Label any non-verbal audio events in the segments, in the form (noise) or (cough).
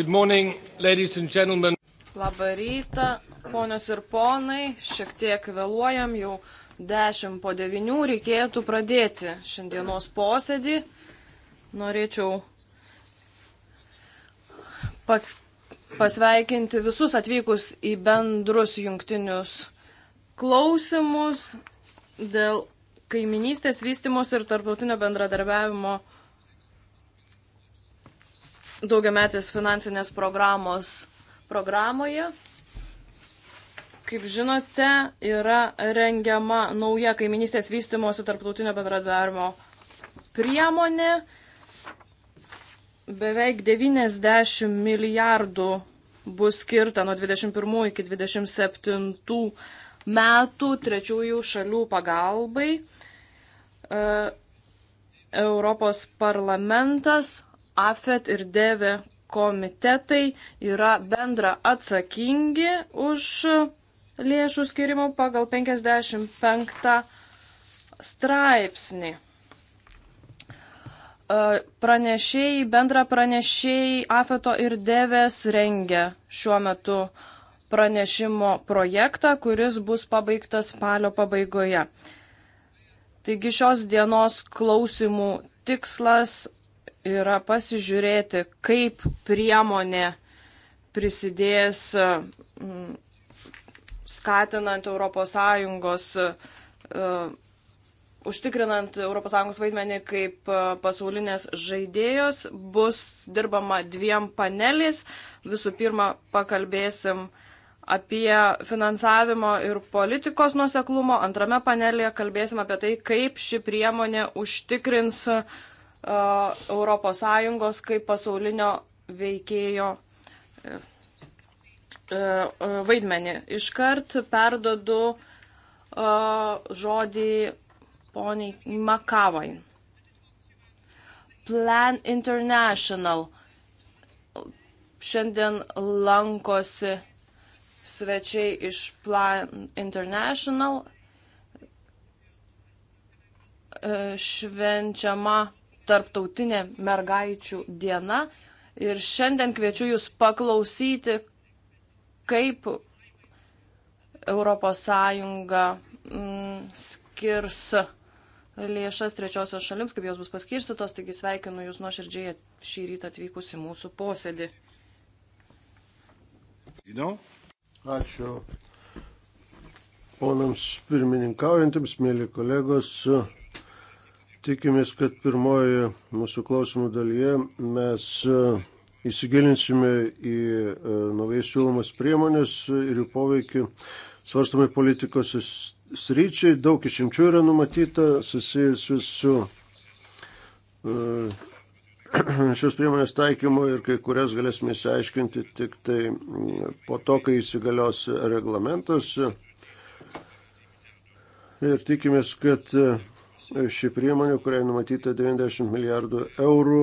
Good morning, ladies and gentlemen. Labą rytą, ponios ir ponai, šiek tiek vėluojam, jau 10 po 9 reikėtų pradėti šiandienos posėdį. Norėčiau pak pasveikinti visus atvykus į bendrus jungtinius klausimus dėl kaiminystės vystimos ir tarptautinio bendradarbiavimo daugiametės finansinės programos programoje. Kaip žinote, yra rengiama nauja kaiminystės vystimosi tarptautinio bendradarbiavimo priemonė. Beveik 90 milijardų bus skirta nuo 21 iki 27 metų trečiųjų šalių pagalbai. E, Europos parlamentas AFET ir DEVE komitetai yra bendra atsakingi už lėšų skirimų pagal 55 straipsnį. E, pranešėjai, bendra pranešėjai AFETO ir DEVES rengia šiuo metu pranešimo projektą, kuris bus pabaigtas spalio pabaigoje. Taigi šios dienos klausimų tikslas yra pasižiūrėti, kaip priemonė prisidės mm, skatinant ES, e, užtikrinant ES vaidmenį kaip e, pasaulinės žaidėjos, bus dirbama dviem paneliais. Visų pirma, pakalbėsim apie finansavimo ir politikos nuseklumo. Antrame panelėje kalbėsim apie tai, kaip ši priemonė užtikrins uh, ES kaip pasaulinio veikėjo e, e, vaidmenį. Iškart perdodu žodį poniai Makavai. Plan International šiandien lankosi svečiai iš Plan International e, švenčiama tarptautinė mergaičių diena. Ir šiandien kviečiu Jūs paklausyti, kaip ES mm, skirs lėšas trečiosios šalims, kaip jos bus paskirstytos, taigi sveikinu Jūs nuoširdžiai šį rytą atvykus į mūsų posėdį. Ačiū ponams pirmininkaujantiems, mėly kolegos. Tikimės, kad pirmoji mūsų klausimų dalyje mes e, įsigilinsime į e, naujai siūlomas priemonės ir jų poveikį svarstamai politikos sryčiai. Daug išimčių yra numatyta susijusių su e, (clears throat) šios priemonės taikymu ir kai kurias galėsime įsiaiškinti tik tai mm, po to, kai įsigalios reglamentas. Ir tikimės, kad ši priemonė, kuriai numatyta 90 milijardų eurų,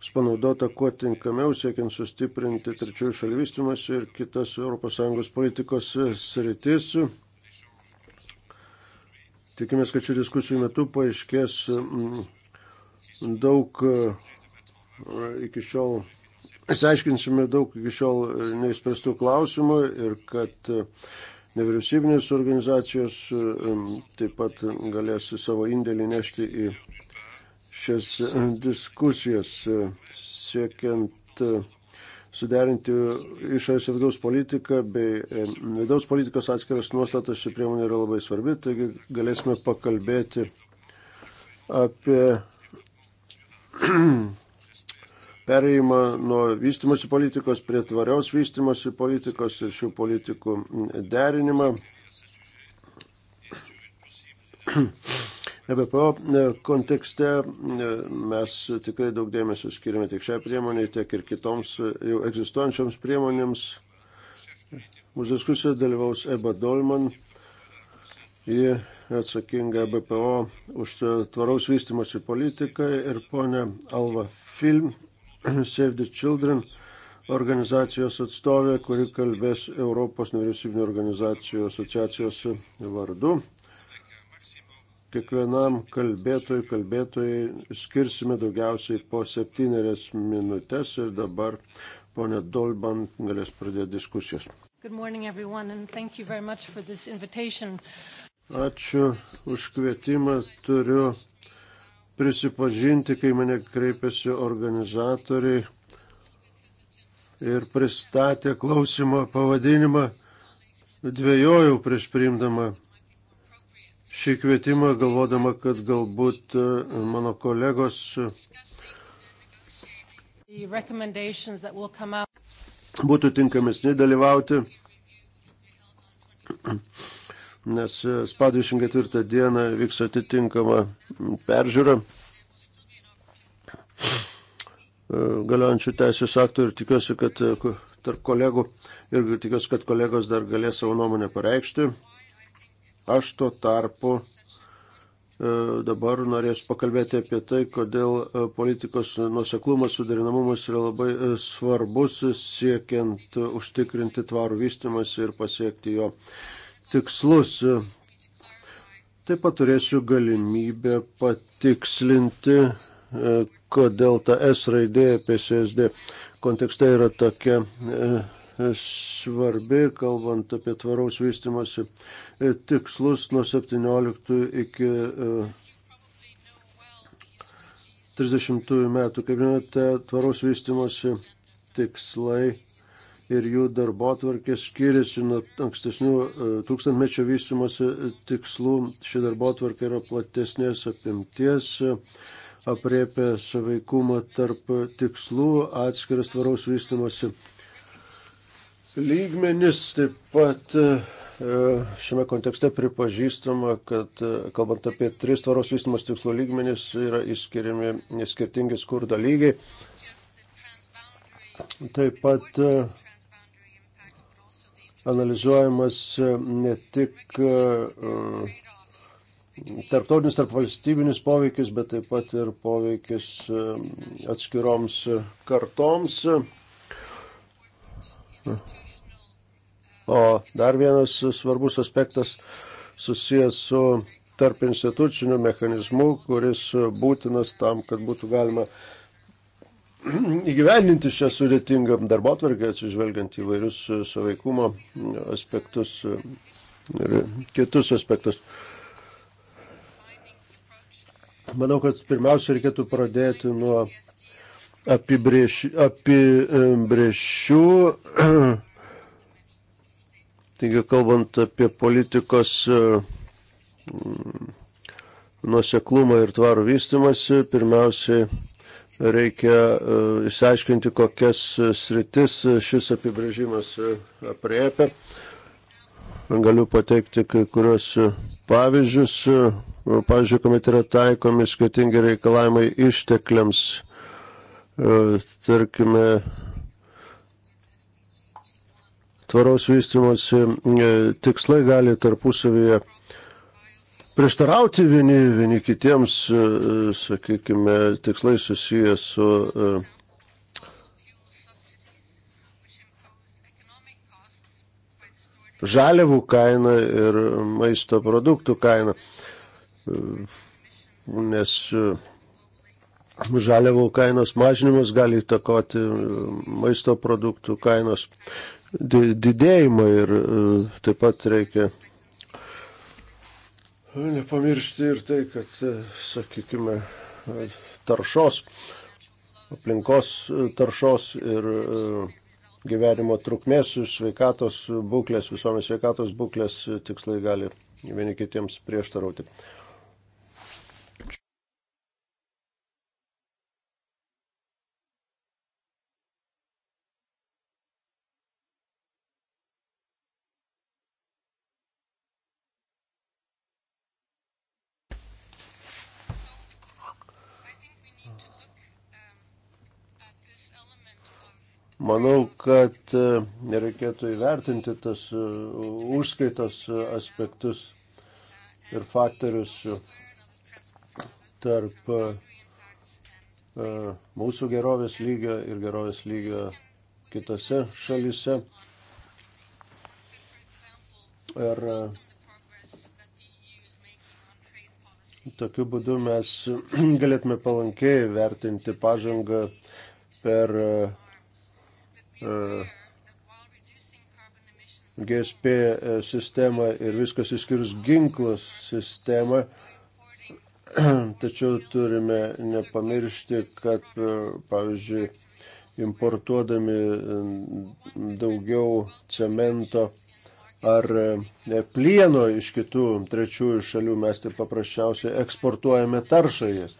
bus panaudota kuo tinkamiau, siekiant sustiprinti trečiųjų šalių vystimas ir kitas ES politikos sritis. Tikimės, kad šių diskusijų metu paaiškės mm, daug e, iki šiol, išsiaiškinsime daug iki šiol neįspręstų klausimų ir kad nevyriausybinės organizacijos e, taip pat galės savo indėlį nešti į šias e, diskusijas, e, siekiant suderinti išorės ir vidaus politiką bei vidaus politikos atskiras nuostatas ši priemonė yra labai svarbi, taigi galėsime pakalbėti apie perėjimą nuo vystimosi politikos prie tvarios vystimosi politikos ir šių politikų derinimą. EBPO kontekste e, mes tikrai daug dėmesio skiriame tiek šią priemonę, tiek ir kitoms jau egzistuojančioms priemonėms. Už diskusiją dalyvaus Eba Dolman. Ji atsakinga e BPO už tvaraus vystimosi politiką ir ponė Alva Film (clears throat) Save the Children organizacijos atstovė, kuri kalbės Europos nevyriausybinio organizacijų asociacijos vardu. Kiekvienam kalbėtojui, kalbėtojai skirsime daugiausiai po septynerias minutės ir dabar ponė Dolban galės pradėti diskusijas. Ačiū už kvietimą. Turiu prisipažinti, kai mane kreipėsi organizatoriai ir pristatė klausimo pavadinimą, dvėjojau prieš priimdama šį kvietimą, galvodama, kad galbūt e, mano kolegos e, būtų tinkamesni dalyvauti nes e, spalio 24 dieną vyks atitinkama peržiūra e, galiojančių teisės aktų ir tikiuosi, kad e, tarp kolegų ir tikiuosi, kad kolegos dar galės savo nuomonę pareikšti. Aš tuo tarpu dabar norėsiu pakalbėti apie tai, kodėl politikos nuseklumas, suderinamumas yra labai svarbus siekiant užtikrinti tvarų vystimas ir pasiekti jo tikslus. Taip pat turėsiu galimybę patikslinti, e, kodėl ta S raidė PSSD kontekste yra tokia e, svarbi, kalbant apie tvaraus vystimosi e, tikslus nuo 17 iki 30 metų. Kaip žinote, tvaraus vystimosi tikslai ir jų darbo atvarkė skiriasi nuo ankstesnių e, tūkstantmečio vystimosi tikslų. Ši darbo atvarkė yra platesnės apimties, apriepia saveikumą tarp tikslų, atskiras tvaraus vystimosi lygmenis, taip pat e, šiame kontekste pripažįstama, kad e, kalbant apie tris tvaros vystimas tikslo lygmenis yra įskiriami skirtingi skurdo lygiai. Taip pat analizuojamas e, ne tik e, e, tarptautinis, tarpvalstybinis poveikis, bet taip pat ir poveikis atskiroms kartoms. O dar vienas svarbus aspektas susijęs su tarp institucinių mechanizmų, kuris būtinas tam, kad būtų galima (clears throat) įgyvendinti šią sudėtingą darbo atvarkę, atsižvelgiant į vairius e, saveikumo aspektus e, ir kitus aspektus. Manau, kad pirmiausia reikėtų pradėti nuo apibrėž, apibrėžčių. (clears throat) Taigi, kalbant apie politikos e, nuoseklumą ir tvarų vystimasi, pirmiausiai Reikia e, išsiaiškinti, kokias e, sritis e, šis apibrėžimas apriepia. Galiu pateikti kai kurios pavyzdžius. Pavyzdžiui, kuomet yra taikomi skirtingi reikalavimai ištekliams, tarkime, tvaraus vystimosi tikslai gali tarpusavyje prieštarauti vieni, vieni kitiems, e, e, sakykime, tikslai susiję su e, žaliavų kaina ir maisto produktų kaina. Nes žaliavų kainos mažinimas gali įtakoti maisto produktų kainos didėjimą ir taip pat reikia Nu, nepamiršti ir tai, kad, e, sakykime, e, taršos, aplinkos e, taršos ir gyvenimo trukmės, sveikatos būklės, visuomenės sveikatos būklės tikslai gali vieni kitiems prieštarauti. Manau, kad e, nereikėtų įvertinti tas e, užskaitos e, aspektus ir faktorius tarp mūsų gerovės lygio ir gerovės lygio kitose šalise. Ir tokiu būdu mes (clears throat) galėtume palankiai vertinti pažangą per GSP e, sistemą ir viskas išskyrus ginklus sistemą. (clears throat) Tačiau turime nepamiršti, kad, e, pavyzdžiui, importuodami e, daugiau cemento ar plieno iš kitų trečiųjų šalių mes taip paprasčiausiai eksportuojame taršą jas.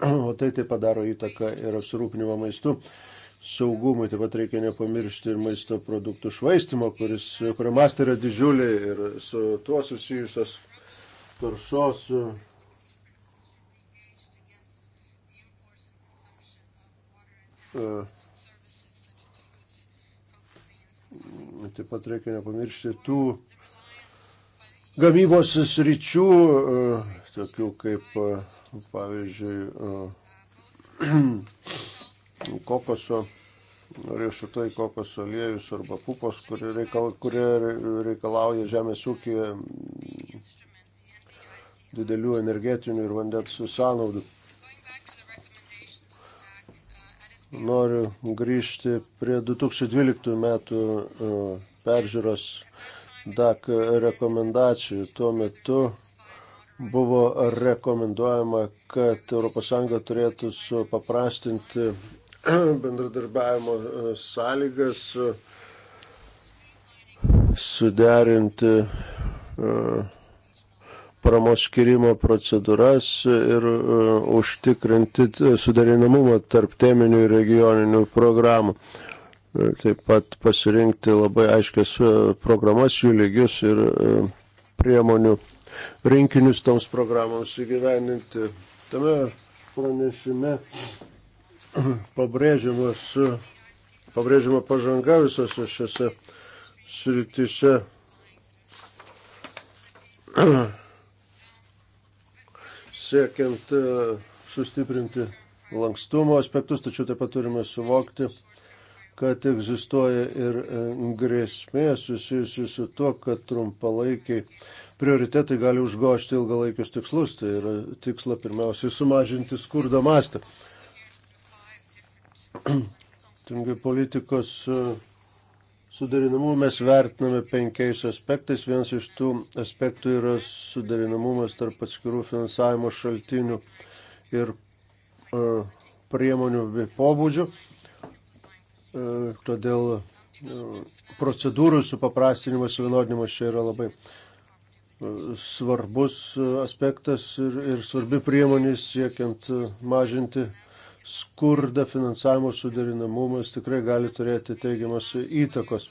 o tai taip padaro įtaką ir apsirūpinimo maistu saugumui. Taip pat reikia nepamiršti ir maisto produktų švaistimo, kuris, kurio mastai yra didžiuliai ir su tuo susijusios taršos. E, taip pat reikia nepamiršti tų gamybos sričių, e, tokių kaip e, pavyzdžiui, e, (clears throat) kokoso riešutai, kokoso aliejus arba pupos, kurie, reikal, kurie reikalauja žemės ūkija mm, didelių energetinių ir vandens sąnaudų. Noriu grįžti prie 2012 metų e, peržiūros DAC rekomendacijų. Tuo metu buvo rekomenduojama, kad ES turėtų supaprastinti (clears throat) bendradarbiavimo e, sąlygas, suderinti e, paramos skirimo procedūras ir e, užtikrinti suderinamumą tarp teminių ir regioninių programų. Taip pat pasirinkti labai aiškias programas, jų lygius ir priemonių rinkinius toms programoms įgyveninti. Tame pranešime (clears throat) pabrėžiama pažanga visose šiose sritise. (clears throat) Siekiant e, sustiprinti lankstumo aspektus, tačiau taip pat turime suvokti, kad egzistuoja ir e, grėsmė susijusi su tuo, kad trumpalaikiai prioritetai gali užgošti ilgalaikius tikslus, tai yra tiksla pirmiausiai sumažinti skurdo mastą. Tingai (clears throat) politikos e, suderinamumo mes vertiname penkiais aspektais. Vienas iš tų aspektų yra suderinamumas tarp atskirų finansavimo šaltinių ir e, priemonių bei pobūdžių. E, todėl procedūrų supaprastinimas, suvienodinimas čia yra labai svarbus aspektas ir, ir svarbi priemonė siekiant mažinti skurdą, finansavimo suderinamumas tikrai gali turėti teigiamas įtakos.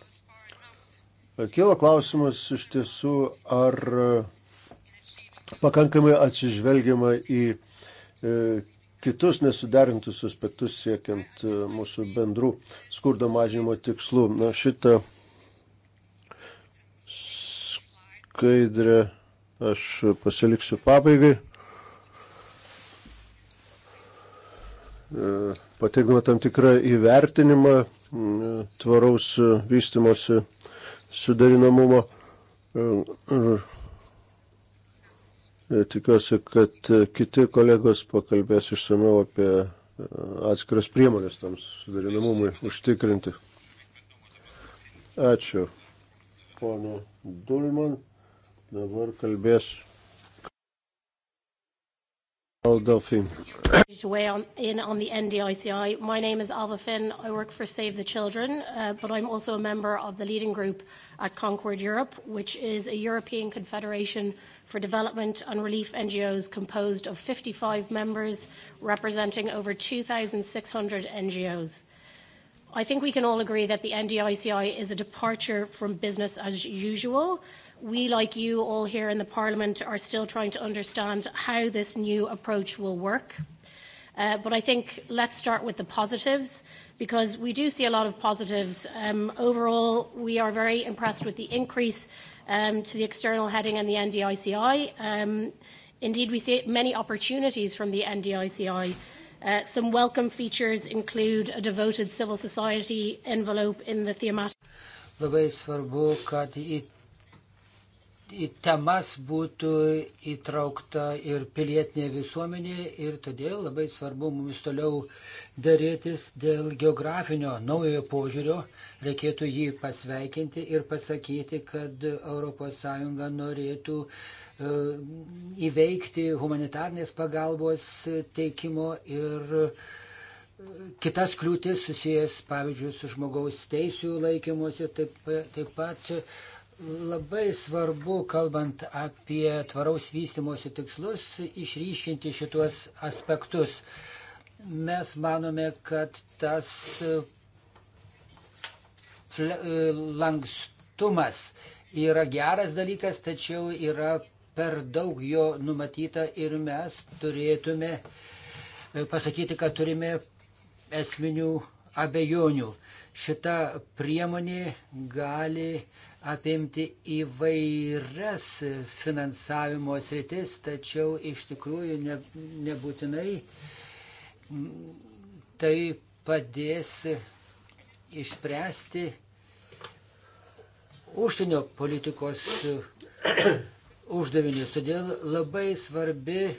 Kilo klausimas iš tiesų, ar pakankamai atsižvelgiama į e, kitus nesuderintus aspektus siekiant e, mūsų bendrų skurdo mažinimo tikslų. Na, šitą skaidrę aš pasiliksiu pabaigai. E, Pateikdama tam tikrą įvertinimą tvaraus vystimosi sudarinamumo. Ir e, e, tikiuosi, kad kiti kolegos pakalbės išsameu apie atskiras priemonės tam sudarinamumui užtikrinti. Ačiū, pono Dulman. Dabar kalbės. Aldofi. On, in on the NDICI. My name is Alva Finn. I work for Save the Children, uh, but I'm also a member of the leading group at Concord Europe, which is a European confederation for development and relief NGOs composed of 55 members representing over 2,600 NGOs. I think we can all agree that the NDICI is a departure from business as usual. Uh, we, like you all here in the Parliament, are still trying to understand how this new approach will work. Uh, but I think let's start with the positives because we do see a lot of positives. Um, overall, we are very impressed with the increase um, to the external heading and the NDICI. Um, indeed, we see many opportunities from the NDICI. Uh, some welcome features include a devoted civil society envelope in the thematic. Labai svarbu, kad į į temas būtų įtraukta ir pilietinė visuomenė ir todėl labai svarbu mums toliau darytis dėl geografinio naujojo požiūrio. Reikėtų jį pasveikinti ir pasakyti, kad ES norėtų e, įveikti humanitarnės pagalbos teikimo ir e, kitas kliūtis susijęs, pavyzdžiui, su žmogaus teisų laikymuose, taip, taip pat Labai svarbu, kalbant apie tvaraus vystimosi tikslus, išryškinti šitos aspektus. Mes manome, kad tas lankstumas yra geras dalykas, tačiau yra per daug jo numatyta ir mes turėtume e, pasakyti, kad turime esminių abejonių. Šita priemonė gali apimti įvairias finansavimo sritis, tačiau iš tikrųjų ne, nebūtinai tai padės išspręsti užsienio politikos uždavinius. Todėl labai svarbi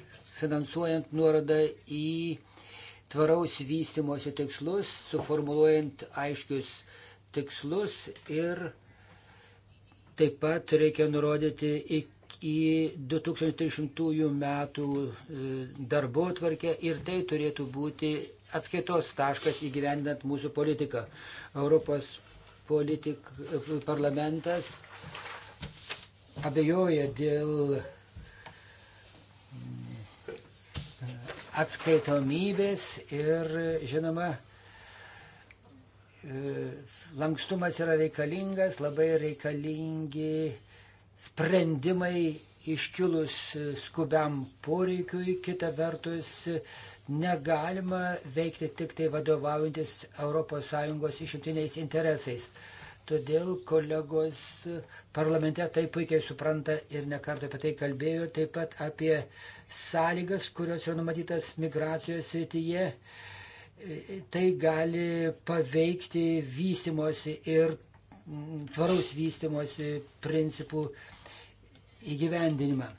finansuojant nuorodą į tvaraus vystimosi tikslus, suformuluojant aiškius tikslus ir Taip pat reikia nurodyti į 2300 metų e, darbo tvarkę ir tai turėtų būti atskaitos taškas įgyvendinant mūsų politiką. Europos politik, e, parlamentas abejoja dėl mm, atskaitomybės ir, žinoma, E, lankstumas yra reikalingas, labai reikalingi sprendimai iškilus skubiam poreikiui, kita vertus negalima veikti tik tai vadovaujantis ES išimtiniais interesais. Todėl kolegos parlamente tai puikiai supranta ir nekartą apie tai kalbėjo, taip pat apie sąlygas, kurios yra numatytas migracijos srityje. Tai tai gali paveikti vystimosi ir mm, tvaraus vystimosi principų įgyvendinimą.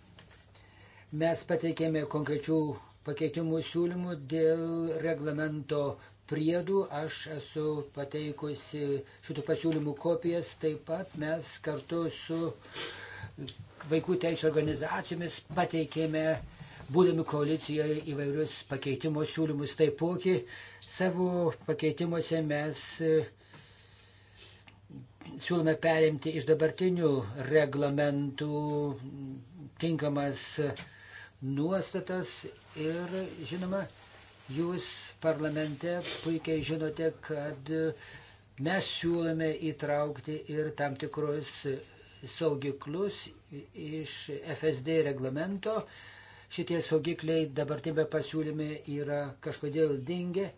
Mes pateikėme konkrečių pakeitimų siūlymų dėl reglamento priedų. Aš esu pateikusi šitų pasiūlymų kopijas. Taip pat mes kartu su vaikų teisų organizacijomis pateikėme būdami koalicijoje įvairius pakeitimo siūlymus. Taipogi savo pakeitimuose mes e, siūlome perimti iš dabartinių reglamentų tinkamas nuostatas ir žinoma, jūs parlamente puikiai žinote, kad mes siūlome įtraukti ir tam tikrus saugiklus iš FSD reglamento, šitie saugikliai dabartime pasiūlyme yra kažkodėl dingę.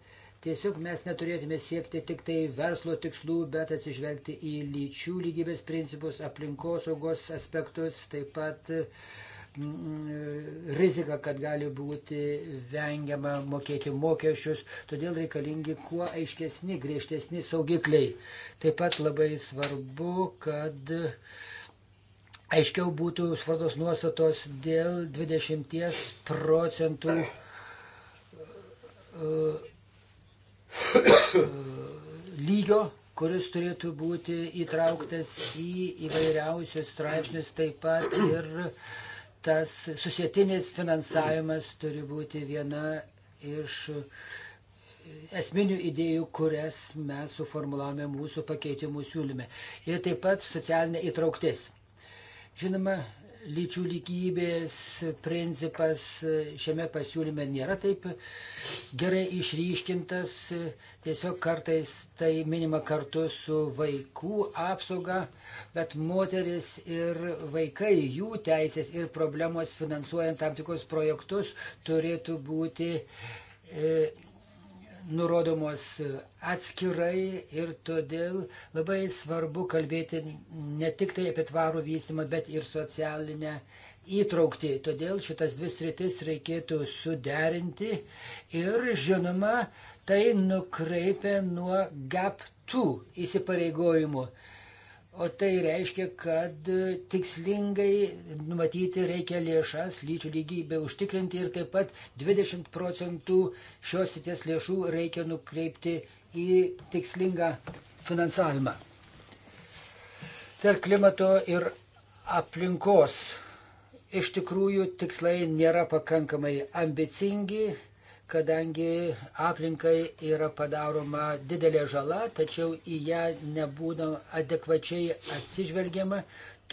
Tiesiog mes neturėtume siekti tik tai verslo tikslų, bet atsižvelgti į lyčių lygybės principus, aplinkosaugos aspektus, taip pat mm, mm, rizika, kad gali būti vengiama mokėti mokesčius, todėl reikalingi kuo aiškesni, griežtesni saugikliai. Taip pat labai svarbu, kad uh, aiškiau būtų svartos nuostatos dėl 20 procentų (coughs) uh, lygio, kuris turėtų būti įtrauktas į įvairiausius straipsnius, taip pat ir tas susietinis finansavimas turi būti viena iš esminių idėjų, kurias mes suformulavome mūsų pakeitimų siūlyme. Ir taip pat socialinė įtrauktis. Žinoma, lyčių lygybės principas šiame pasiūlyme nėra taip gerai išryškintas, tiesiog kartais tai minima kartu su vaikų apsauga, bet moteris ir vaikai, jų teisės ir problemos finansuojant tam tikrus projektus turėtų būti e, nurodomos atskirai ir todėl labai svarbu kalbėti ne tik tai apie tvarų vystymą, bet ir socialinę įtraukti. Todėl šitas dvi sritis reikėtų suderinti ir žinoma, tai nukreipia nuo GAP2 įsipareigojimų. O tai reiškia, kad tikslingai numatyti reikia lėšas lyčių lygybę užtikrinti ir taip pat 20 procentų šios sities lėšų reikia nukreipti į tikslingą finansavimą. Tarp klimato ir aplinkos iš tikrųjų tikslai nėra pakankamai ambicingi, kadangi aplinkai yra padaroma didelė žala, tačiau į ją nebūna adekvačiai atsižvelgiama.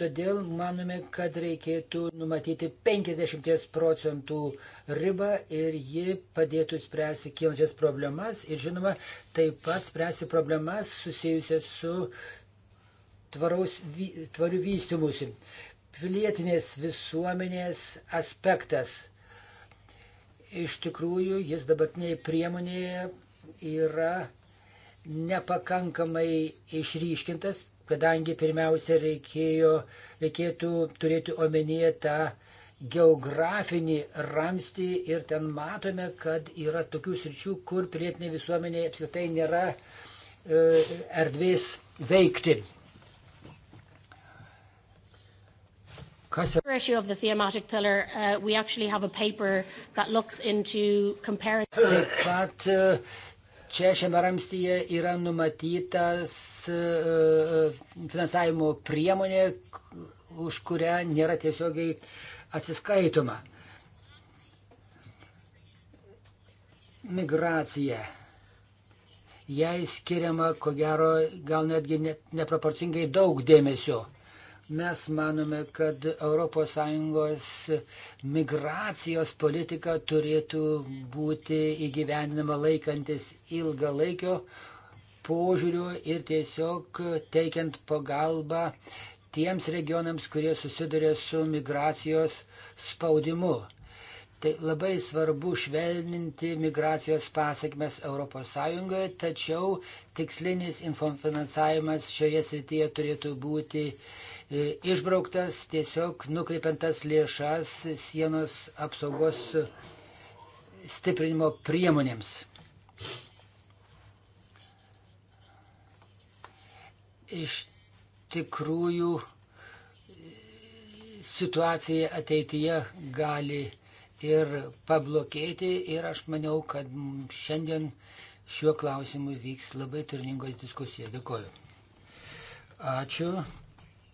Todėl manome, kad reikėtų numatyti 50 procentų ribą ir ji padėtų spręsti kylančias problemas ir žinoma, taip pat spręsti problemas susijusias su tvaraus, tvariu vystimusi. Pilietinės visuomenės aspektas Iš tikrųjų, jis dabartinėje priemonėje yra nepakankamai išryškintas, kadangi pirmiausia reikėjo, reikėtų turėti omenyje tą geografinį ramstį ir ten matome, kad yra tokių sričių, kur pilietinė visuomenė apskritai nėra e, erdvės veikti. Kas yra? Issue of the thematic pillar, uh, we actually have a paper that looks into comparing. Taip pat čia uh, šiame ramstyje yra numatytas uh, uh, finansavimo priemonė, už kurią nėra tiesiogiai atsiskaitoma. Migracija jai skiriama, ko gero, gal netgi neproporcingai daug dėmesio. Mes manome, kad ES migracijos politika turėtų būti įgyvendinama laikantis ilgalaikio požiūrių ir tiesiog teikiant pagalbą tiems regionams, kurie susiduria su migracijos spaudimu. Tai labai svarbu švelninti migracijos pasiekmes ES, tačiau tikslinis finansavimas šioje srityje turėtų būti uh, išbrauktas, tiesiog nukreipiant tas lėšas sienos apsaugos stiprinimo priemonėms. Iš tikrųjų situacija ateityje gali ir pablokėti ir aš maniau, kad šiandien šiuo klausimu vyks labai turningos diskusijos. Dėkoju. Ačiū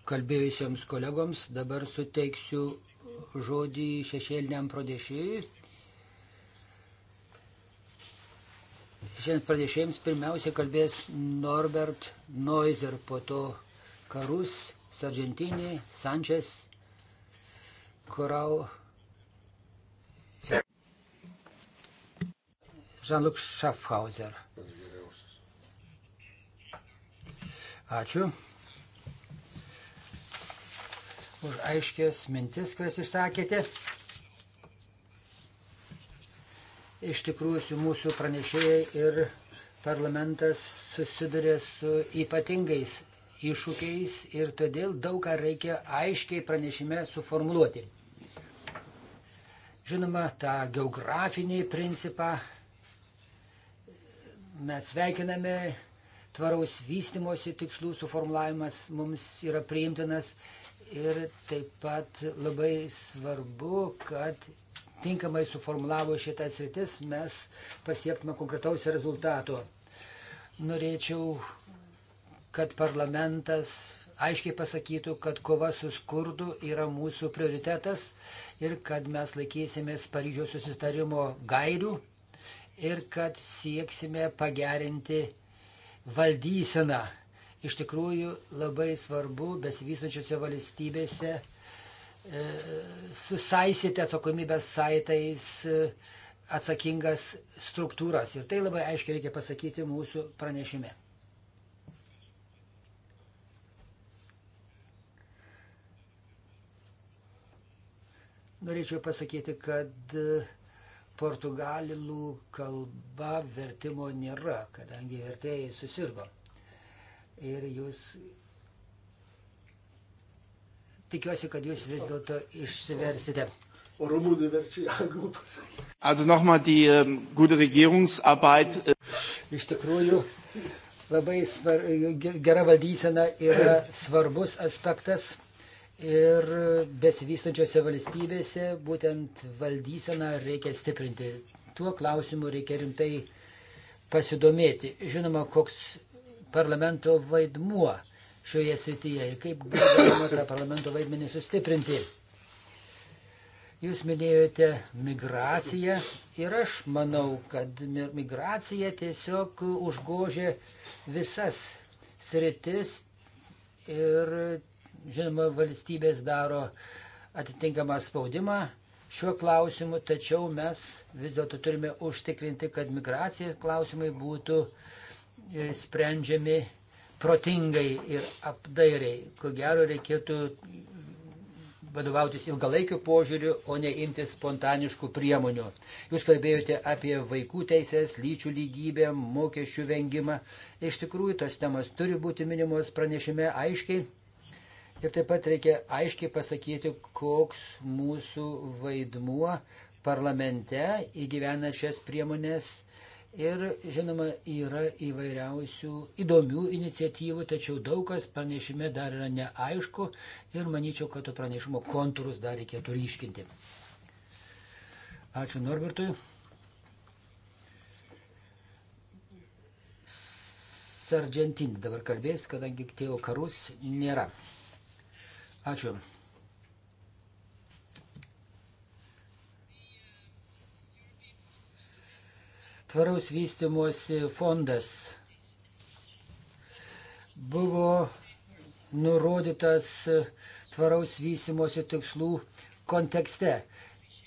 kalbėjusiems kolegoms. Dabar suteiksiu žodį šešėliniam pradėšėjui. Šiandien pradėšėjams pirmiausia kalbės Norbert Noiser, po to Karus, Sargentinį, Sančes, Korau. Žanluk Schaffhauser. Ačiū už aiškės mintis, kurias išsakėte. Iš tikrųjų, mūsų pranešėjai ir parlamentas susiduria su ypatingais iššūkiais ir todėl daug ką reikia aiškiai pranešime suformuluoti. Žinoma, tą geografinį principą mes sveikiname, tvaraus vystimosi tikslų suformulavimas mums yra priimtinas ir taip pat labai svarbu, kad tinkamai suformulavo šitas rytis, mes pasiektume konkretaus rezultato. Norėčiau, kad parlamentas aiškiai pasakytų, kad kova su skurdu yra mūsų prioritetas ir kad mes laikysimės Paryžiaus susitarimo gairių ir kad sieksime pagerinti valdyseną Iš tikrųjų labai svarbu besivysančiose valstybėse e, susaisyti atsakomybės saitais e, atsakingas struktūras. Ir tai labai aiškiai reikia pasakyti mūsų pranešime. Norėčiau pasakyti, kad e, portugalų kalba vertimo nėra, kadangi vertėjai susirgo ir jūs tikiuosi, kad jūs vis dėlto išsiversite. O rumunai verčia anglų (laughs) pasakyti. Also nochmal die um, gute Regierungsarbeit. Äh, Iš tikrųjų, labai svar, gera valdysena yra svarbus aspektas. Ir besivystančiose valstybėse būtent valdyseną reikia stiprinti. Tuo klausimu reikia rimtai pasidomėti. Žinoma, koks parlamento vaidmuo šioje srityje ir kaip galima tą parlamento vaidmenį sustiprinti. Jūs minėjote migraciją ir aš manau, kad migracija tiesiog užgožė visas sritis ir, žinoma, valstybės daro atitinkamą spaudimą šiuo klausimu, tačiau mes vis dėlto turime užtikrinti, kad migracijos klausimai būtų uh, E, sprendžiami protingai ir apdairiai. Ko gero reikėtų vadovautis ilgalaikiu požiūriu, o ne imtis spontaniškų priemonių. Jūs kalbėjote apie vaikų teisės, lyčių lygybę, mokesčių vengimą. Iš tikrųjų, tos temos turi būti minimos pranešime aiškiai. Ir taip pat reikia aiškiai pasakyti, koks mūsų vaidmuo parlamente įgyvena šias priemonės Ir žinoma, yra įvairiausių įdomių iniciatyvų, tačiau daug kas pranešime dar yra neaišku ir manyčiau, kad to pranešimo kontūrus dar reikėtų ryškinti. Ačiū Norbertui. Sargentinį dabar kalbės, kadangi tėvo karus nėra. Ačiū. tvaraus vystimosi fondas buvo nurodytas tvaraus vystimosi tikslų kontekste.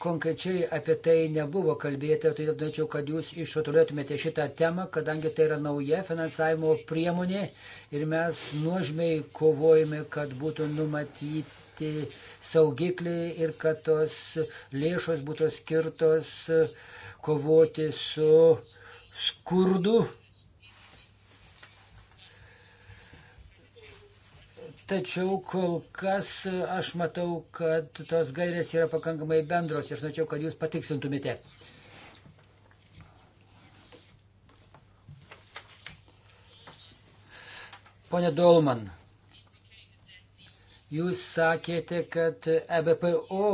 Konkrečiai apie tai nebuvo kalbėta, todėl norėčiau, kad jūs išotulėtumėte šitą temą, kadangi tai yra nauja finansavimo priemonė ir mes nuožmiai kovojame, kad būtų numatyti saugikliai ir kad tos lėšos būtų skirtos uh, kovoti su skurdu. Tačiau kol kas aš matau, kad tos gairės yra pakankamai bendros. Aš norėčiau, kad jūs patiksintumėte. Pone Dolman, jūs sakėte, kad EBPO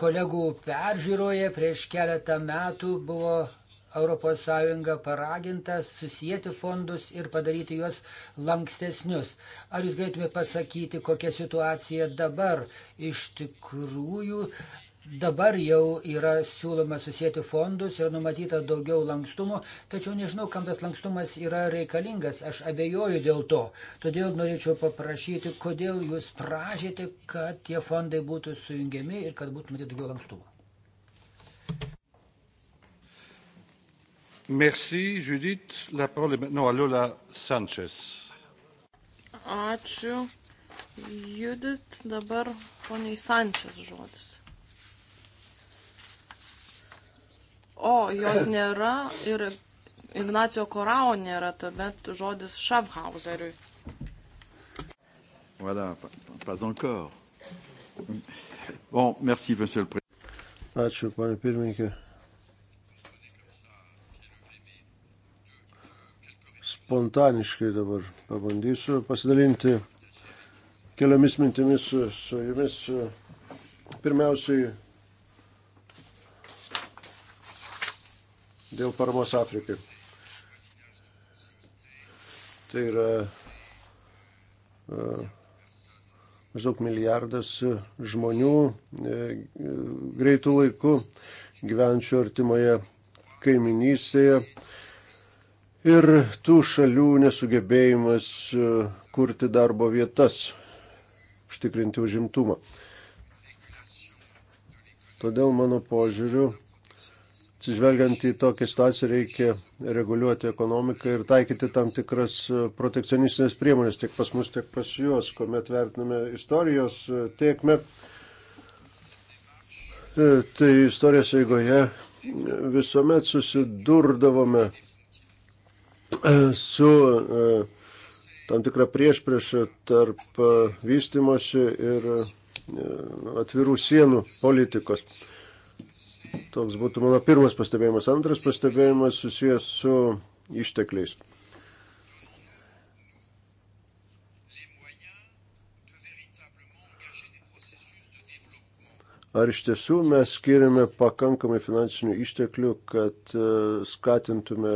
kolegų peržiūroje prieš keletą metų buvo ES paraginta susijęti fondus ir padaryti juos lankstesnius. Ar jūs galėtumėte pasakyti, kokia situacija dabar iš tikrųjų Dabar jau yra siūloma susijęti fondus ir numatyta daugiau lankstumo, tačiau nežinau, kam tas lankstumas yra reikalingas, aš abejoju dėl to. Todėl norėčiau paprašyti, kodėl jūs prašėte, kad tie fondai būtų sujungiami ir kad būtų matyti daugiau lankstumo. Merci, Judith. La parole est maintenant à Lola Sanchez. Ačiū. Judith, dabar poniai Sančias žodis. O, jos nėra ir Ignacio Korao nėra, tuomet žodis Schaffhauseriui. Voilà, pas encore. Bon, merci, monsieur le président. Ačiū, pane pirmininkė. Spontaniškai dabar pabandysiu pasidalinti keliomis mintimis su jumis. Pirmiausiai, dėl paramos Afrikai. Tai yra e, maždaug milijardas žmonių e, greitų laikų gyvenčių artimoje kaiminystėje ir tų šalių nesugebėjimas e, kurti darbo vietas, užtikrinti užimtumą. Todėl mano požiūriu Atsižvelgiant į tokią situaciją reikia reguliuoti ekonomiką ir taikyti tam tikras e, protekcionistinės priemonės tiek pas mus, tiek pas juos, kuomet vertiname istorijos e, tiekme. Tai istorijos eigoje e, visuomet susidurdavome su tam tikra priešpriešą tarp vystimosi ir atvirų sienų politikos. Toks būtų mano pirmas pastebėjimas. Antras pastebėjimas susijęs su ištekliais. Ar iš tiesų mes skiriame pakankamai finansinių išteklių, kad e, skatintume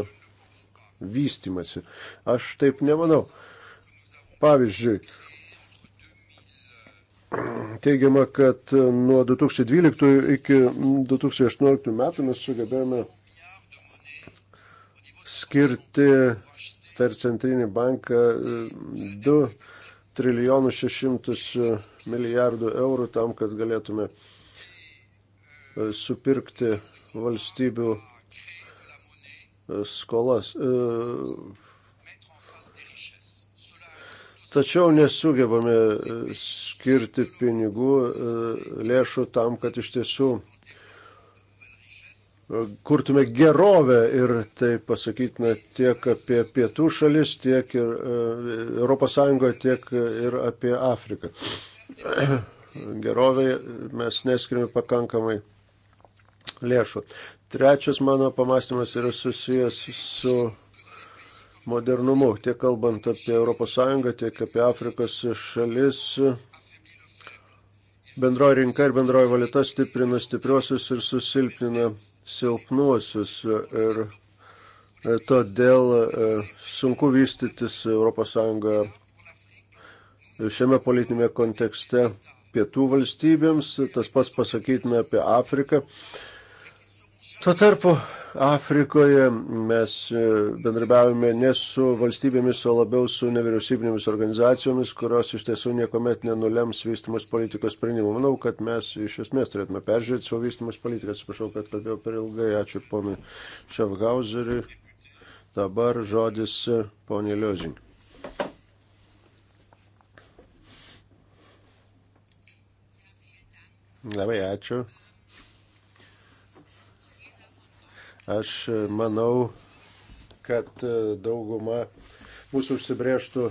vystimasi? Aš taip nemanau. Pavyzdžiui, teigiama, kad nuo 2012 iki 2018 metų mes sugebėjome skirti per centrinį banką 2 trilijonų 600 milijardų eurų tam, kad galėtume e, supirkti valstybių e, skolas, e, Tačiau nesugebame e, skirti pinigų e, lėšų tam, kad iš tiesų e, kurtume gerovę ir tai pasakytume tiek apie pietų šalis, tiek ir ES, tiek ir apie Afriką. (clears throat) Gerovai mes neskirime pakankamai lėšų. Trečias mano pamastymas yra susijęs su modernumu, tiek kalbant apie ES, tiek apie Afrikos šalis. Bendroji rinka ir bendroji valiuta stiprina stipriuosius ir susilpnina silpnuosius. Ir e, todėl e, sunku vystytis ES šiame politinėme kontekste pietų valstybėms, tas pats pasakytina apie Afriką. Tuo tarpu Afrikoje mes e, bendrabiavome ne su valstybėmis, o labiau su nevyriausybinėmis organizacijomis, kurios iš tiesų niekuomet nenulems vystimus politikos sprendimų. Manau, kad mes iš esmės turėtume peržiūrėti savo vystimus politiką. Atsiprašau, kad kalbėjau per ilgai. Ačiū ponui Šefgauzeriui. Dabar žodis poniai Liozin. Labai ačiū. Aš manau, kad e, dauguma mūsų užsibrėžtų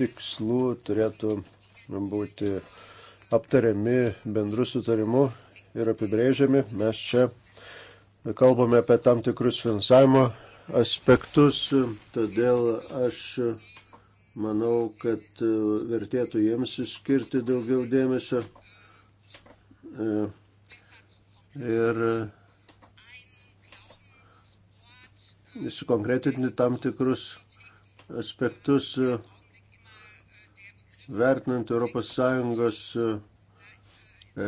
tikslų turėtų būti aptariami bendru sutarimu ir apibrėžiami. Mes čia kalbame apie tam tikrus finansavimo aspektus, todėl aš manau, kad e, vertėtų jiems skirti daugiau dėmesio. E, ir sukonkretinti tam tikrus aspektus, vertinant ES e,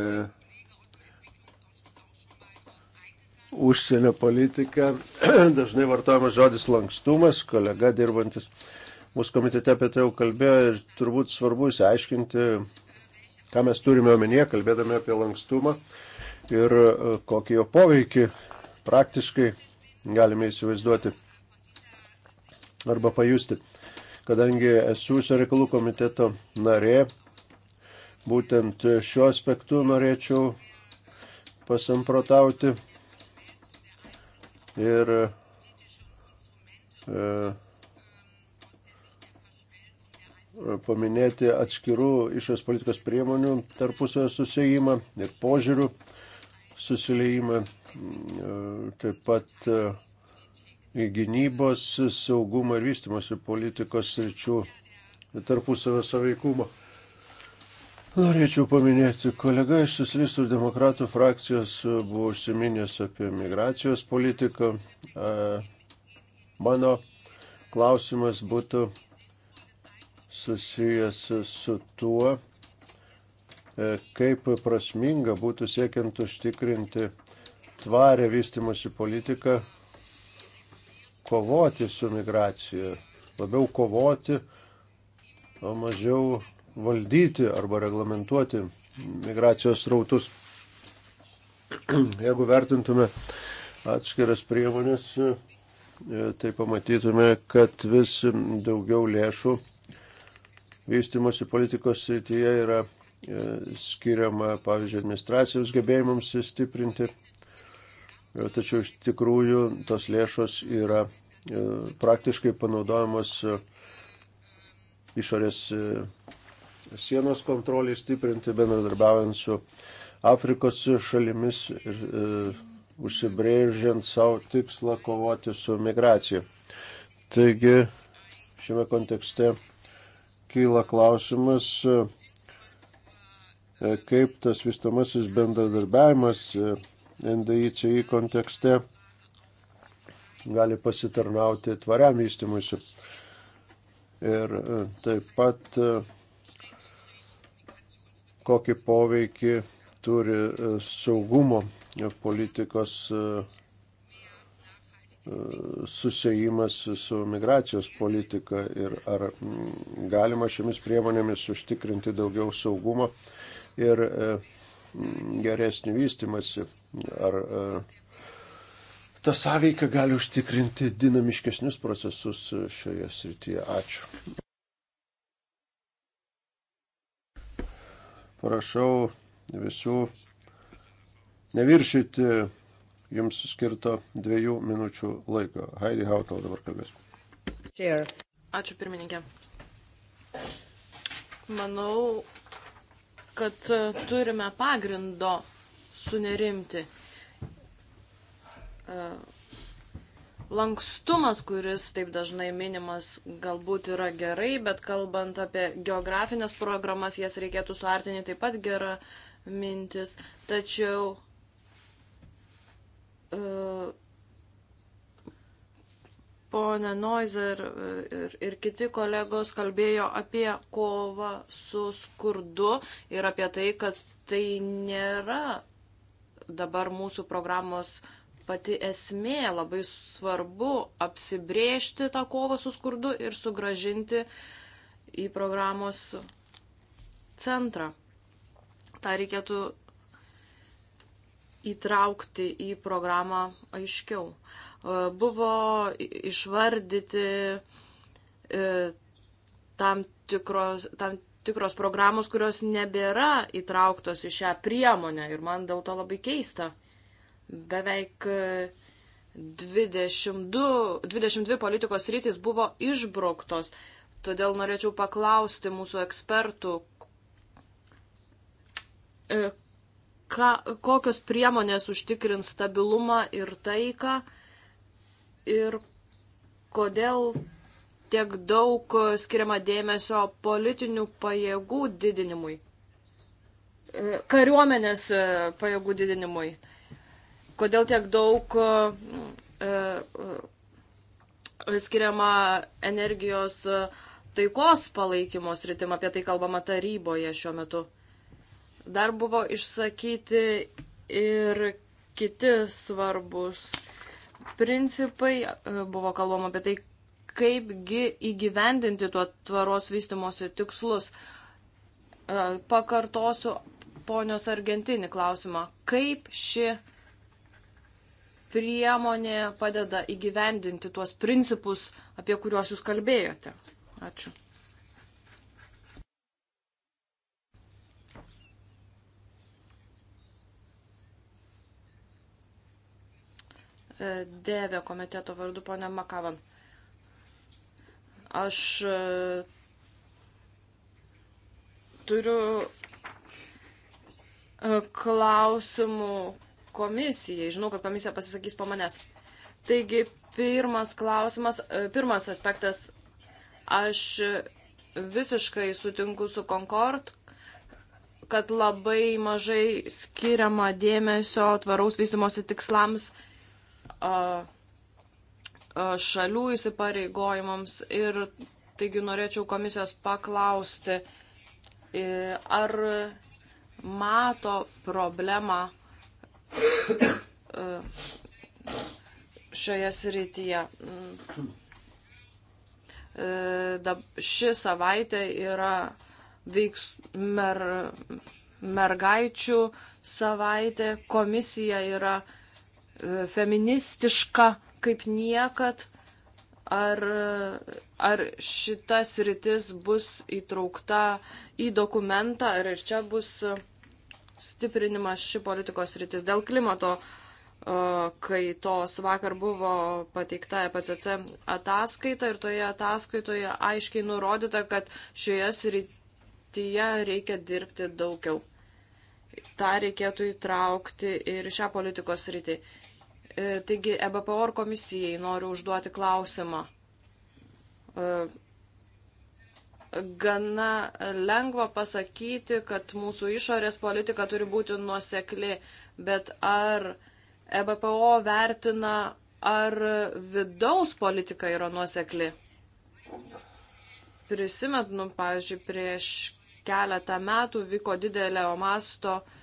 užsienio politiką. (clears throat) Dažnai vartojamas žodis lankstumas, kolega dirbantis mūsų komitete apie tai jau kalbėjo ir turbūt svarbu įsiaiškinti, ką mes turime omenyje, kalbėdami apie lankstumą ir e, kokį jo poveikį praktiškai galime įsivaizduoti arba pajusti. Kadangi esu užsienio reikalų komiteto narė, būtent šiuo aspektu norėčiau pasamprotauti ir e, paminėti atskirų išorės politikos priemonių tarpusio susijimą ir požiūrių susileimą, e, taip pat e, gynybos, saugumo ir vystimosi politikos sričių tarpusavio saveikumą. Norėčiau paminėti, kolega iš Socialistų ir Demokratų frakcijos buvo užsiminęs apie migracijos politiką. E, mano klausimas būtų susijęs su tuo, E, kaip prasminga būtų siekiant užtikrinti tvarę vystimosi politiką, kovoti su migracija, labiau kovoti, o mažiau valdyti arba reglamentuoti migracijos rautus. (clears throat) Jeigu vertintume atskiras priemonės, e, tai pamatytume, kad vis daugiau lėšų vystimosi politikos srityje yra E, skiriama, pavyzdžiui, administracijos gebėjimams stiprinti. E, tačiau iš tikrųjų tos lėšos yra e, praktiškai panaudojamos išorės sienos kontroliai stiprinti, bendradarbiaujant su Afrikos šalimis ir e, užsibrėžiant savo tikslą kovoti su migracija. Taigi šiame kontekste kyla klausimas, E, kaip tas vystomasis bendradarbiavimas e, NDICI kontekste gali pasitarnauti tvariam vystimuisi. Ir e, taip pat kokį poveikį turi saugumo politikos susijimas su migracijos politika ir ar galima šiomis priemonėmis užtikrinti daugiau saugumo ir e, geresnį vystimąsi. Ar e, ta sąveika gali užtikrinti dinamiškesnius procesus šioje srityje? Ačiū. Prašau visų neviršyti jums skirto dviejų minučių laiko. Heidi Hautal dabar kalbės. Chair. Ačiū pirmininkė. Manau, kad e, turime pagrindo sunerimti. E, lankstumas, kuris taip dažnai minimas, galbūt yra gerai, bet kalbant apie geografinės programas, jas reikėtų suartinti taip pat gera mintis. Tačiau e, Pone Noizer ir, e, ir, ir kiti kolegos kalbėjo apie kovą su skurdu ir apie tai, kad tai nėra dabar mūsų programos pati esmė. Labai svarbu apsibriežti tą kovą su skurdu ir sugražinti į programos centrą. Ta reikėtų įtraukti į programą aiškiau. Uh, E, buvo išvardyti e, tam tikros, tam tikros programos, kurios nebėra įtrauktos į šią priemonę ir man dėl to labai keista. Beveik 22, e, 22 politikos rytis buvo išbrauktos, todėl norėčiau paklausti mūsų ekspertų, ka, kokios priemonės užtikrins stabilumą ir taiką ir kodėl tiek daug skiriama dėmesio politinių pajėgų didinimui, e, kariuomenės e, pajėgų didinimui, kodėl tiek daug e, skiriama energijos taikos palaikymo sritim, apie tai kalbama taryboje šiuo metu. Dar buvo išsakyti ir kiti svarbus principai, e, buvo kalbama apie tai, kaipgi įgyvendinti tuo tvaros vystimosi tikslus. E, pakartosiu ponios Argentinį klausimą. Kaip ši priemonė padeda įgyvendinti tuos principus, apie kuriuos jūs kalbėjote? Ačiū. E, dėvė komiteto vardu ponę Makavan. Aš e, turiu e, klausimų komisijai. Žinau, kad komisija pasisakys po manęs. Taigi, pirmas klausimas, pirmas aspektas. Aš visiškai sutinku su Concord, kad labai mažai skiriama dėmesio tvaraus vystimosi tikslams šalių įsipareigojimams. Ir taigi norėčiau komisijos paklausti, ar mato problemą šioje srityje. Ši savaitė yra veiks mer, mergaičių savaitė, komisija yra feministiška kaip niekad. Ar, ar šitas rytis bus įtraukta į dokumentą, ar ir čia bus stiprinimas ši politikos rytis dėl klimato kaitos. Vakar buvo pateikta EPCC ataskaita ir toje ataskaitoje aiškiai nurodyta, kad šioje srityje reikia dirbti daugiau. Ta reikėtų įtraukti ir šią politikos rytį. E, taigi, EBPO ir komisijai noriu užduoti klausimą. E, gana lengva pasakyti, kad mūsų išorės politika turi būti nuosekli, bet ar EBPO vertina, ar vidaus politika yra nuosekli? Prisimenu, pavyzdžiui, prieš keletą metų vyko didelio masto uh,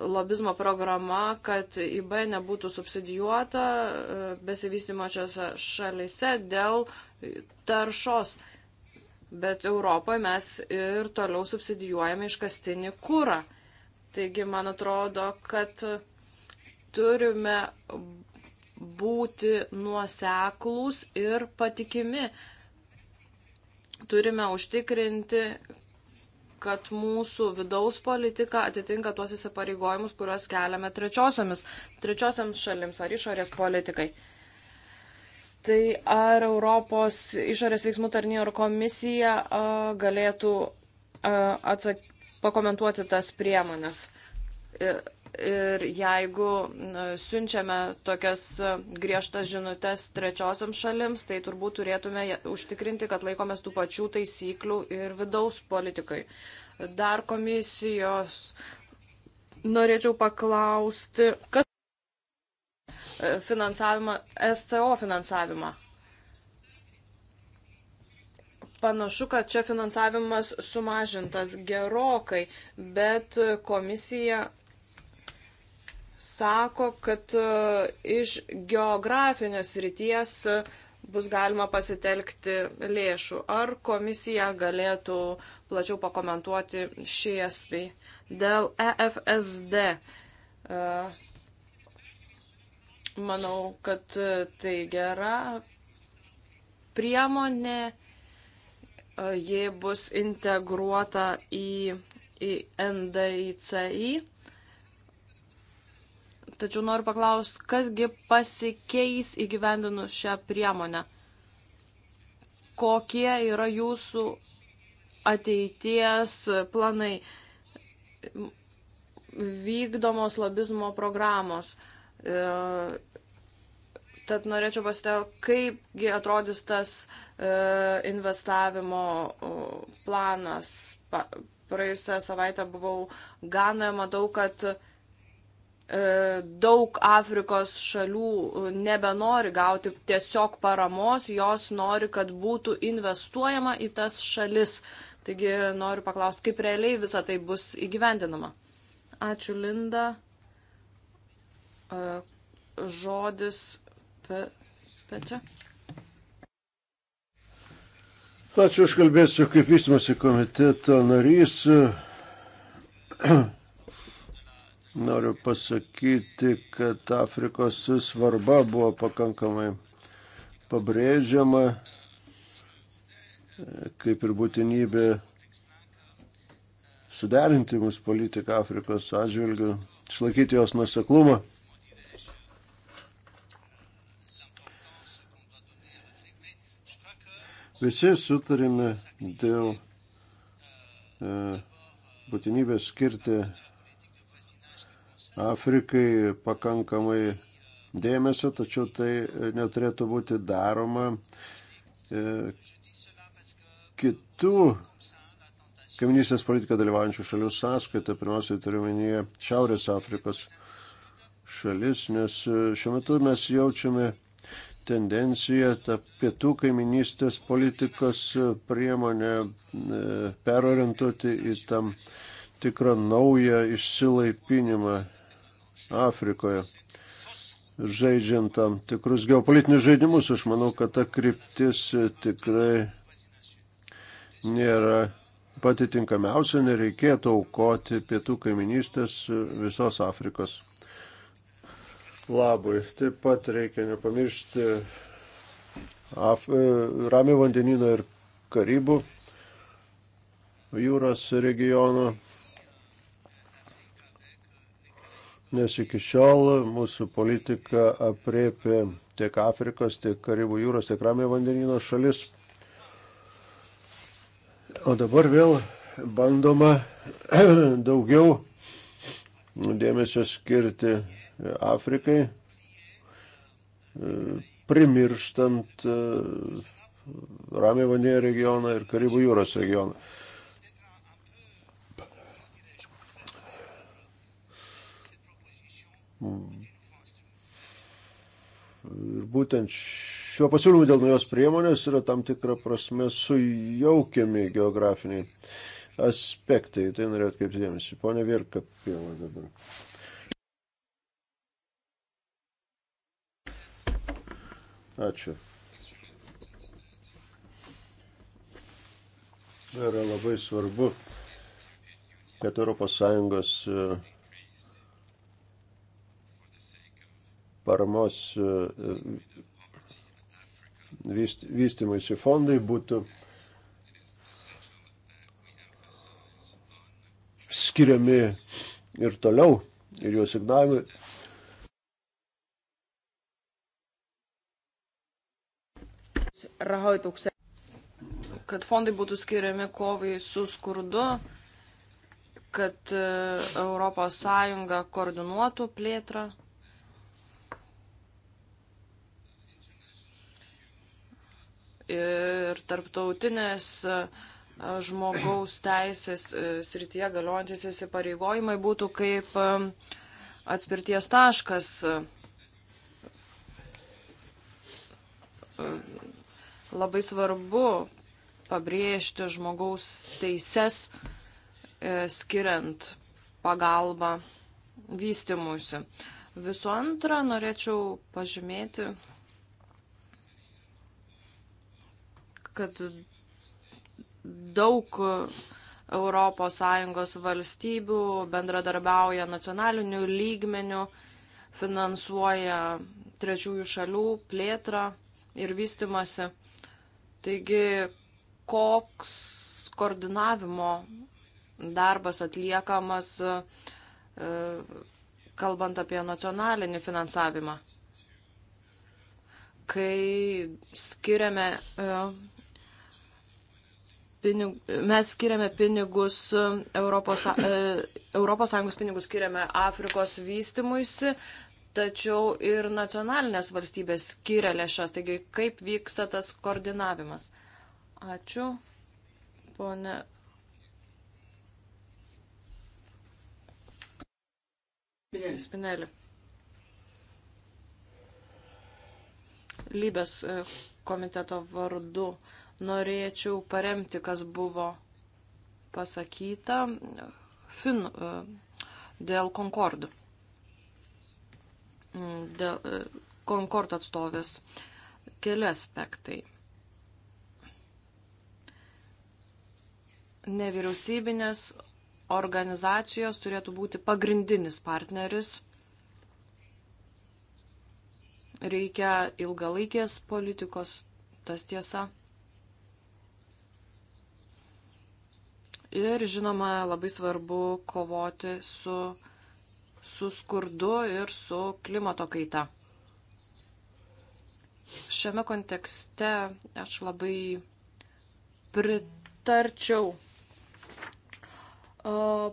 lobizmo programa, kad IB nebūtų subsidijuota e, besivystimačiose šalyse dėl taršos. Bet Europoje mes ir toliau subsidijuojame iškastinį kūrą. Taigi, man atrodo, kad turime būti nuoseklūs ir patikimi. Turime užtikrinti, kad mūsų vidaus politika atitinka tuos įsipareigojimus, kuriuos keliame trečiosiamis, trečiosiams šalims ar išorės politikai. Tai ar Europos išorės veiksmų tarnyba ir komisija a, galėtų a, atsak, pakomentuoti tas priemonės? Ir jeigu siunčiame tokias e, griežtas žinutės trečiosiam šalims, tai turbūt turėtume užtikrinti, kad laikomės tų pačių taisyklių ir vidaus politikai. Dar komisijos norėčiau paklausti, kas e, finansavimą, SCO finansavimą. Panašu, kad čia finansavimas sumažintas gerokai, bet komisija sako, kad e, iš geografinės ryties e, bus galima pasitelkti lėšų. Ar komisija galėtų plačiau pakomentuoti šį aspį dėl EFSD? E, manau, kad tai gera priemonė, ji bus integruota į, į NDICI Tačiau noriu paklausti, kasgi pasikeis įgyvendinus šią priemonę? Kokie yra jūsų ateities planai? vykdomos lobizmo programos. E, tad norėčiau pasitelkti, kaipgi atrodys tas e, investavimo planas. Pa, praėjusią savaitę buvau Ganoje, matau, kad E, daug Afrikos šalių e, nebenori gauti tiesiog paramos, jos nori, kad būtų investuojama į tas šalis. Taigi noriu paklausti, kaip realiai visa tai bus įgyvendinama. Ačiū, Linda. E, žodis pe, Pečia. Ačiū, aš kalbėsiu kaip vystimosi komiteto narys. (clears throat) Noriu pasakyti, kad Afrikos svarba buvo pakankamai pabrėžiama, kaip ir būtinybė suderinti mūsų politiką Afrikos atžvilgių, išlaikyti jos nuseklumą. Visi sutarime dėl e, būtinybės skirti Afrikai pakankamai dėmesio, tačiau tai neturėtų būti daroma e, kitų kaiminysės politiką dalyvaujančių šalių sąskaita. Pirmiausiai turiu menyje Šiaurės Afrikos šalis, nes e, šiuo metu mes jaučiame tendencija tą pietų kaiminystės politikos priemonę e, perorientuoti į tam tikrą naują išsilaipinimą Afrikoje, žaidžiant tam tikrus geopolitinius žaidimus. Aš manau, kad ta kryptis tikrai nėra pati tinkamiausia, nereikėtų aukoti pietų kaiminystės visos Afrikos labui. Taip pat reikia nepamiršti Af... E, Ramių vandenino ir Karibų jūros regiono nes iki šiol mūsų politika apriepė tiek Afrikos, tiek Karibų jūros, tiek Ramio vandenino šalis. O dabar vėl bandoma (clears throat) daugiau dėmesio skirti Afrikai, primirštant e, Ramio vandenino regioną ir Karibų jūros regioną. Ir būtent šiuo pasiūlymu dėl naujos priemonės yra tam tikra prasme sujaukiami geografiniai aspektai. Tai norėjau atkreipti dėmesį. Pone Virka, pirmą dabar. Ačiū. Yra labai svarbu, kad ES paramos e, e, vystimaisi fondai būtų skiriami ir toliau, ir jo signavimai. Rahoituksen. Kad fondai būtų skiriami kovai su skurdu, kad ES koordinuotų plėtrą ir tarptautinės e, žmogaus teisės e, srityje galiojantis įsipareigojimai būtų kaip e, atspirties taškas labai svarbu pabrėžti žmogaus teises, skiriant pagalbą vystimuisi. Visų antra, norėčiau pažymėti, kad daug ES valstybių bendradarbiauja nacionaliniu lygmeniu, finansuoja trečiųjų šalių plėtrą ir vystimasi. Taigi, koks koordinavimo darbas atliekamas, e, kalbant apie nacionalinį finansavimą, kai skiriame e, pinig, mes skiriame pinigus, e, Europos, e, Europos Sąjungos pinigus skiriame Afrikos vystimuisi, tačiau ir nacionalinės valstybės skiria lėšas. Taigi, kaip vyksta tas koordinavimas? Ačiū, ponė. Spinelį. Lybės e, komiteto vardu. Uh, norėčiau paremti, kas buvo pasakyta fin, e, dėl Concordų. Mm, dėl e, Concord atstovės keli aspektai. Nevyriausybinės organizacijos turėtų būti pagrindinis partneris. Reikia ilgalaikės politikos, tas tiesa. Ir žinoma, labai svarbu kovoti su, su skurdu ir su klimato kaita. Šiame kontekste aš labai pritarčiau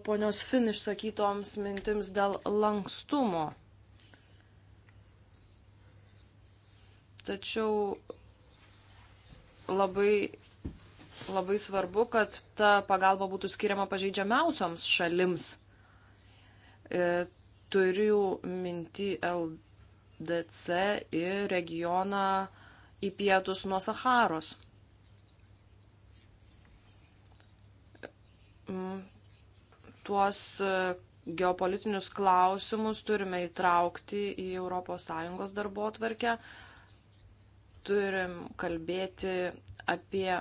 ponios Fin išsakytoms mintims dėl lankstumo. Tačiau labai labai svarbu, kad ta pagalba būtų skiriama pažeidžiamiausioms šalims. E, turiu minti LDC ir regioną į pietus nuo Saharos. Mm, tuos e, geopolitinius klausimus turime įtraukti į ES darbo atvarkę, turim kalbėti apie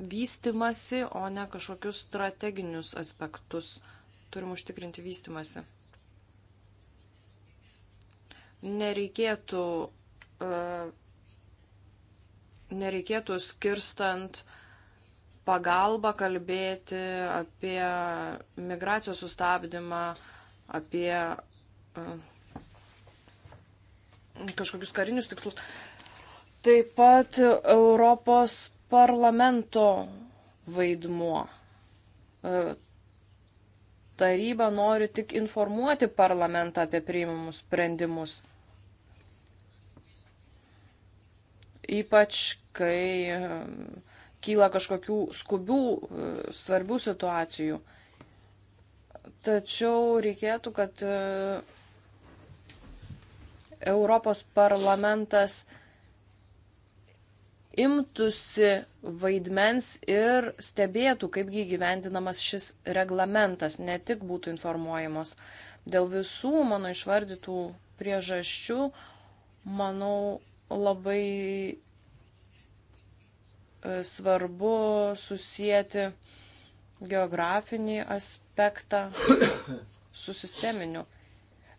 vystimasi, o ne kažkokius strateginius aspektus. Turim užtikrinti vystimasi. Nereikėtų, uh, nereikėtų skirstant pagalbą kalbėti apie migracijos sustabdymą, apie uh, kažkokius karinius tikslus. Taip pat Europos parlamento vaidmuo. E, taryba nori tik informuoti parlamentą apie priimamus sprendimus. Ypač, kai e, kyla kažkokių skubių, e, svarbių situacijų. Tačiau reikėtų, kad Europos parlamentas uh, imtųsi vaidmens ir stebėtų, kaipgi gyvendinamas šis reglamentas, ne tik būtų informuojamos. Dėl visų mano išvardytų priežasčių, manau, labai e, svarbu susijęti geografinį aspektą su sisteminiu,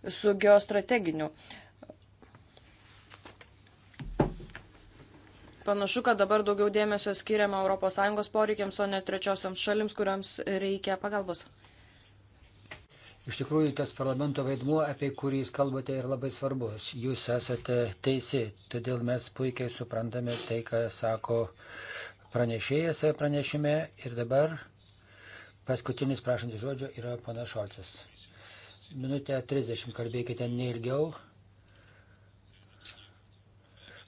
su geostrateginiu. Panašu, kad dabar daugiau dėmesio skiriama ES poreikiams, o ne trečiosioms šalims, kuriams reikia pagalbos. Iš tikrųjų, tas parlamento vaidmuo, apie kurį jūs kalbate, yra labai svarbus. Jūs esate teisi, todėl mes puikiai suprantame tai, ką sako pranešėjas pranešime. Ir dabar paskutinis prašantis žodžio yra pana Šolcas. Minutę 30 kalbėkite neilgiau,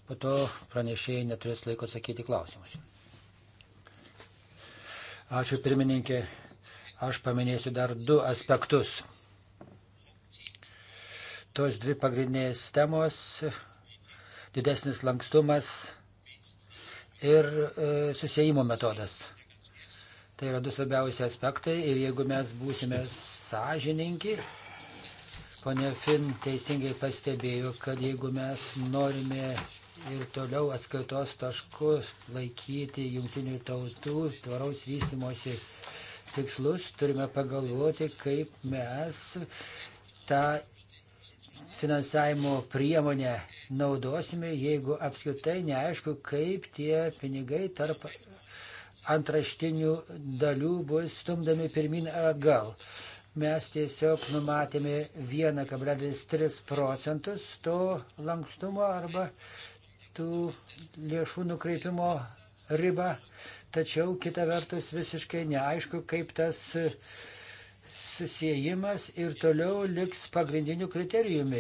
Po to pranešėjai neturės laiko atsakyti klausimus. Ačiū pirmininkė. Aš paminėsiu dar du aspektus. Tos dvi pagrindinės temos - didesnis lankstumas ir e, susijimo metodas. Tai yra du svarbiausi aspektai ir jeigu mes būsime sąžininki, ponė Fin teisingai pastebėjo, kad jeigu mes norime ir toliau atskaitos tašku laikyti jungtinių tautų tvaraus vystimosi tikslus, turime pagalvoti, kaip mes tą finansavimo priemonę naudosime, jeigu apskritai neaišku, kaip tie pinigai tarp antraštinių dalių bus stumdami pirmin atgal mes tiesiog numatėme 1,3 procentus to lankstumo arba tų lėšų nukreipimo ribą, tačiau kita vertus visiškai neaišku, kaip tas susijimas ir toliau liks pagrindiniu kriterijumi.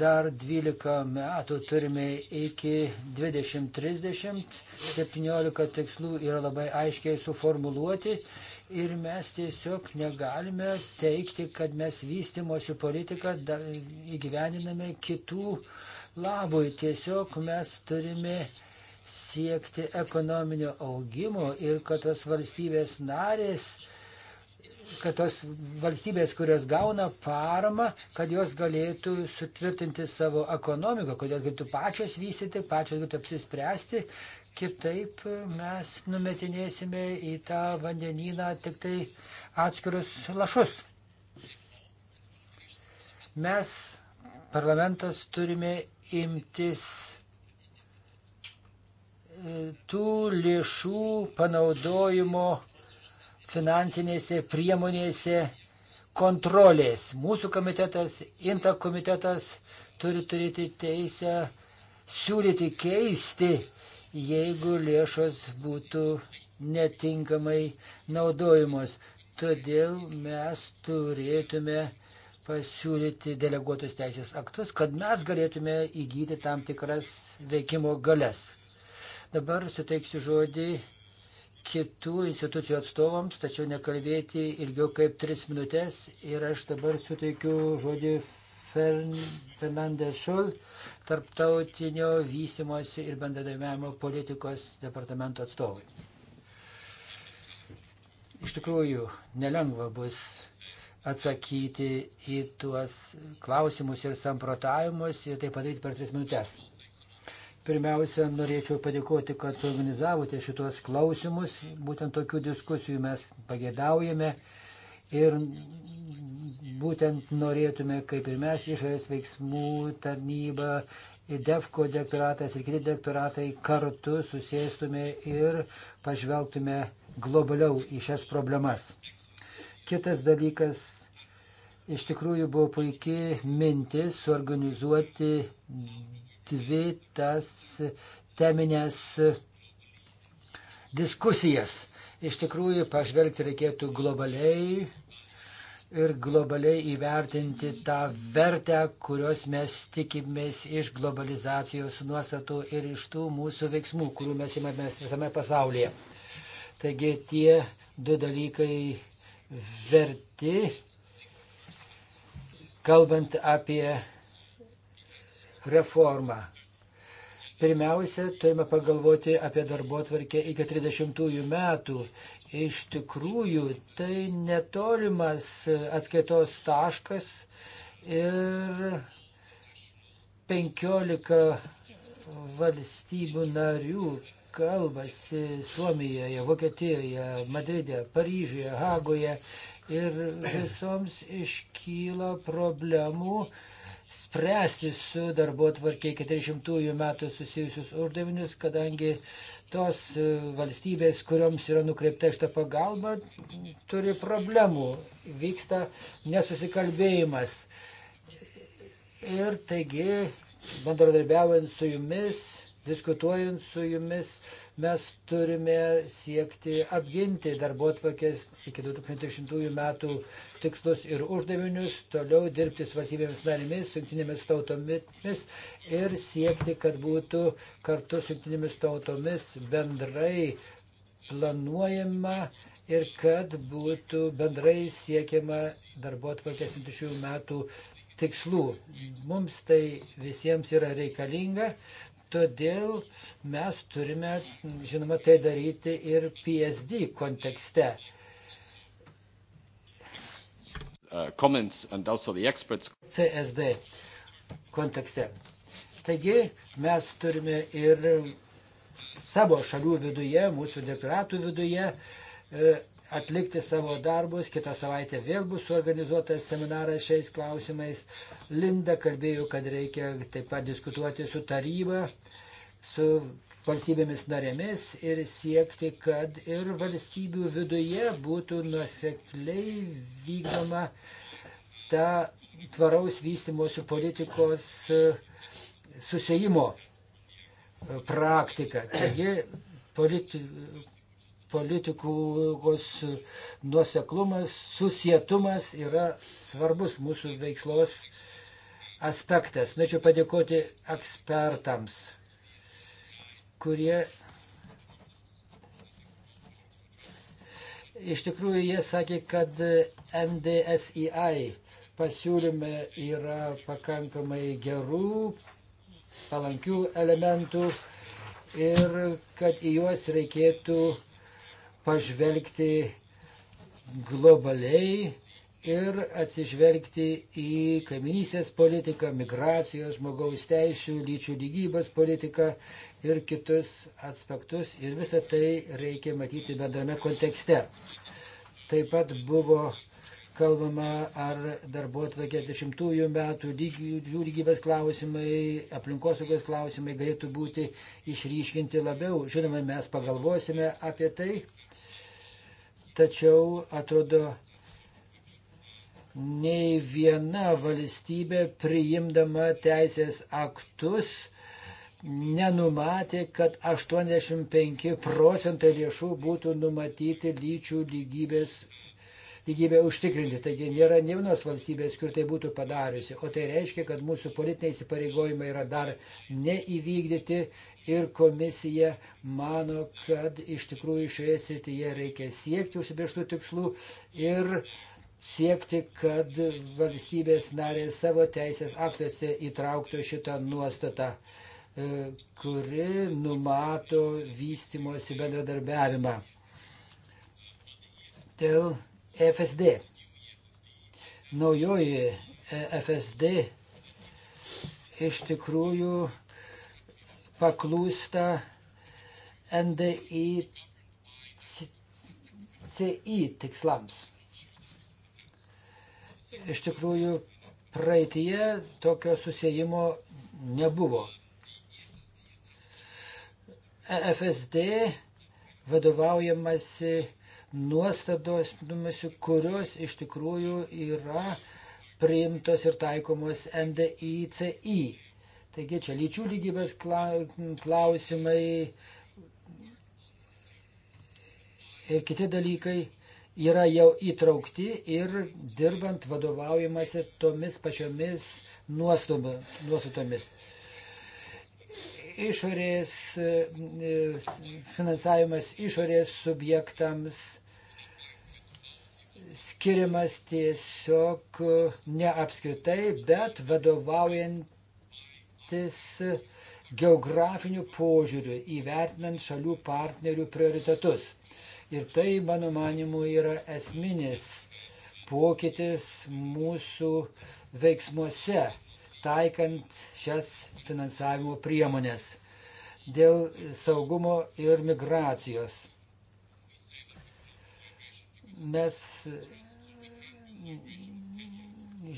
Dar 12 metų turime iki 2030, 17 tikslų yra labai aiškiai suformuluoti ir mes tiesiog negalime teikti, kad mes vystimosi politiką įgyveniname kitų uh, labui. Tiesiog mes turime siekti ekonominio augimo ir kad tos valstybės narės, kad tos valstybės, kurios gauna paramą, kad jos galėtų sutvirtinti savo ekonomiką, kad jos galėtų pačios vystyti, pačios galėtų apsispręsti. Kitaip mes numetinėsime į tą vandenyną tik tai atskirus lašus. Mes, parlamentas, turime imtis e, tų lėšų panaudojimo finansinėse priemonėse kontrolės. Mūsų komitetas, INTA komitetas turi turėti teisę siūlyti keisti, jeigu lėšos būtų netinkamai naudojamos. Todėl mes turėtume pasiūlyti deleguotus teisės aktus, kad mes galėtume įgyti tam tikras veikimo galės. Dabar suteiksiu žodį kitų institucijų atstovams, tačiau nekalbėti ilgiau kaip tris minutės. Ir aš dabar suteikiu žodį Fernandės Šul, tarptautinio vystimosi ir bendradarbiavimo politikos departamento atstovui. Iš tikrųjų, nelengva bus atsakyti į tuos klausimus ir samprotavimus ir tai padaryti per tris minutės. Pirmiausia, norėčiau padėkoti, kad suorganizavote šitos klausimus. Būtent tokių diskusijų mes pagėdaujame ir būtent norėtume, kaip ir mes, išorės veiksmų tarnyba, DEFCO direktoratas ir kiti direktoratai kartu susėstume ir pažvelgtume globaliau į šias problemas. Kitas dalykas, iš tikrųjų buvo puikiai mintis suorganizuoti dvi tas teminės diskusijas. Iš tikrųjų, pažvelgti reikėtų globaliai ir globaliai įvertinti tą vertę, kurios mes tikimės iš globalizacijos nuostatų ir iš tų mūsų veiksmų, kurių mes imamės visame pasaulyje. Taigi tie du dalykai verti, kalbant apie reformą. Pirmiausia, turime pagalvoti apie darbo tvarkę iki 30 metų. Iš tikrųjų, tai netolimas atskaitos taškas ir 15 valstybių narių kalbasi Suomijoje, Vokietijoje, Madride, Paryžiuje, Hagoje ir visoms iškyla problemų spręsti su darbo tvarkiai 40-ųjų metų susijusius uždavinius, kadangi tos valstybės, kuriuoms yra nukreipta šitą pagalbą, turi problemų, vyksta nesusikalbėjimas. Ir taigi, bendradarbiaujant su jumis, Diskutuojant su jumis, mes turime siekti apginti darbuotvarkės iki 2010 metų tikslus ir uždavinius, toliau dirbti su valstybėmis narimis, su jungtinėmis tautomis ir siekti, kad būtų kartu su jungtinėmis tautomis bendrai planuojama ir kad būtų bendrai siekiama darbo atvarkės 20 metų tikslų. Mums tai visiems yra reikalinga, Todėl mes turime, žinoma, tai daryti ir PSD kontekste. Uh, CSD kontekste. Taigi mes turime ir savo šalių viduje, mūsų dektoratų viduje uh, atlikti savo darbus. Kitą savaitę vėl bus suorganizuotas seminaras šiais klausimais. Linda kalbėjo, kad reikia taip pat diskutuoti su taryba, su valstybėmis narėmis ir siekti, kad ir valstybių viduje būtų nusekliai vykdoma ta tvaraus vystimosi politikos e, susijimo praktika. Taigi politi politikos nuoseklumas, susietumas yra svarbus mūsų veiklos aspektas. Norėčiau padėkoti ekspertams, kurie iš tikrųjų jie sakė, kad NDSEI pasiūlyme yra pakankamai gerų, palankių elementų ir kad į juos reikėtų pažvelgti globaliai ir atsižvelgti į kaiminysės politiką, migracijos, žmogaus teisų, lyčių lygybės politiką ir kitus aspektus. Ir visą tai reikia matyti bendrame kontekste. Taip pat buvo kalbama, ar darbo atvarkė 10 metų lygių lygybės klausimai, aplinkosaugos klausimai galėtų būti išryškinti labiau. Žinoma, mes pagalvosime apie tai tačiau atrodo nei viena valstybė priimdama teisės aktus nenumatė, kad 85 procentai lėšų būtų numatyti lyčių lygybės lygybę užtikrinti. Taigi nėra ne vienos valstybės, kur tai būtų padariusi. O tai reiškia, kad mūsų politiniai įsipareigojimai yra dar neįvykdyti ir komisija mano, kad iš tikrųjų šioje srityje reikia siekti užsibrieštų tikslų ir siekti, kad valstybės narės savo teisės aktuose įtrauktų šitą nuostatą e, kuri numato vystimosi bendradarbiavimą. Dėl FSD. Naujoji e FSD iš tikrųjų paklūsta NDICI tikslams. Iš tikrųjų, praeitie tokio susijimo nebuvo. EFSD vadovaujamasi nuostatos, kurios iš tikrųjų yra priimtos ir taikomos NDICI. Taigi čia lyčių lygybės klausimai ir kiti dalykai yra jau įtraukti ir dirbant vadovaujamasi tomis pačiomis nuostatomis išorės e, finansavimas išorės subjektams skiriamas tiesiog ne apskritai, bet vadovaujantis geografiniu požiūriu, įvertinant šalių partnerių prioritetus. Ir tai, mano manimu, yra esminis pokytis mūsų veiksmuose taikant šias finansavimo priemonės dėl saugumo ir migracijos. Mes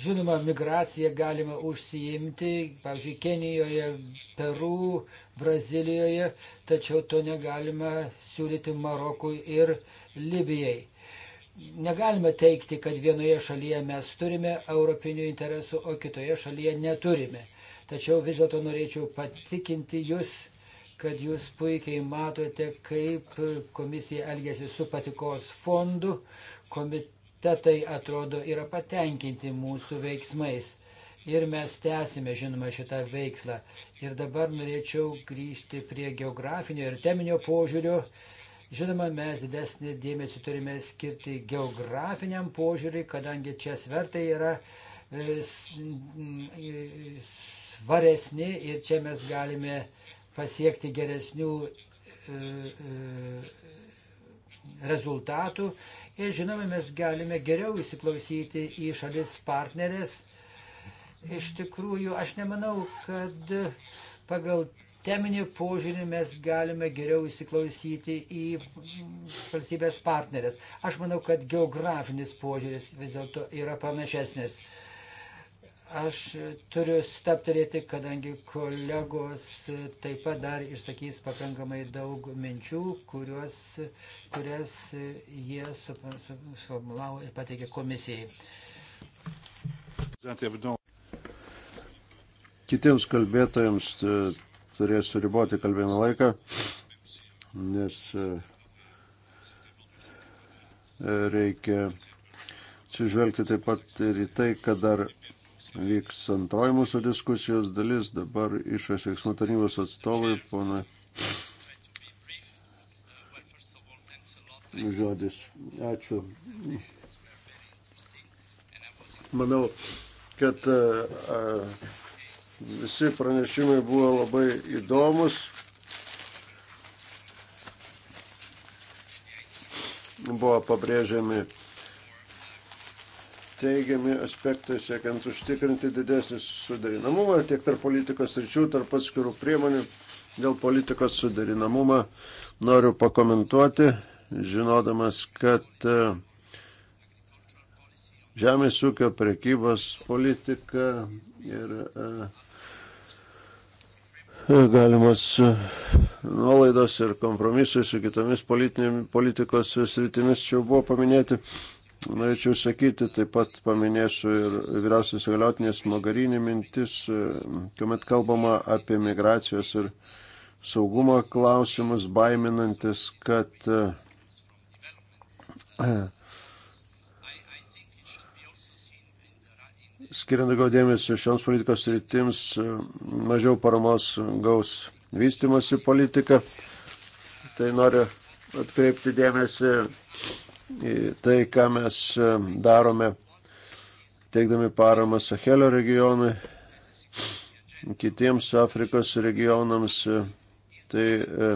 Žinoma, migraciją galima užsiimti, pavyzdžiui, Kenijoje, Peru, Brazilijoje, tačiau to negalima siūlyti Marokui ir Libijai negalime teikti, kad vienoje šalyje mes turime europinių interesų, o kitoje šalyje neturime. Tačiau vis dėlto norėčiau patikinti jūs, kad jūs puikiai matote, kaip komisija elgėsi su patikos fondu. Komitetai atrodo yra patenkinti mūsų veiksmais. Ir mes tęsime, žinoma, šitą veikslą. Ir dabar norėčiau grįžti prie geografinio ir teminio požiūrio Žinoma, mes didesnį dėmesį turime skirti geografiniam požiūriui, kadangi čia svertai yra e, e, svaresni ir čia mes galime pasiekti geresnių e, rezultatų. Ir žinoma, mes galime geriau įsiklausyti į šalis partnerės. Iš tikrųjų, aš nemanau, kad pagal sisteminį požiūrį mes galime geriau įsiklausyti į valstybės partnerės. Aš manau, kad geografinis požiūris vis dėlto yra pranašesnis. Aš turiu stapturėti, kadangi kolegos taip pat dar išsakys pakankamai daug minčių, kurios, kurias jie suformulavo ir pateikė komisijai. Kitiems kalbėtojams t turėsiu riboti kalbėjimo laiką, nes e, reikia atsižvelgti taip pat ir į tai, kad dar vyks antroji mūsų diskusijos dalis. Dabar išvės veiksmų tarnybos atstovai, pana. Žodis. Ačiū. Manau, kad a, e, a, Visi pranešimai buvo labai įdomus. Buvo pabrėžiami teigiami aspektai, siekiant užtikrinti didesnį sudarinamumą tiek tarp politikos ryčių, tarp atskirų priemonių. Dėl politikos sudarinamumą noriu pakomentuoti, žinodamas, kad e, žemės ūkio prekybos politika ir uh, galimas e, nuolaidos ir kompromisai su kitomis politikos sritimis čia buvo paminėti. Norėčiau sakyti, taip pat paminėsiu ir vyriausios galiotinės magarinį mintis, e, kuomet kalbama apie migracijos ir saugumo klausimus, baiminantis, kad e, skiriant daugiau dėmesio šioms politikos rytims, mažiau paramos gaus vystimosi politika. Tai noriu atkreipti dėmesį į tai, ką mes e, darome, teikdami paramą Sahelio regionui, kitiems Afrikos regionams. E, tai e,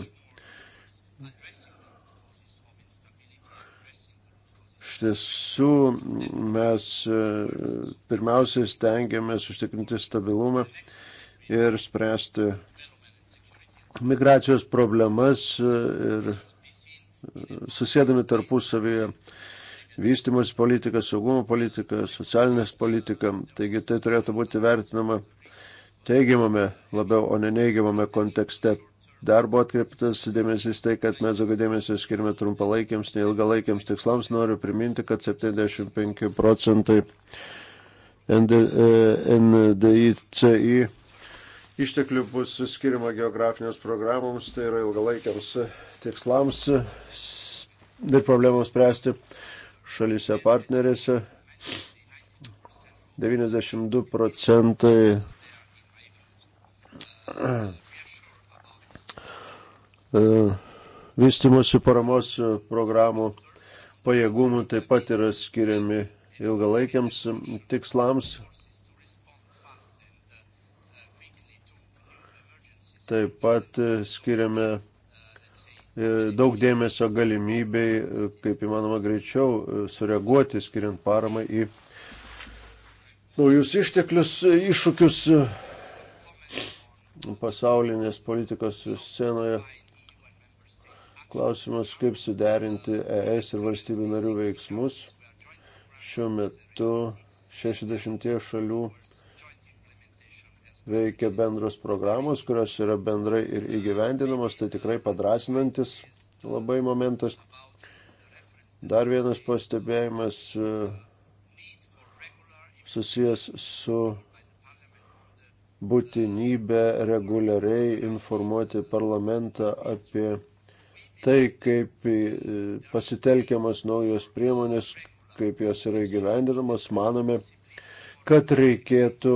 Iš tiesų mes e, pirmiausiai stengiamės užtikrinti stabilumą ir spręsti migracijos problemas e, ir e, susėdami tarpusavyje vystimus politiką, saugumo politiką, socialinės politiką. Taigi tai turėtų būti vertinama teigiamame labiau, o ne neigiamame kontekste darbo atkreiptas dėmesys tai, kad mes daugiau dėmesio skirime trumpalaikiams, neilgalaikiams tikslams. Noriu priminti, kad 75 procentai NDICI e, išteklių bus skirima geografinėms programoms, tai yra ilgalaikiams tikslams ir problemams spręsti šalyse partnerėse. 92 procentai E, vystimosi paramos e, programų pajėgumų taip pat yra skiriami ilgalaikiams tikslams. Taip pat e, skiriame daug dėmesio galimybei, kaip įmanoma greičiau, sureaguoti, skiriant paramą į naujus išteklius, iššūkius pasaulinės politikos scenoje. Klausimas, kaip suderinti ES ir valstybių narių veiksmus. Šiuo metu 60 šalių veikia bendros programos, kurios yra bendrai ir įgyvendinamos, tai tikrai padrasinantis labai momentas. Dar vienas pastebėjimas e, susijęs su būtinybė reguliariai informuoti parlamentą apie tai, kaip e, pasitelkiamas naujos priemonės, kaip jos yra įgyvendinamas, manome, kad reikėtų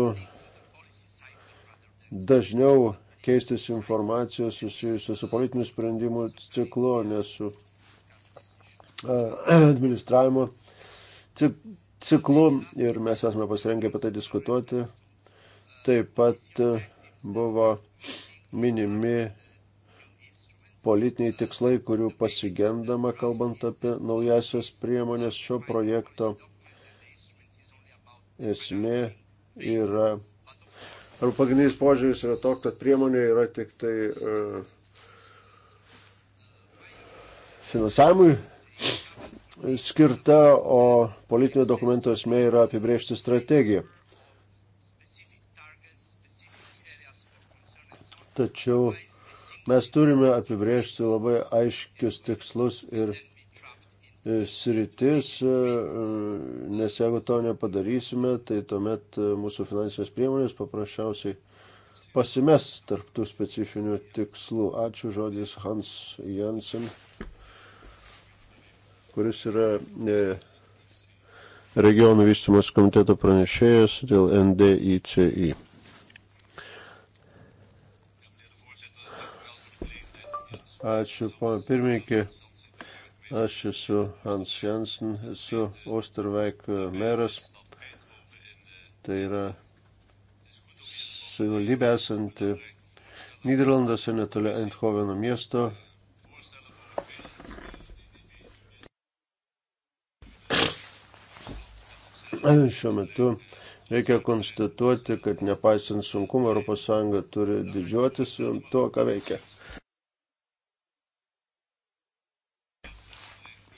dažniau keistis informaciją susijusią su politiniu sprendimu ciklu, nes su e, administravimo ciklu ir mes esame pasirengę apie tai diskutuoti. Taip pat e, buvo minimi politiniai tikslai, kurių pasigendama, kalbant apie naujasios priemonės šio projekto esmė yra. Ar pagrindinis požiūris yra toks, kad priemonė yra tik tai e, finansavimui skirta, o politinio dokumento esmė yra apibriežti strategiją. Tačiau Mes turime apibrėžti labai aiškius tikslus ir e, sritis, e, nes jeigu to nepadarysime, tai tuomet e, mūsų finansinės priemonės paprasčiausiai pasimes tarptų specifinių tikslų. Ačiū žodis Hans Jansen, kuris yra regionų vystimas komiteto pranešėjas dėl NDICI. Ačiū, pana pirmininkė. Aš esu Hans Jansen, esu Osterveik meras. Tai yra savivaldybė esanti Niderlanduose netoli Eindhoveno miesto. Šiuo metu reikia konstatuoti, kad nepaisant sunkumų ES turi didžiuotis tuo, ką veikia.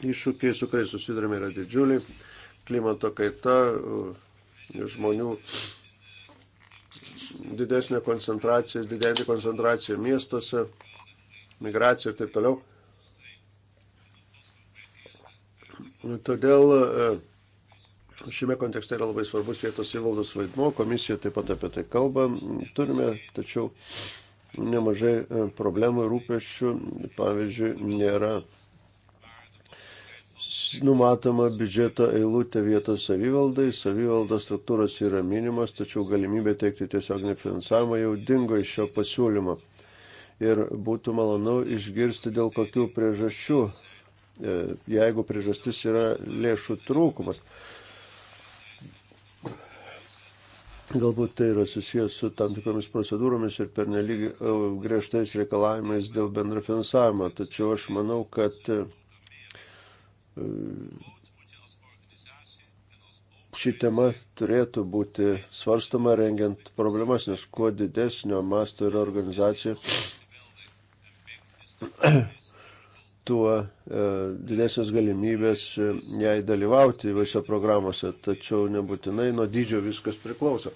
Iššūkiai, su kuriais susidurime, yra didžiuliai. Klimato kaita, e, žmonių didesnė koncentracija, didesnė koncentracija miestuose, migracija ir taip toliau. Todėl e, šiame kontekste yra labai svarbus vietos įvaldos vaidmo, komisija taip pat apie tai kalba. Turime, tačiau nemažai e, problemų ir rūpešių, pavyzdžiui, nėra numatoma biudžeto eilutė vietos savivaldai, savivaldos struktūros yra minimas, tačiau galimybė teikti tiesioginį finansavimą jau dingo iš šio pasiūlymo. Ir būtų malonu išgirsti, dėl kokių priežasčių, e, jeigu priežastis yra lėšų trūkumas. Galbūt tai yra susijęs su tam tikromis procedūromis ir pernelyg e, griežtais reikalavimais dėl bendrofinansavimo, tačiau aš manau, kad e, ši tema turėtų būti svarstama rengiant problemas, nes kuo didesnio masto yra organizacija, (clears throat) tuo e, didesnės galimybės e, jai dalyvauti įvairiose programuose, tačiau nebūtinai nuo dydžio viskas priklauso.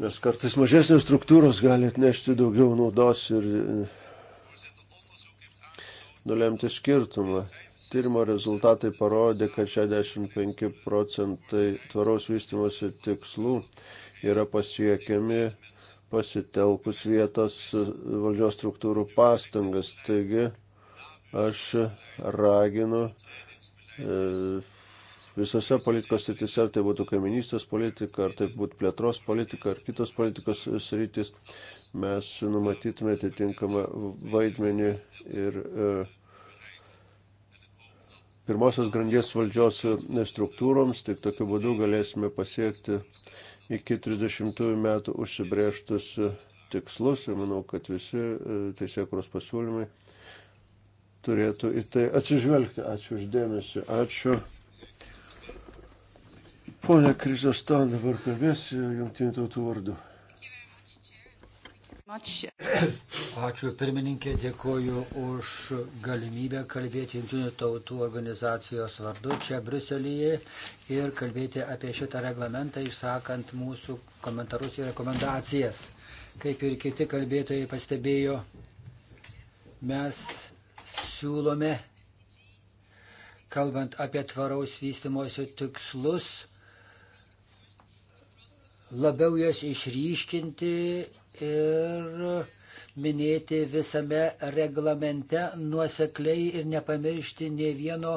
Nes kartais mažesnės struktūros gali atnešti daugiau naudos ir e, nulemti skirtumą. Tyrimo rezultatai parodė, kad 65 procentai tvaraus vystimosi tikslų yra pasiekiami pasitelkus vietos valdžios struktūrų pastangas. Taigi aš raginu e, visose politikos sritise, ar tai būtų kaiminystės politika, ar tai būtų plėtros politika, ar kitos politikos sritis, mes numatytume atitinkamą vaidmenį ir e, pirmosios grandies valdžios struktūroms, tik tokiu būdu galėsime pasiekti iki 30 metų užsibrėžtus tikslus ir manau, kad visi e, teisėkuros pasiūlymai turėtų į tai atsižvelgti. Ačiū uždėmesi, ačiū. Pone Krizostan dabar kalbės jungtinių tautų vardu. Ačiū pirmininkė, dėkoju už galimybę kalbėti Junktinių tautų organizacijos vardu čia Briuselyje ir kalbėti apie šitą reglamentą, išsakant mūsų komentarus ir rekomendacijas. Kaip ir kiti kalbėtojai pastebėjo, mes siūlome, kalbant apie tvaraus vystimosi tikslus, labiau jas išryškinti ir minėti visame reglamente nuosekliai ir nepamiršti ne vieno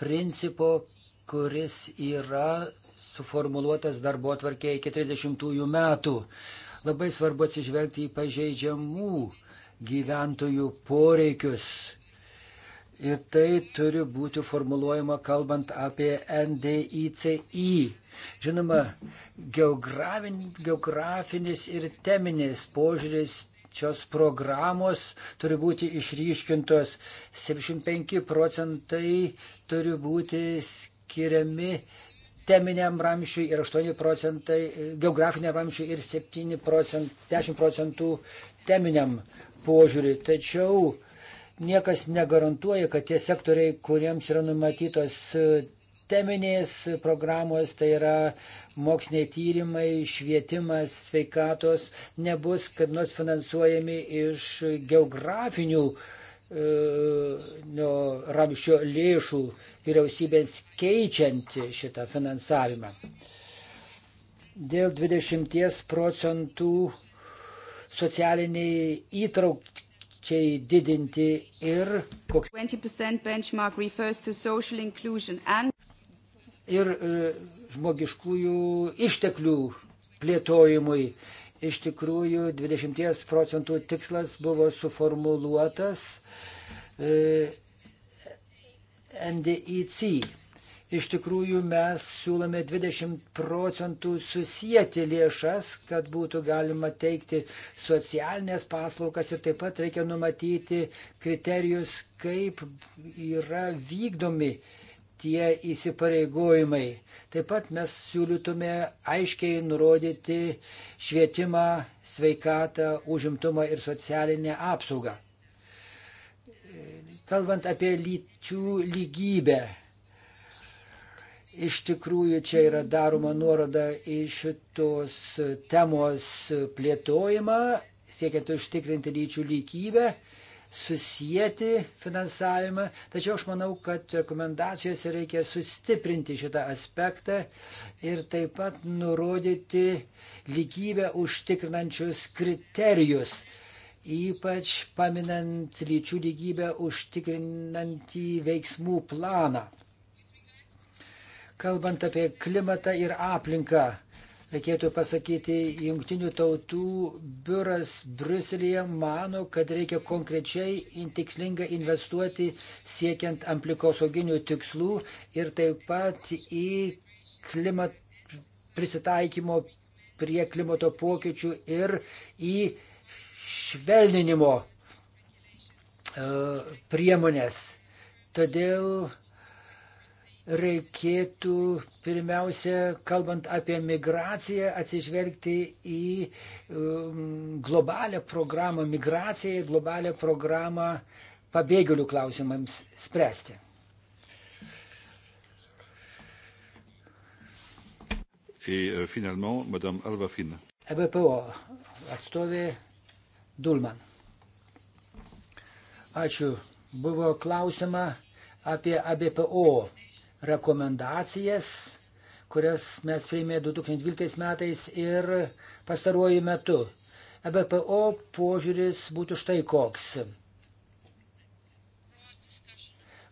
principo, kuris yra suformuluotas darbo atvarkėje iki 30 metų. Labai svarbu atsižvelgti į pažeidžiamų gyventojų poreikius. Ir tai turi būti formuluojama kalbant apie NDICI Žinoma, geografinis ir teminis požiūris šios programos turi būti išryškintos. 75 procentai turi būti skiriami teminiam ramšiui ir 8 procentai, geografiniam ramšiui ir 7 procent, 10 procentų teminiam požiūriui. Tačiau niekas negarantuoja, kad tie sektoriai, kuriems yra numatytos teminės programos, tai yra moksliniai tyrimai, švietimas, sveikatos, nebus kaip nors finansuojami iš geografinių e, ramščio lėšų vyriausybės keičiant šitą finansavimą. Dėl 20 procentų socialiniai įtraukti čia didinti ir koks. And ir e, žmogiškųjų išteklių plėtojimui. Iš tikrųjų, 20 procentų tikslas buvo suformuluotas e, NDIC. Iš tikrųjų, mes siūlome 20 procentų susijęti lėšas, kad būtų galima teikti socialinės paslaugas ir taip pat reikia numatyti kriterijus, kaip yra vykdomi uh, tie įsipareigojimai. Taip pat mes siūlytume aiškiai nurodyti švietimą, sveikatą, užimtumą ir socialinę apsaugą. Kalbant apie lyčių lygybę, iš tikrųjų čia yra daroma nuoroda į šitos temos plėtojimą, siekiant užtikrinti lyčių lygybę susijęti finansavimą, tačiau aš manau, kad rekomendacijose reikia sustiprinti šitą aspektą ir taip pat nurodyti lygybę užtikrinančius kriterijus, ypač paminant lyčių lygybę užtikrinantį veiksmų planą. Kalbant apie klimatą ir aplinką, reikėtų pasakyti, jungtinių tautų biuras Bruselėje mano, kad reikia konkrečiai tikslingai investuoti siekiant aplikosauginių tikslų ir taip pat į klimat prisitaikymo prie klimato pokyčių ir į švelninimo e, priemonės. Todėl reikėtų pirmiausia, kalbant apie migraciją, atsižvelgti į um, globalią programą migracijai, globalią programą pabėgėlių klausimams spręsti. Et euh, finalement, Madame Alvafin. EBPO atstovė Dulman. Ačiū. Buvo klausima apie ABPO e rekomendacijas, kurias mes priėmė 2012 metais ir pastaruoju metu. EBPO požiūris būtų štai koks.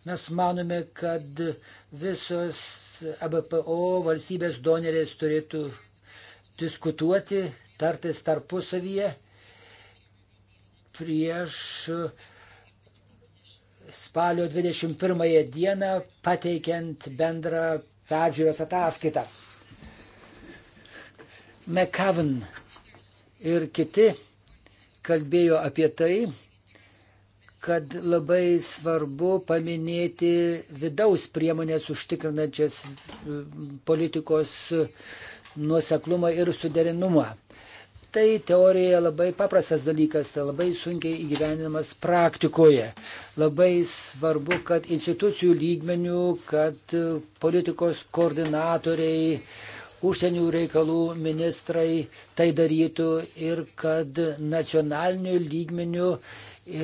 Mes manome, kad visos EBPO valstybės donorės turėtų diskutuoti, tartis tarpusavyje prieš uh, spalio 21 dieną pateikiant bendrą peržiūros ataskaitą. McCavan ir kiti kalbėjo apie tai, kad labai svarbu paminėti vidaus priemonės užtikrinančias politikos nuoseklumą ir suderinumą tai teorija labai paprastas dalykas, labai sunkiai įgyvenimas praktikoje. Labai svarbu, kad institucijų lygmenių, kad politikos koordinatoriai, užsienio reikalų ministrai tai darytų ir kad nacionalinių lygmenių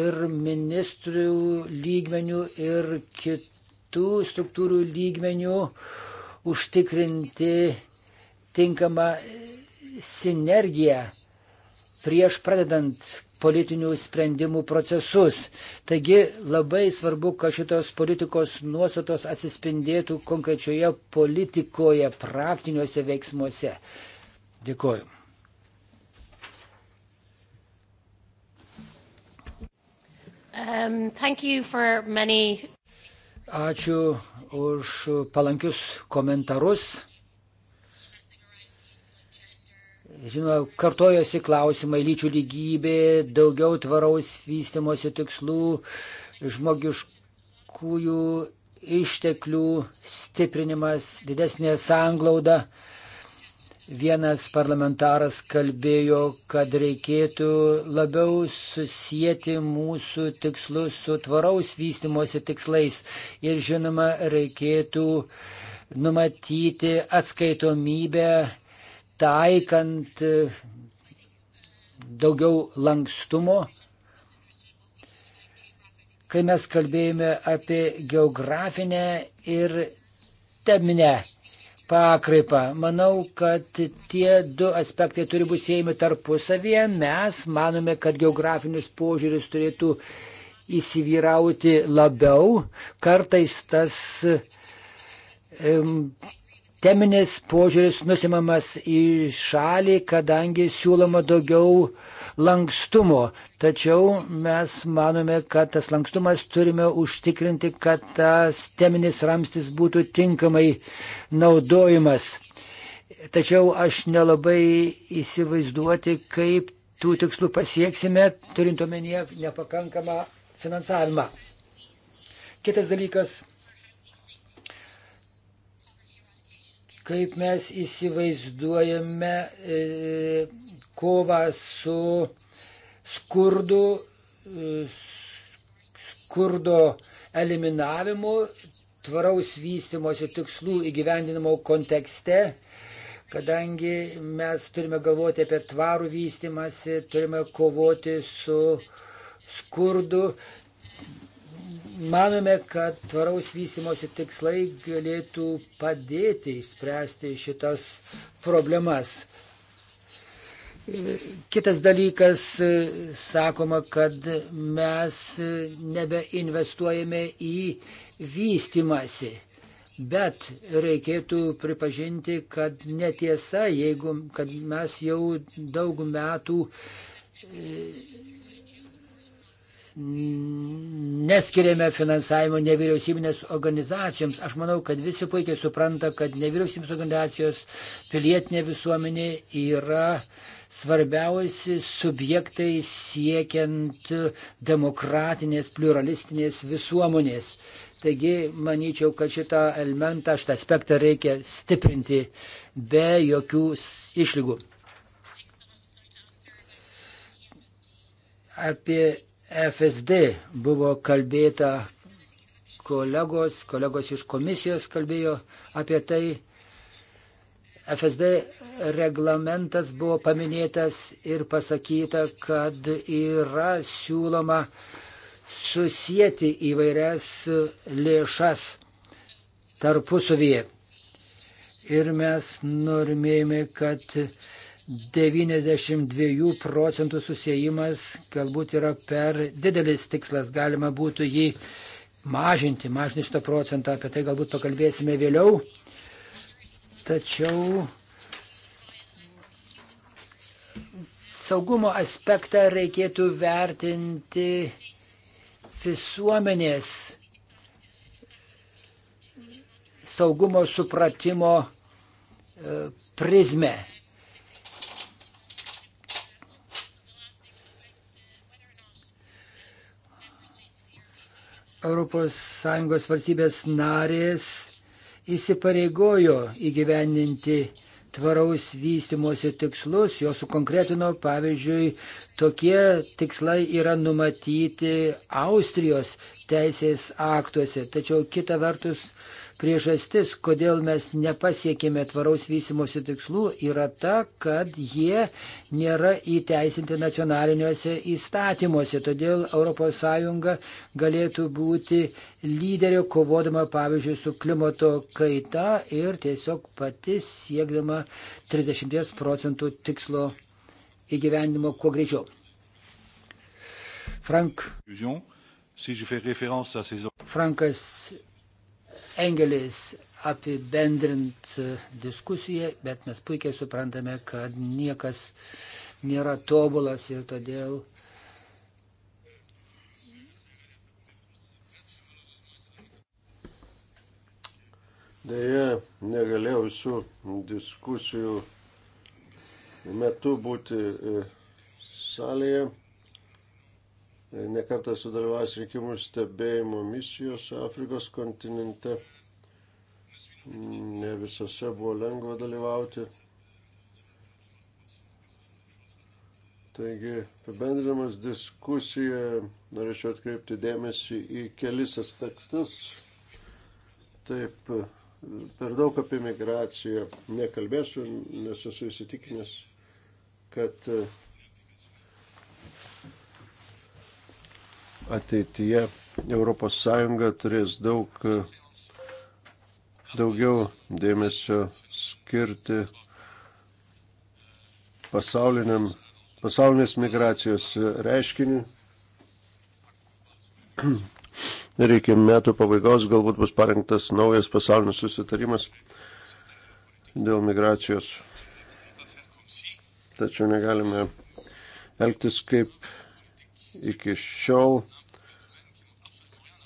ir ministrų lygmenių ir kitų struktūrų lygmenių užtikrinti tinkamą sinergiją prieš pradedant politinių sprendimų procesus. Taigi labai svarbu, kad šitos politikos nuostatos atsispindėtų konkrečioje politikoje, praktiniuose veiksmuose. Dėkoju. Um, many... Ačiū už palankius komentarus. Žinoma, kartojosi klausimai lyčių lygybė, daugiau tvaraus vystimosi tikslų, žmogiškųjų išteklių stiprinimas, didesnė sanglauda. Vienas parlamentaras kalbėjo, kad reikėtų labiau susijęti mūsų tikslus su tvaraus vystimosi tikslais ir žinoma, reikėtų numatyti atskaitomybę taikant e, daugiau lankstumo. Kai mes kalbėjome apie geografinę ir teminę pakraipą, manau, kad tie du aspektai turi būti siejami tarpusavėje. Mes manome, kad geografinis požiūris turėtų įsivyrauti labiau. Kartais tas um, teminis požiūris nusimamas į šalį, kadangi siūloma daugiau lankstumo. Tačiau mes manome, kad tas lankstumas turime užtikrinti, kad tas teminis ramstis būtų tinkamai naudojimas. Tačiau aš nelabai įsivaizduoti, kaip tų tikslų pasieksime, turint omenyje nepakankamą finansavimą. Kitas dalykas kaip mes įsivaizduojame e, kovą su skurdu, e, skurdo eliminavimu, tvaraus vystimosi tikslų įgyvendinimo kontekste, kadangi mes turime galvoti apie tvarų vystimąsi, turime kovoti su skurdu, Manome, kad tvaraus vystimosi tikslai galėtų padėti išspręsti šitas problemas. Kitas dalykas, sakoma, kad mes nebeinvestuojame į vystimąsi. Bet reikėtų pripažinti, kad netiesa, jeigu kad mes jau daug metų neskiriame finansavimo nevyriausybinės organizacijoms. Aš manau, kad visi puikiai supranta, kad nevyriausybinės organizacijos pilietinė visuomenė yra svarbiausi subjektai siekiant demokratinės, pluralistinės visuomenės. Taigi, manyčiau, kad šitą elementą, šitą aspektą reikia stiprinti be jokių išlygų. Apie FSD buvo kalbėta, kolegos, kolegos iš komisijos kalbėjo apie tai. FSD reglamentas buvo paminėtas ir pasakyta, kad yra siūloma susijęti įvairias lėšas tarpusavyje. Ir mes norėjome, kad 92 procentų susijimas galbūt yra per didelis tikslas, galima būtų jį mažinti, mažinti šitą procentą, apie tai galbūt pakalbėsime vėliau. Tačiau saugumo aspektą reikėtų vertinti visuomenės saugumo supratimo e, prizmę. ES valstybės narės įsipareigojo įgyveninti tvaraus vystimosi tikslus, jos sukonkretino, pavyzdžiui, tokie tikslai yra numatyti Austrijos teisės aktuose, tačiau kita vertus priežastis, kodėl mes nepasiekėme tvaraus vystimosi tikslų, yra ta, kad jie nėra įteisinti nacionaliniuose įstatymuose. Todėl ES galėtų būti lyderio kovodama, pavyzdžiui, su klimato kaita ir tiesiog pati siekdama 30 procentų tikslo įgyvendimo kuo greičiau. Frank. Frankas Engelis apibendrint diskusiją, bet mes puikiai suprantame, kad niekas nėra tobulas ir todėl Deja, negalėjau visų diskusijų metu būti e, salėje nekartą sudalyvavęs rinkimų stebėjimo misijos Afrikos kontinente. Ne visose buvo lengva dalyvauti. Taigi, apibendrinamas diskusiją, norėčiau atkreipti dėmesį į kelis aspektus. Taip, per daug apie migraciją nekalbėsiu, nes esu įsitikinęs, kad ateityje ES turės daug daugiau dėmesio skirti pasauliniam, pasaulinės migracijos reiškiniui. Ir (clears throat) iki metų pabaigos galbūt bus parengtas naujas pasaulinis susitarimas dėl migracijos. Tačiau negalime elgtis kaip iki šiol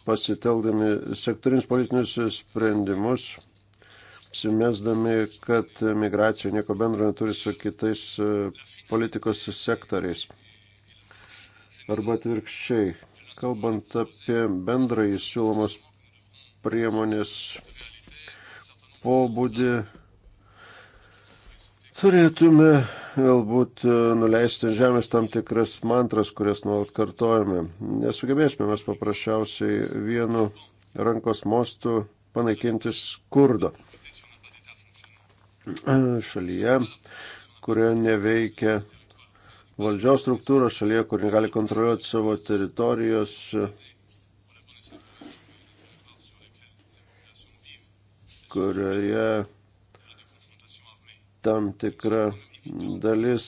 pasitelkdami sektorinius politinius sprendimus, apsimesdami, kad migracija nieko bendro neturi su kitais e, politikos sektoriais. Arba atvirkščiai, kalbant apie bendrąjį siūlomos priemonės pobūdį, Turėtume galbūt e, nuleisti žemės tam tikras mantras, kurias nuolat kartojame. Nesugebėsime mes paprasčiausiai vienu rankos mostu panaikinti skurdo e, šalyje, kurioje neveikia valdžios struktūros, šalyje, kur negali kontroliuoti savo teritorijos. kurioje tam tikra dalis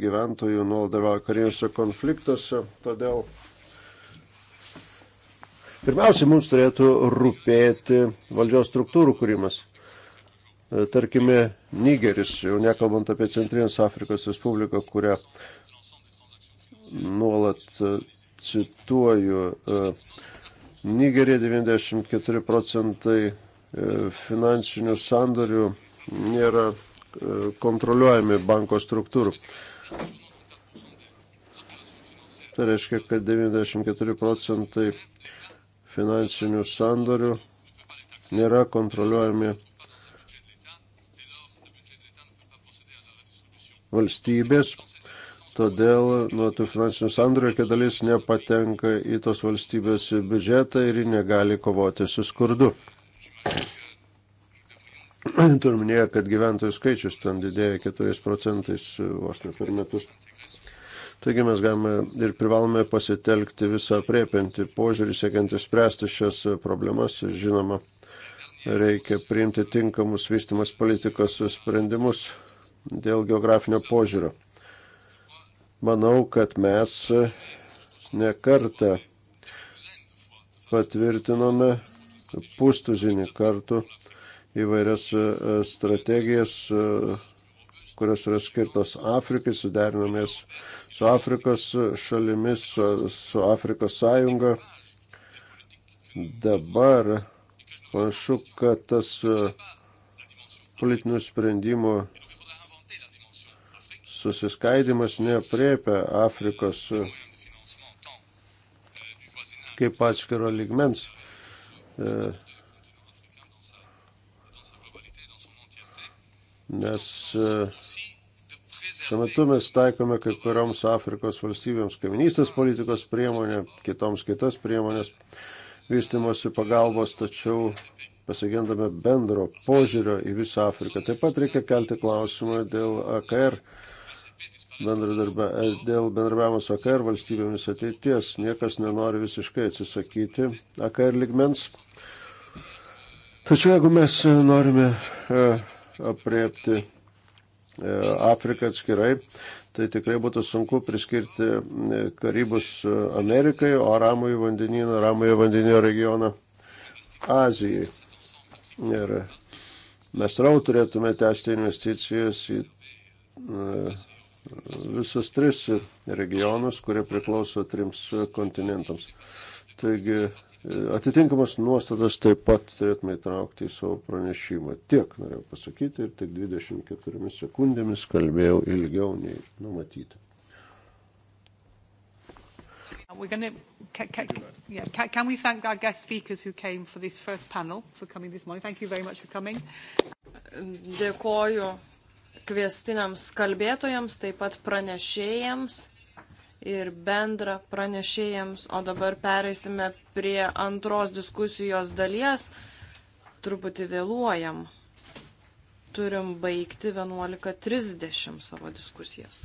gyventojų nuolat dalyvauja kariniuose konfliktuose, todėl pirmiausia mums turėtų rūpėti valdžios struktūrų kūrimas. Tarkime, Nigeris, jau nekalbant apie Centrinės Afrikos Respubliką, kurią nuolat cituoju, Nigerija 94 procentai e, finansinių sandorių nėra kontroliuojami banko struktūrų. Tai reiškia, kad 94 procentai finansinių sandorių nėra kontroliuojami valstybės, todėl nuo tų finansinių sandorių jokia dalis nepatenka į tos valstybės biudžetą ir ji negali kovoti su skurdu. (clears throat) Turminėjo, kad gyventojų skaičius ten didėja 4 procentais e, vos ne per metus. Taigi mes galime ir privalome pasitelkti visą priepinti požiūrį, siekiant išspręsti šias problemas. Žinoma, reikia priimti tinkamus vystimas politikos sprendimus dėl geografinio požiūrio. Manau, kad mes nekartą patvirtinome pustuzinį kartų įvairias e, e, strategijas, e, kurios yra skirtos Afrikai, suderinamės su Afrikos šalimis, su, su Afrikos sąjunga. Dabar panašu, kad tas politinių sprendimų susiskaidimas neapriepia Afrikos kaip atskiro ligmens. E, nes e, šiuo metu mes taikome kai kurioms Afrikos valstybėms kaiminystės politikos priemonę, kitoms kitas priemonės vystimosi pagalbos, tačiau pasigendame bendro požiūrio į visą Afriką. Taip pat reikia kelti klausimą dėl AKR bendradarbia, e, dėl bendrabiavimo su AKR valstybėmis ateities. Niekas nenori visiškai atsisakyti AKR ligmens. Tačiau jeigu mes norime uh, apriepti e, Afriką atskirai, tai tikrai būtų sunku priskirti e, Karibus e, Amerikai, o Ramųjį vandenyną, Ramųjį vandenyno regioną Azijai. Ir mes rau turėtume tęsti investicijas į visus tris regionus, kurie priklauso trims kontinentams. Taigi Atitinkamas nuostatas taip pat turėtume įtraukti į savo pranešimą. Tiek norėjau pasakyti ir tik 24 sekundėmis kalbėjau ilgiau nei numatyti. We're going to. Can, can, yeah, can, can we thank our guest speakers who came for this first panel for coming this morning? Thank you very much for coming. Dėkoju kviestiniams kalbėtojams, taip pat pranešėjams ir bendra pranešėjams. O dabar pereisime prie antros diskusijos dalies. Truputį vėluojam. Turim baigti 11.30 savo diskusijas.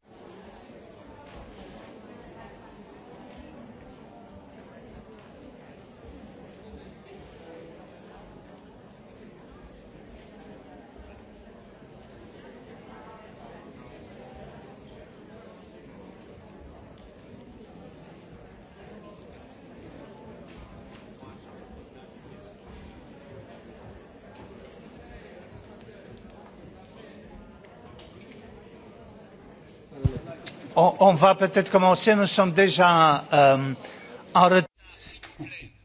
on, on va peut-être commencer, nous sommes déjà um, en retard.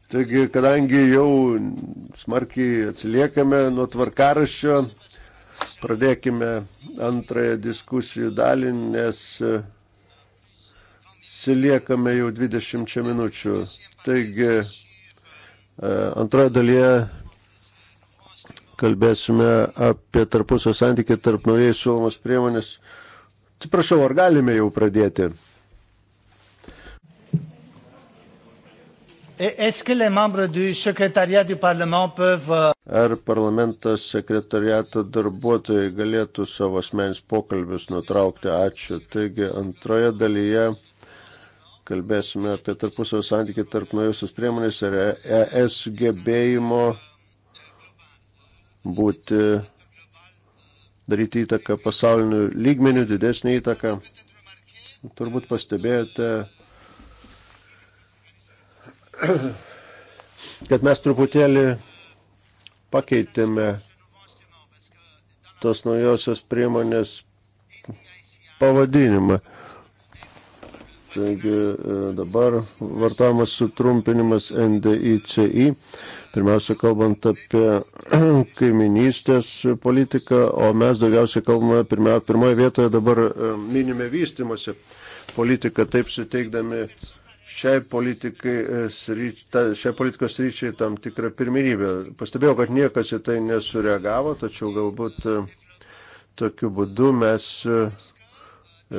Taigi, kadangi jau smarkiai atsiliekame nuo tvarkaraščio, pradėkime antrąją diskusijų dalį, nes e, atsiliekame jau 20 minučių. Taigi, e, antroje dalyje kalbėsime apie tarpusio santykį tarp naujai siūlomas priemonės Atsiprašau, ar galime jau pradėti? E, euh, ar parlamentas sekretariato darbuotojai galėtų savo asmens pokalbius nutraukti? Ačiū. Taigi antroje dalyje kalbėsime apie tarpusavio santykį tarp naujusios priemonės ir ES gebėjimo būti daryti įtaką pasaulinių lygmenių, didesnį įtaką. Turbūt pastebėjote, kad mes truputėlį pakeitėme tos naujosios priemonės pavadinimą. Taigi e, dabar vartojamas sutrumpinimas NDICI, pirmiausia kalbant apie (clears throat) kaiminystės politiką, o mes daugiausiai kalbame pirmia, pirmoje vietoje dabar e, minime vystimosi politiką, taip suteikdami šiai, e, sryč, ta, šiai politikos ryčiai tam tikrą pirminybę. Pastebėjau, kad niekas į tai nesureagavo, tačiau galbūt tokiu būdu mes E,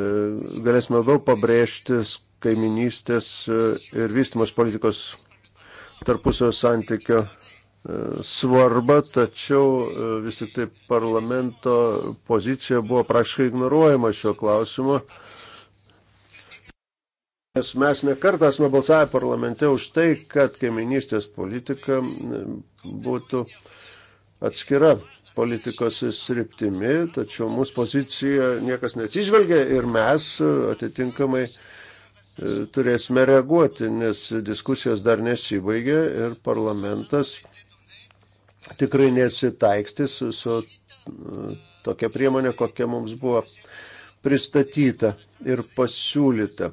galėsime labiau pabrėžti kaiminystės e, ir vystimos politikos tarpusio santykio e, svarbą, tačiau vis tik tai parlamento pozicija buvo praškai ignoruojama šio klausimo. Nes mes nekartą esame balsavę parlamente už tai, kad kaiminystės politika būtų atskira politikos sriptimi, tačiau mūsų pozicija niekas neatsižvelgia ir mes atitinkamai e, turėsime reaguoti, nes diskusijos dar nesibaigė ir parlamentas tikrai nesitaikstis su, su e, tokia priemonė, kokia mums buvo pristatyta ir pasiūlyta.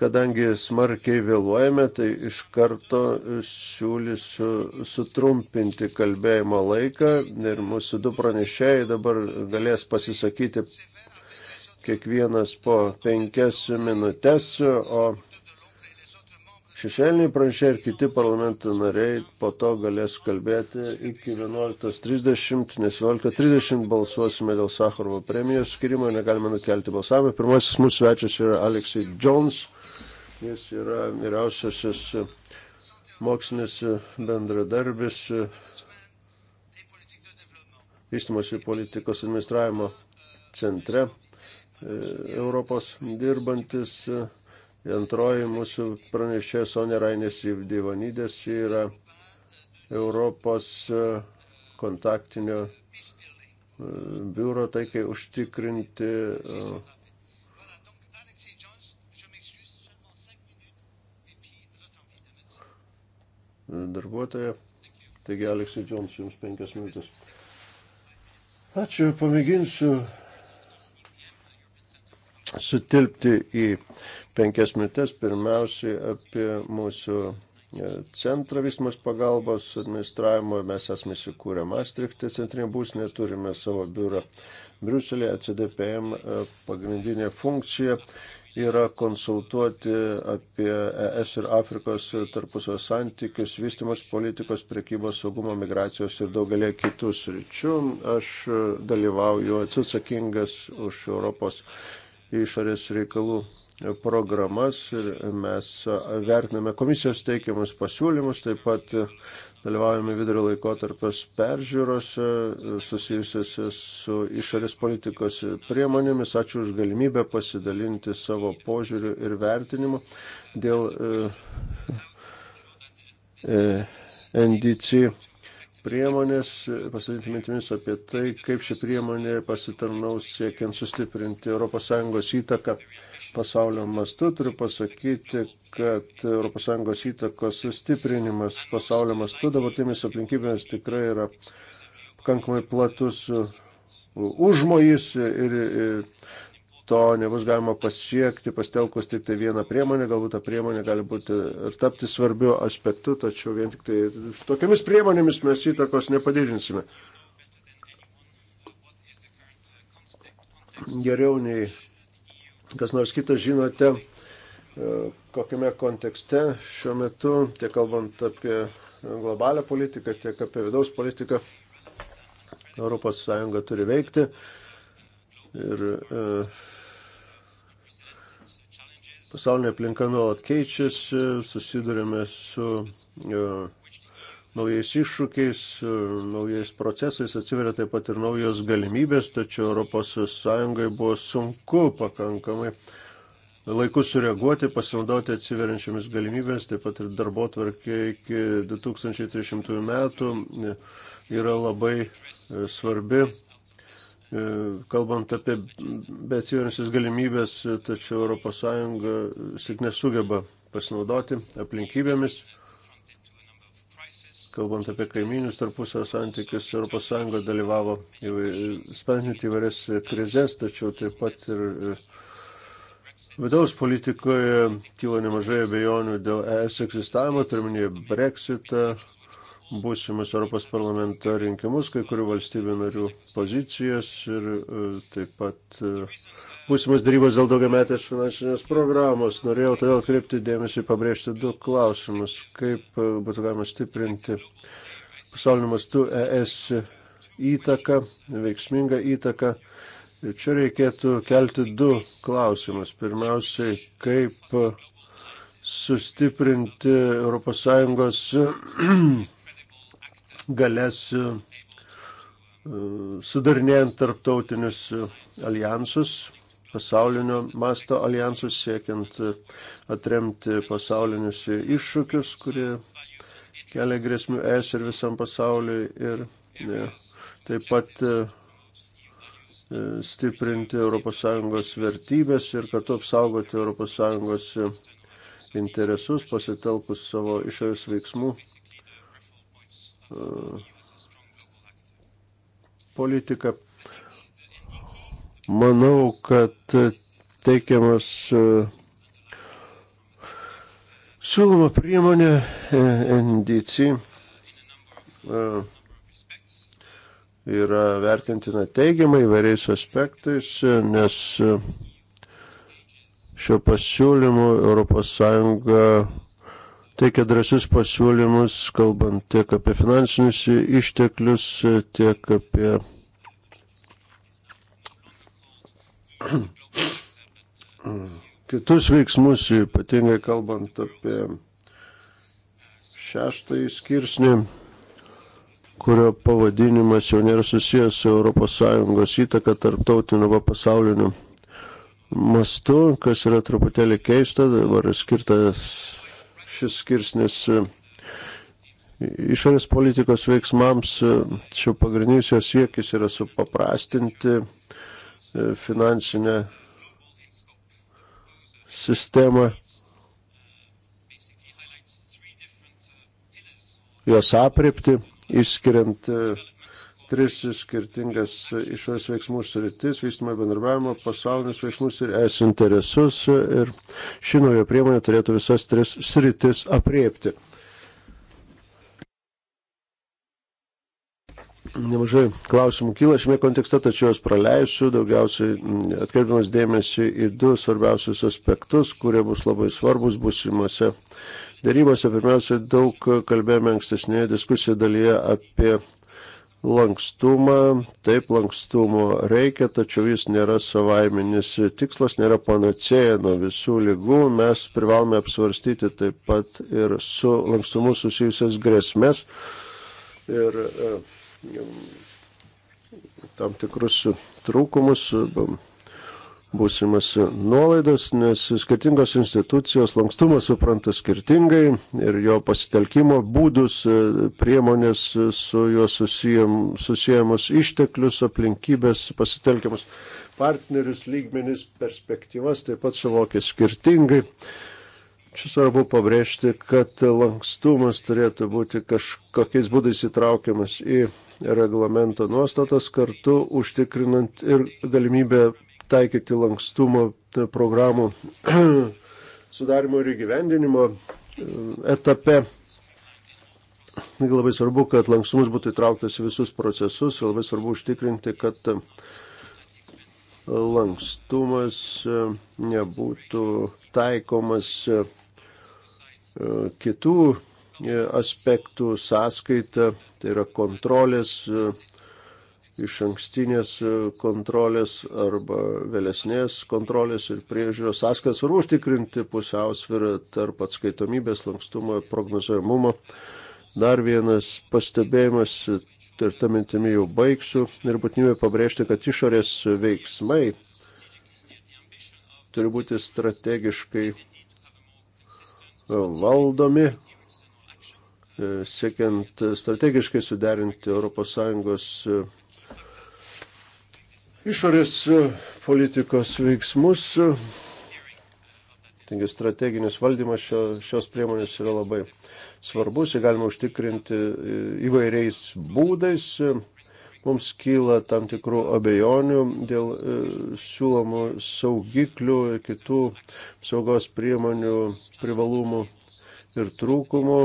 Kadangi smarkiai vėluojame, tai iš karto siūlysiu sutrumpinti kalbėjimo laiką ir mūsų du pranešėjai dabar galės pasisakyti kiekvienas po penkias minutes, o šešėliniai pranešėjai ir kiti parlamento nariai po to galės kalbėti iki 11.30, nes 11.30 balsuosime dėl Sakarovo premijos skirimo, negalime nukelti balsavimą. Pirmasis mūsų svečias yra Aleksai Jones Jis yra vyriausiasis mokslinis bendradarbis vystimosi politikos administravimo centre Europos dirbantis. Antroji mūsų pranešė Sonė Rainės Divdivonydės yra Europos kontaktinio biuro taikai užtikrinti darbuotoja. Taigi, Aleksai Džons, jums penkias minutės. Ačiū, pamėginsiu sutilpti į penkias minutės. Pirmiausiai apie mūsų e, centrą vystimos pagalbos administravimo. Mes esame įsikūrę Maastrichtė centrinė būsnė, turime savo biurą Briuselėje, ACDPM e, e, pagrindinė funkcija yra konsultuoti apie ES ir Afrikos tarpusio santykius, vystimus politikos, prekybos, saugumo, migracijos ir daugelį kitų sričių. Aš dalyvauju atsakingas už Europos išorės reikalų programas ir mes vertiname komisijos teikiamus pasiūlymus, taip pat dalyvaujame vidurio laikotarpės peržiūrose e, susijusiuose su išorės politikos priemonėmis. Ačiū už galimybę pasidalinti savo požiūriu ir vertinimu dėl e, e, NDC priemonės, pasidalinti mintimis apie tai, kaip ši priemonė pasitarnaus siekiant sustiprinti ES įtaką pasaulio mastu. Turiu pasakyti, kad ES įtakos sustiprinimas pasaulio mastu dabartimis aplinkybėmis tikrai yra pakankamai platus užmojis ir to nebus galima pasiekti, pastelkus tik tai vieną priemonę, galbūt ta priemonė gali būti ir tapti svarbiu aspektu, tačiau vien tik tai tokiamis priemonėmis mes įtakos nepadidinsime. Geriau nei kas nors kitas žinote, E, kokiame kontekste šiuo metu, tiek kalbant apie globalią politiką, tiek apie vidaus politiką, ES turi veikti. Ir e, pasaulinė aplinka nuolat keičiasi, susidurime su e, naujais iššūkiais, naujais procesais atsiveria taip pat ir naujos galimybės, tačiau ES buvo sunku pakankamai laiku sureaguoti, pasinaudoti atsiveriančiamis galimybėmis, taip pat ir darbo tvarkė iki 2030 metų yra labai e, svarbi, e, kalbant apie beatsiveriančias galimybės, tačiau ES tik nesugeba pasinaudoti aplinkybėmis. Kalbant apie kaiminius tarpusio santykius, ES dalyvavo sprendžiant įvairias krizės, tačiau taip pat ir e, Vidaus politikoje kilo nemažai abejonių dėl ES egzistavimo, turminėje Brexitą, būsimus Europos parlamento rinkimus, kai kurių valstybių narių pozicijas ir e, taip pat e, būsimas darybos dėl daugiametės finansinės programos. Norėjau todėl atkreipti dėmesį pabrėžti du klausimus, kaip e, būtų galima stiprinti pasaulio mastu ES įtaką, veiksmingą įtaką Ir čia reikėtų kelti du klausimus. Pirmiausiai, kaip sustiprinti ES (clears throat) galės e, sudarinėjant tarptautinius alijansus, pasaulinio masto alijansus, siekiant atremti pasaulinius iššūkius, kurie kelia grėsmių es ir visam pasauliui. Ir ne, taip pat e, stiprinti ES vertybės ir kartu apsaugoti ES interesus, pasitelkus savo išorės veiksmų e, politiką. Manau, kad teikiamas e, siūloma priemonė e, NDC yra vertintina teigiamai įvairiais aspektais, nes šio pasiūlymu ES teikia drąsius pasiūlymus, kalbant tiek apie finansinius išteklius, tiek apie kitus veiksmus, ypatingai kalbant apie šeštąjį skirsnį kurio pavadinimas jau nėra susijęs su ES įtaka tarptautiniu arba pasauliniu mastu, kas yra truputėlį keista, dabar skirtas šis skirsnis e, išorės politikos veiksmams, e, čia pagrindinis jos siekis yra supaprastinti e, finansinę sistemą jos apriepti išskiriant e, tris skirtingas išorės veiksmų sritis, vystymą bendravimo, pasaulinius veiksmus ir es interesus. E, ir ši nauja priemonė turėtų visas tris sritis apriepti. Nemažai klausimų kyla šiame kontekste, tačiau aš praleisiu daugiausiai atkreipiamas dėmesį į du svarbiausius aspektus, kurie bus labai svarbus busimuose Darybose pirmiausia daug kalbėjome ankstesnėje diskusijų dalyje apie lankstumą. Taip, lankstumo reikia, tačiau jis nėra savaiminis tikslas, nėra panacėja nuo visų lygų. Mes privalome apsvarstyti taip pat ir su lankstumu susijusias grėsmės ir e, tam tikrus trūkumus būsimas nuolaidas, nes skirtingos institucijos lankstumą supranta skirtingai ir jo pasitelkimo būdus, priemonės su juo susijęmus išteklius, aplinkybės, pasitelkiamus partnerius, lygmenis, perspektyvas taip pat suvokia skirtingai. Čia svarbu pabrėžti, kad lankstumas turėtų būti kažkokiais būdais įtraukiamas į reglamento nuostatas, kartu užtikrinant ir galimybę taikyti lankstumo e, programų (clears throat) sudarimo ir įgyvendinimo e, etape. Labai svarbu, kad lankstumas būtų įtrauktas į visus procesus ir labai svarbu užtikrinti, kad e, lankstumas nebūtų taikomas kitų aspektų sąskaita, tai yra kontrolės iš ankstinės e, kontrolės arba vėlesnės kontrolės ir priežiūros sąskaitas ir užtikrinti pusiausvyrą tarp atskaitomybės, lankstumo ir prognozuojamumo. Dar vienas pastebėjimas ir tą mintimį jau baigsiu ir būtinybė pabrėžti, kad išorės veiksmai turi būti strategiškai e, valdomi, e, siekiant strategiškai suderinti ES išorės e, politikos veiksmus. Taigi strateginis valdymas šio, šios priemonės yra labai svarbus, jį galima užtikrinti e, įvairiais būdais. Mums kyla tam tikrų abejonių dėl e, siūlomų saugiklių ir kitų saugos priemonių privalumų ir trūkumų.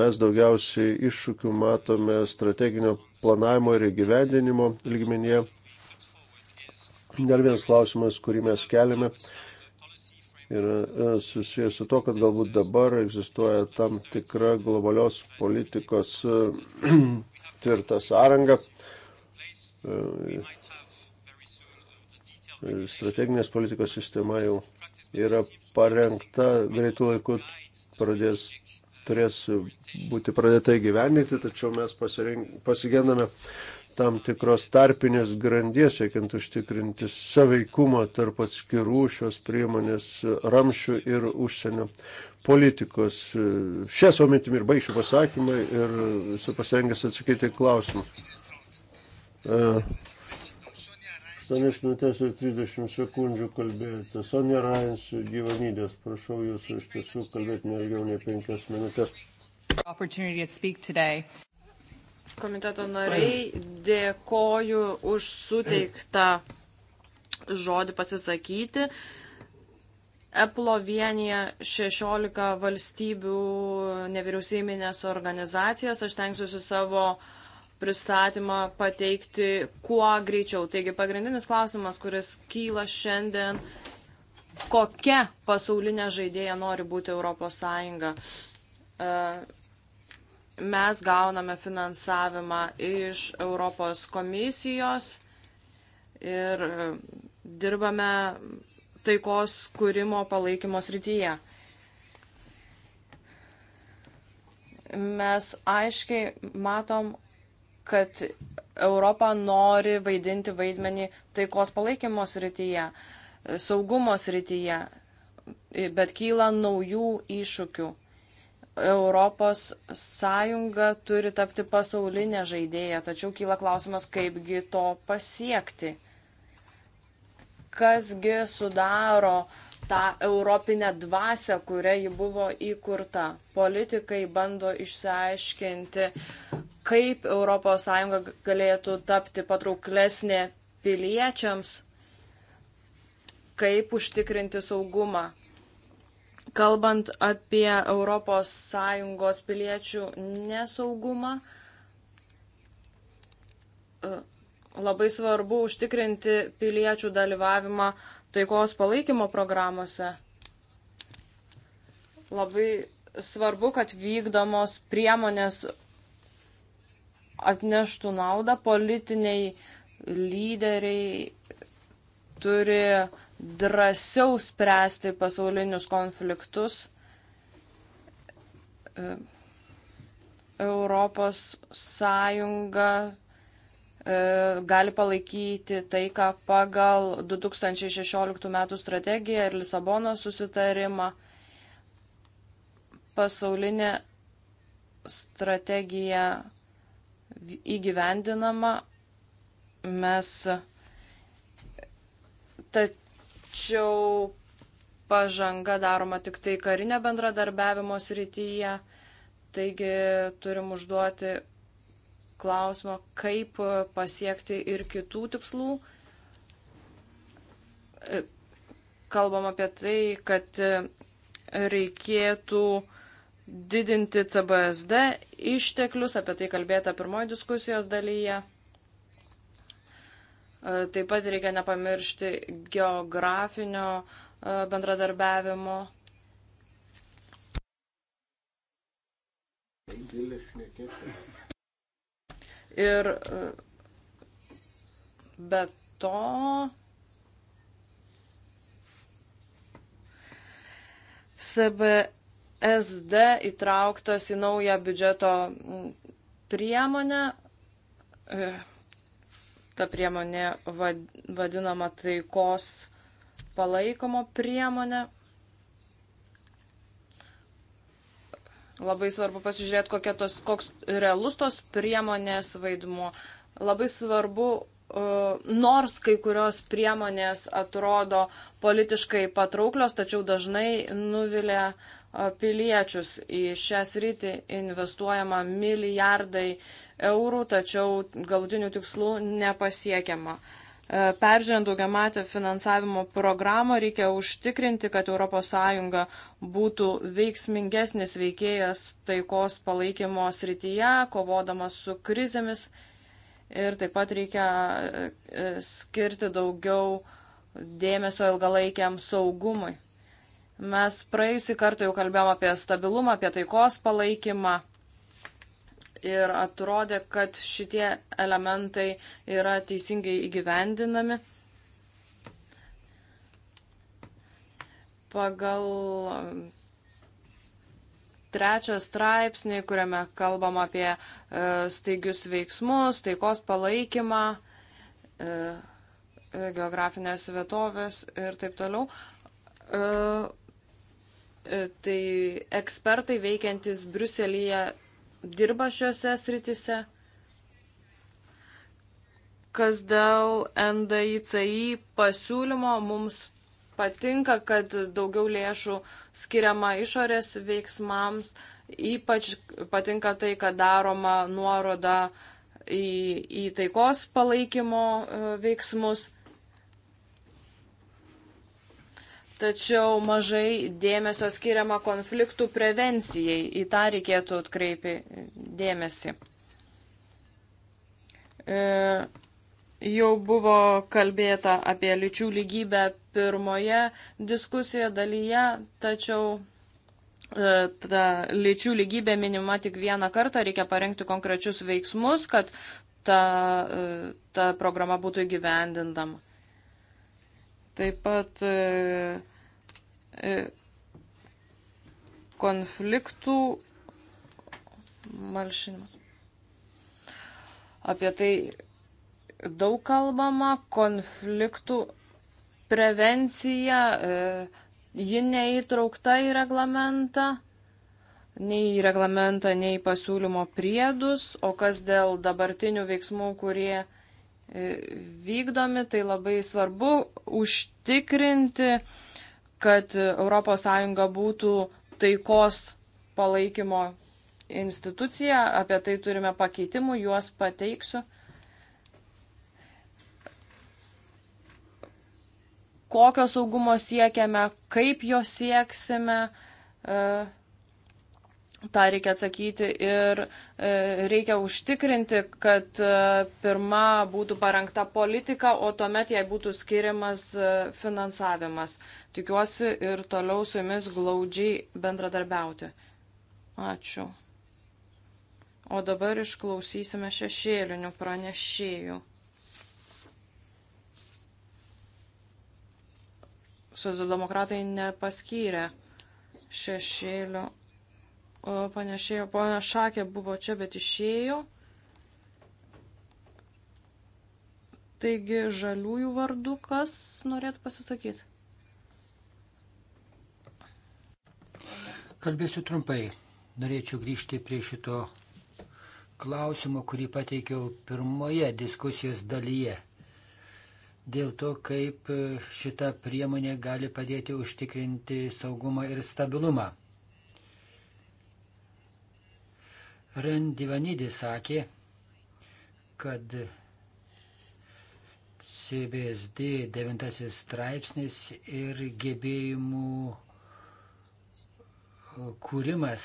Mes daugiausiai iššūkių matome strateginio planavimo ir įgyvendinimo lygmenyje. Dar vienas klausimas, kurį mes keliame, yra e, susijęs su to, kad galbūt dabar egzistuoja tam tikra globalios politikos e, (clears throat) tvirta sąranga. E, strateginės politikos sistema jau yra parengta, greitų laikų pradės turės būti pradėtai gyveninti, tačiau mes pasigendame tam tikros tarpinės grandies, siekiant užtikrinti saveikumą tarp atskirų šios priemonės ramšių ir užsienio politikos. Šią savo mintimį ir baigšiu pasakymą ir esu pasirengęs atsakyti klausimą. E, 8 minutės ir 30 sekundžių kalbėjote. Sonja Rains, gyvanydės, prašau jūsų iš tiesų kalbėti ne ilgiau nei 5 minutės. Komiteto nariai, dėkoju už suteiktą žodį pasisakyti. Eplo vienyje 16 valstybių nevyriausybinės organizacijas. Aš tenksiuosi savo uh, pristatymą pateikti kuo greičiau. Taigi pagrindinis klausimas, kuris kyla šiandien, kokia pasaulinė žaidėja nori būti Europos Sąjunga. E, mes gauname finansavimą iš Europos komisijos ir e, dirbame taikos kūrimo palaikymo srityje. Mes aiškiai matom, kad Europa nori vaidinti vaidmenį taikos palaikymo srityje, saugumo srityje, bet kyla naujų iššūkių. Europos Sąjunga turi tapti pasaulinė žaidėja, tačiau kyla klausimas, kaipgi to pasiekti. Kasgi sudaro uh, tą europinę dvasę, kuria ji buvo įkurta. Politikai bando išsiaiškinti, kaip ES galėtų tapti patrauklesnė piliečiams, kaip užtikrinti saugumą. Kalbant apie ES piliečių nesaugumą, labai svarbu užtikrinti piliečių dalyvavimą taikos palaikymo programuose labai svarbu, kad vykdomos priemonės atneštų naudą, politiniai lyderiai turi drąsiau spręsti pasaulinius konfliktus. Europos Sąjunga E, gali palaikyti taiką pagal 2016 m. strategiją ir Lisabono susitarimą, pasaulinė strategija įgyvendinama, mes tačiau pažanga daroma tik tai karinio bendradarbiavimo srityje, taigi turim užduoti klausimo, kaip pasiekti ir kitų tikslų. E, kalbam apie tai, kad e, reikėtų didinti CBSD išteklius, apie tai kalbėta pirmoji diskusijos dalyje. E, taip pat reikia nepamiršti geografinio bendradarbiavimo. Gilė šnekėti. Ir e, be to CBSD įtrauktas į naują biudžeto priemonę. E, ta priemonė vadinama taikos palaikomo priemonė. Labai svarbu pasižiūrėti, tos, koks realus tos priemonės vaidmuo. Labai svarbu, e, nors kai kurios priemonės atrodo politiškai patrauklios, tačiau dažnai nuvilia e, piliečius. Į šią sritį investuojama milijardai eurų, tačiau galutinių tikslų nepasiekiama. E, peržiūrint daugiamatę finansavimo programą, reikia užtikrinti, kad ES būtų veiksmingesnis veikėjas taikos palaikymo srityje, kovodamas su krizėmis. Ir taip pat reikia e, skirti daugiau dėmesio ilgalaikiam saugumui. Mes praėjusį kartą jau kalbėjom apie stabilumą, apie taikos palaikymą ir atrodė, kad šitie elementai yra teisingai įgyvendinami. Pagal trečią straipsnį, kuriame kalbam apie e, staigius veiksmus, taikos palaikymą, e, geografinės vietovės ir taip toliau. E, e tai ekspertai veikiantis Bruselėje dirba šiuose sritise. Kas dėl NDICI pasiūlymo mums patinka, kad daugiau lėšų skiriama išorės veiksmams. Ypač patinka tai, kad daroma nuoroda į, į taikos palaikymo e, veiksmus. tačiau mažai dėmesio skiriama konfliktų prevencijai. Į tą reikėtų atkreipi dėmesį. E, jau buvo kalbėta apie lyčių lygybę pirmoje diskusijoje dalyje, tačiau e, ta lyčių lygybė minima tik vieną kartą, reikia parengti konkrečius veiksmus, kad ta, e, ta programa būtų įgyvendindama. Taip pat e, E, konfliktų malšinimas. Apie tai daug kalbama, konfliktų prevencija, e, ji neįtraukta į reglamentą, nei į reglamentą, nei į pasiūlymo priedus, o kas dėl dabartinių veiksmų, kurie e, vykdomi, tai labai svarbu užtikrinti, kad ES būtų taikos palaikymo institucija. Apie tai turime pakeitimų, juos pateiksiu. Kokio saugumo siekiame, kaip jo sieksime. Uh, tą reikia atsakyti ir e, reikia užtikrinti, kad e, pirma būtų parengta politika, o tuomet jai būtų skiriamas finansavimas. Tikiuosi ir toliau su jumis glaudžiai bendradarbiauti. Ačiū. O dabar išklausysime šešėlinių pranešėjų. Socialdemokratai nepaskyrė šešėlių panešėjo. Pone Šakė buvo čia, bet išėjo. Taigi žaliųjų vardu kas norėtų pasisakyti? Kalbėsiu trumpai. Norėčiau grįžti prie šito klausimo, kurį pateikiau pirmoje diskusijos dalyje. Dėl to, kaip šita priemonė gali padėti užtikrinti saugumą ir stabilumą. Rendivanidis sakė, kad CBSD 9 straipsnis ir gebėjimų kūrimas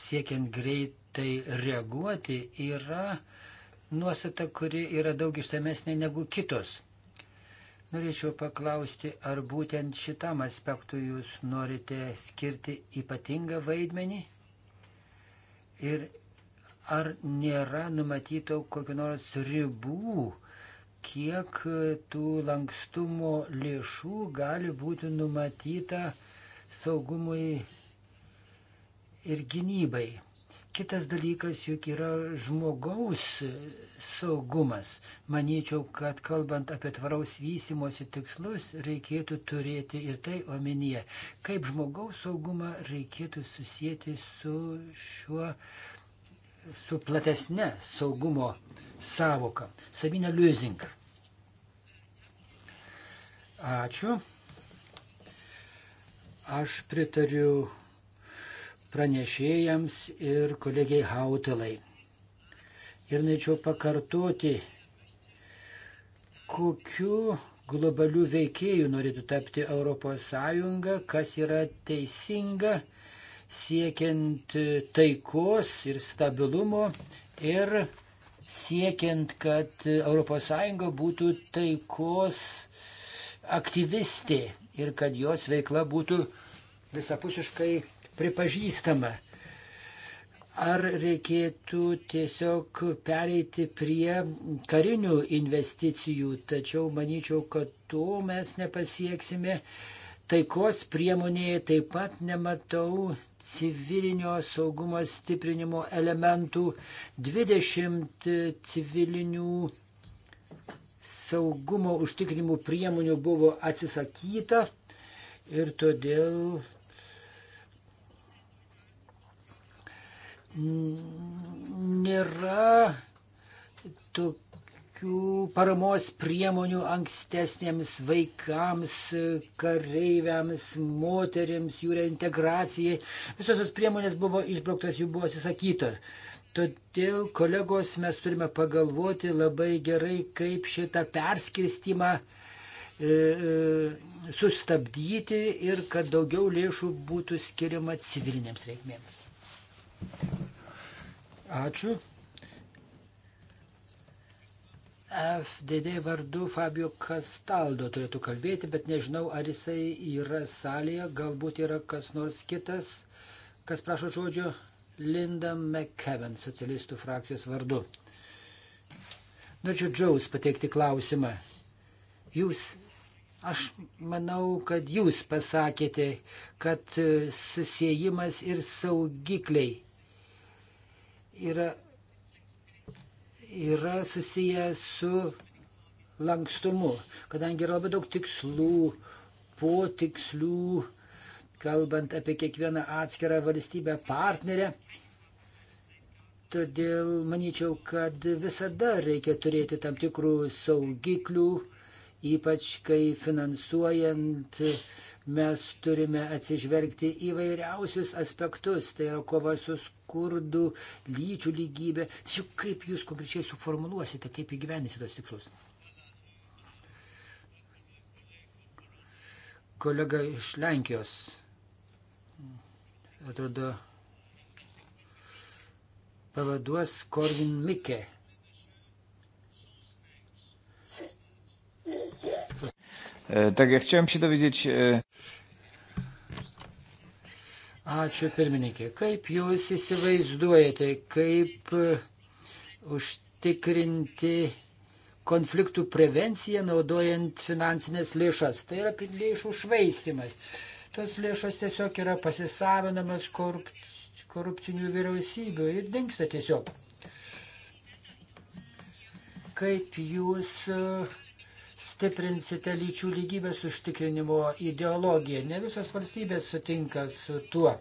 siekiant greitai reaguoti yra nuostata, kuri yra daug išsamesnė negu kitos. Norėčiau paklausti, ar būtent šitam aspektui jūs norite skirti ypatingą vaidmenį ir ar nėra numatyto kokio nors ribų, kiek tų lankstumo lėšų gali būti numatyta saugumui ir gynybai. Kitas dalykas juk yra žmogaus saugumas. Manyčiau, kad kalbant apie tvaraus vystimosi tikslus, reikėtų turėti ir tai omenyje. Kaip žmogaus saugumą reikėtų susijęti su šiuo, su platesne saugumo savoka. Sabina Liuzink. Ačiū. Aš pritariu pranešėjams ir kolegiai Hautelai. Ir norėčiau pakartoti, kokiu globalių veikėjų norėtų tapti ES, kas yra teisinga siekiant taikos ir stabilumo ir siekiant, kad ES būtų taikos aktyvistė ir kad jos veikla būtų visapusiškai pripažįstama. Ar reikėtų tiesiog pereiti prie karinių investicijų, tačiau manyčiau, kad to mes nepasieksime. Taikos priemonėje taip pat nematau civilinio saugumo stiprinimo elementų. 20 civilinių saugumo užtikrinimų priemonių buvo atsisakyta ir todėl nėra tokių paramos priemonių ankstesniems vaikams, kareiviams, moteriams, jų reintegracijai. Visos tos priemonės buvo išbrauktos, jų buvo atsisakyta. Todėl, kolegos, mes turime pagalvoti labai gerai, kaip šitą perskirstimą e, e, sustabdyti ir kad daugiau lėšų būtų skiriama civilinėms reikmėms. Ačiū. FDD vardu Fabio Castaldo turėtų kalbėti, bet nežinau, ar jisai yra salėje, galbūt yra kas nors kitas, kas prašo žodžio Linda McKevin, socialistų frakcijos vardu. Norėčiau Džiaus pateikti klausimą. Jūs, aš manau, kad jūs pasakėte, kad susijimas ir saugikliai yra, yra susiję su lankstumu, kadangi yra labai daug tikslų, potikslių, kalbant apie kiekvieną atskirą valstybę partnerę. Todėl manyčiau, kad visada reikia turėti tam tikrų saugiklių, ypač kai finansuojant mes turime atsižvelgti įvairiausius aspektus, tai yra kova su skurdu, lyčių lygybė. Tačiau kaip jūs konkrečiai suformuluosite, kaip įgyvenysite tos tikslus? Kolega iš Lenkijos, atrodo, pavaduos Korvin Mikė. E, tak, ja chciałem się dowiedzieć. E, Ačiū pirmininkė. Kaip jūs įsivaizduojate, kaip e, užtikrinti konfliktų prevenciją naudojant finansinės lėšas? Tai yra lėšų švaistimas. Tos lėšos tiesiog yra pasisavinamas korup... korupcinių vyriausybių ir dinksta tiesiog. Kaip jūs uh, stiprinsite lyčių lygybės užtikrinimo ideologiją. Ne visos valstybės sutinka su tuo.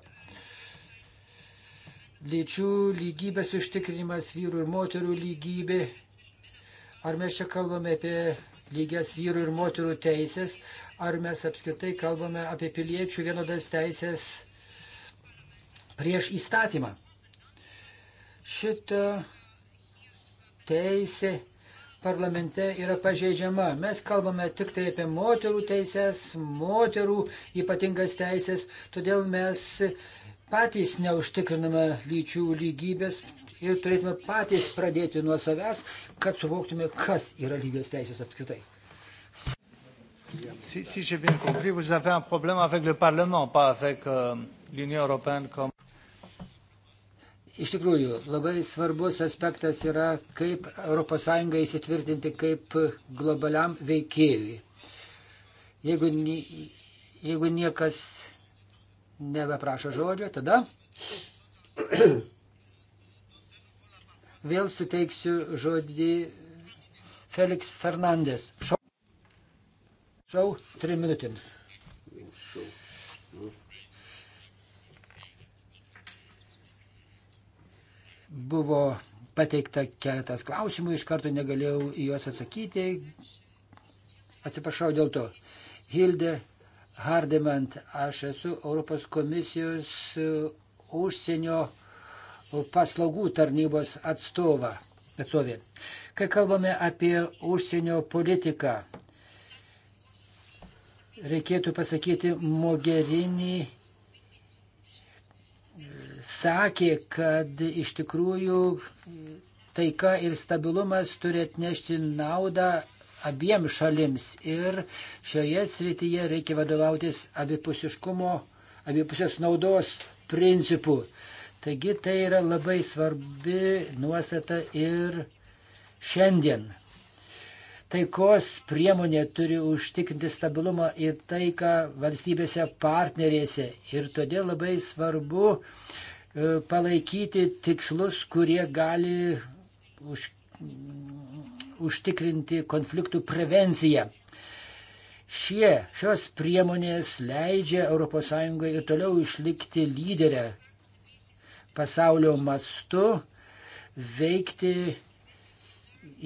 Lyčių lygybės užtikrinimas vyrų ir moterų lygybė. Ar mes čia kalbame apie lygias vyrų ir moterų teisės, ar mes apskritai kalbame apie piliečių vienodas teisės prieš įstatymą. Šita teisė parlamente yra pažeidžiama. Mes kalbame tik tai apie moterų teises, moterų ypatingas teises, todėl mes patys neužtikriname lyčių lygybės ir turėtume patys pradėti nuo savęs, kad suvoktume, kas yra lygios teisės apskritai. Si, si j'ai bien compris, vous avez un problème avec le Parlement, pas avec euh, l'Union européenne comme. Iš tikrųjų, labai svarbus aspektas yra, kaip ES įsitvirtinti kaip globaliam veikėjui. Jeigu, jeigu niekas nebeprašo žodžio, tada vėl suteiksiu žodį Felix Fernandes. Šau, šau trim minutėms. Buvo pateikta keletas klausimų, iš karto negalėjau į juos atsakyti. Atsiprašau dėl to. Hilde Hardemant, aš esu Europos komisijos uh, užsienio paslaugų tarnybos atstova, atstovė. Kai kalbame apie užsienio politiką, reikėtų pasakyti, Mogherini sakė, kad iš tikrųjų taika ir stabilumas turi atnešti naudą abiem šalims. Ir šioje srityje reikia vadovautis abipusiškumo, abipusės naudos principų. Taigi tai yra labai svarbi nuostata ir šiandien. Taikos priemonė turi užtikrinti stabilumą ir taiką valstybėse partnerėse. Ir todėl labai svarbu E, palaikyti tikslus, kurie gali už, užtikrinti konfliktų prevenciją. Šie, šios priemonės leidžia ES ir toliau išlikti lyderę pasaulio mastu, veikti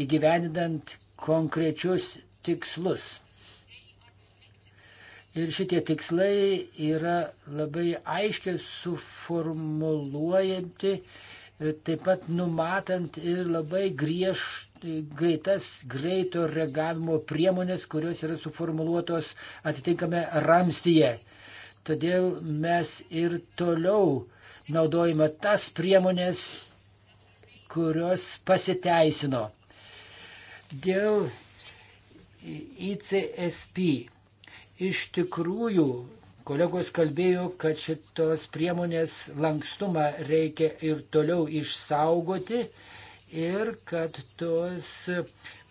įgyvendinant konkrečius tikslus. Ir šitie tikslai yra labai aiškiai suformuluojami, taip pat numatant ir labai griež, greitas greito reagavimo priemonės, kurios yra suformuluotos atitinkame ramstyje. Todėl mes ir toliau naudojame tas priemonės, kurios pasiteisino. Dėl ICSP Iš tikrųjų, kolegos kalbėjo, kad šitos priemonės lankstumą reikia ir toliau išsaugoti ir kad tos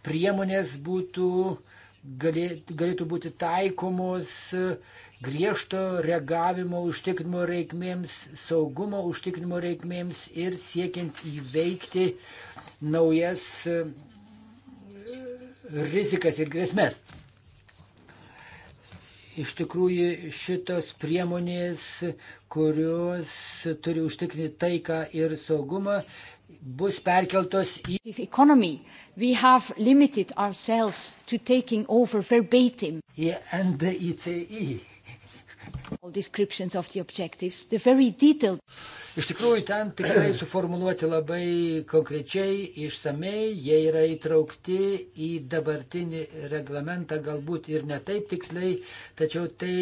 priemonės būtų, galėtų būti taikomos griežto reagavimo užtikrinimo reikmėms, saugumo užtikrinimo reikmėms ir siekiant įveikti naujas rizikas ir grėsmės. Iš tikrųjų, šitos priemonės, kurios turi užtikrinti taiką ir saugumą, bus perkeltos į. Economy. We have limited ourselves to taking over verbatim. Į NDICI. Detailed... Iš tikrųjų, ten tikrai suformuluoti labai konkrečiai, išsamei, jie yra įtraukti į dabartinį reglamentą, galbūt ir ne taip tiksliai, tačiau tai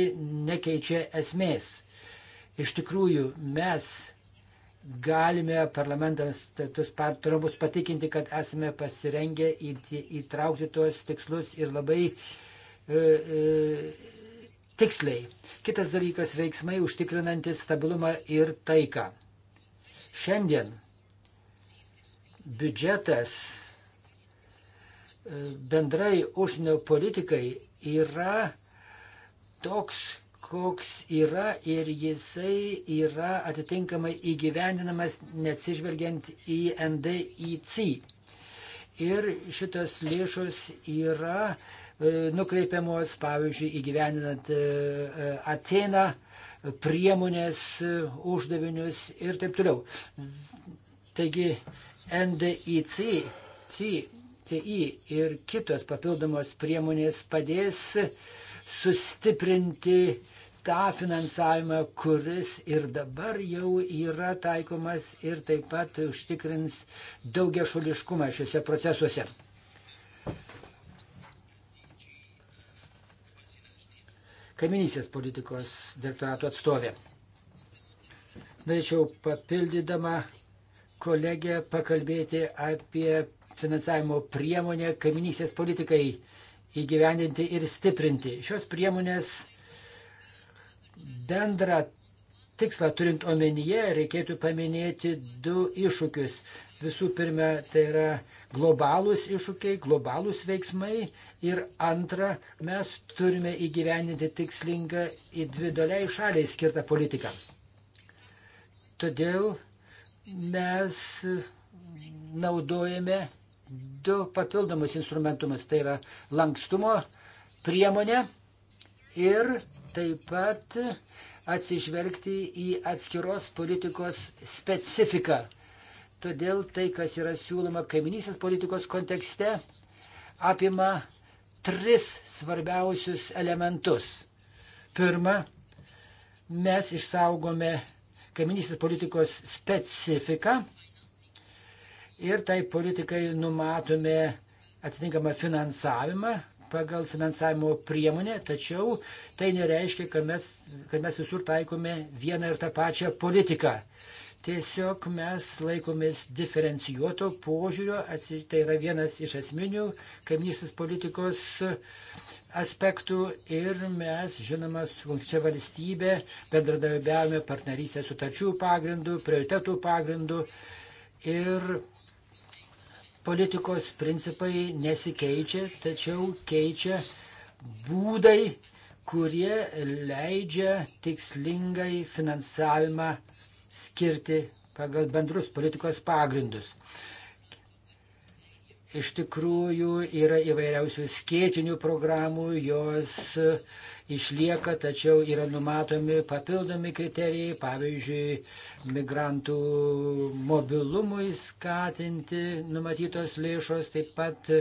nekeičia esmės. Iš tikrųjų, mes galime parlamentams tus trumpus patikinti, kad esame pasirengę į, įtraukti tuos tikslus ir labai e, e, tiksliai. Kitas dalykas - veiksmai užtikrinantys stabilumą ir taiką. Šiandien biudžetas e, bendrai užsienio politikai yra toks, koks yra ir jisai yra atitinkamai įgyvendinamas neatsižvelgiant į NDIC. Ir šitos lėšos yra uh, E, nukreipiamos, pavyzdžiui, įgyveninant e, e, Ateną priemonės, uždavinius ir taip toliau. Taigi NDIC, TI ir kitos papildomos priemonės padės sustiprinti tą finansavimą, kuris ir dabar jau yra taikomas ir taip pat užtikrins daugia šališkumą šiuose procesuose. kaiminysės politikos direktorato atstovė. Norėčiau papildydama kolegę pakalbėti apie finansavimo priemonę kaiminysės politikai įgyvendinti ir stiprinti. Šios priemonės bendrą tikslą turint omenyje reikėtų paminėti du iššūkius. Visų pirma, tai yra globalūs iššūkiai, globalūs veiksmai ir antra, mes turime įgyveninti tikslingą individualiai šaliai skirtą politiką. Todėl mes naudojame du papildomus instrumentumus. Tai yra lankstumo priemonė ir taip pat atsižvelgti į atskiros politikos specifiką. Todėl tai, kas yra siūloma kaiminysės politikos kontekste, apima tris svarbiausius elementus. Pirma, mes išsaugome kaiminysės politikos specifiką ir tai politikai numatome atitinkamą finansavimą pagal finansavimo priemonę, tačiau tai nereiškia, kad mes, kad mes visur taikome vieną ir tą pačią politiką. Tiesiog mes laikomės diferencijuoto požiūrio, tai yra vienas iš esminių kaimynystės politikos aspektų ir mes, žinoma, su konkrečia valstybė bendradarbiavome partnerystę sutarčių pagrindų, prioritetų pagrindų ir politikos principai nesikeičia, tačiau keičia būdai, kurie leidžia tikslingai finansavimą skirti pagal bendrus politikos pagrindus. Iš tikrųjų yra įvairiausių skėtinių programų, jos išlieka, tačiau yra numatomi papildomi kriterijai, pavyzdžiui, migrantų mobilumui skatinti numatytos lėšos, taip pat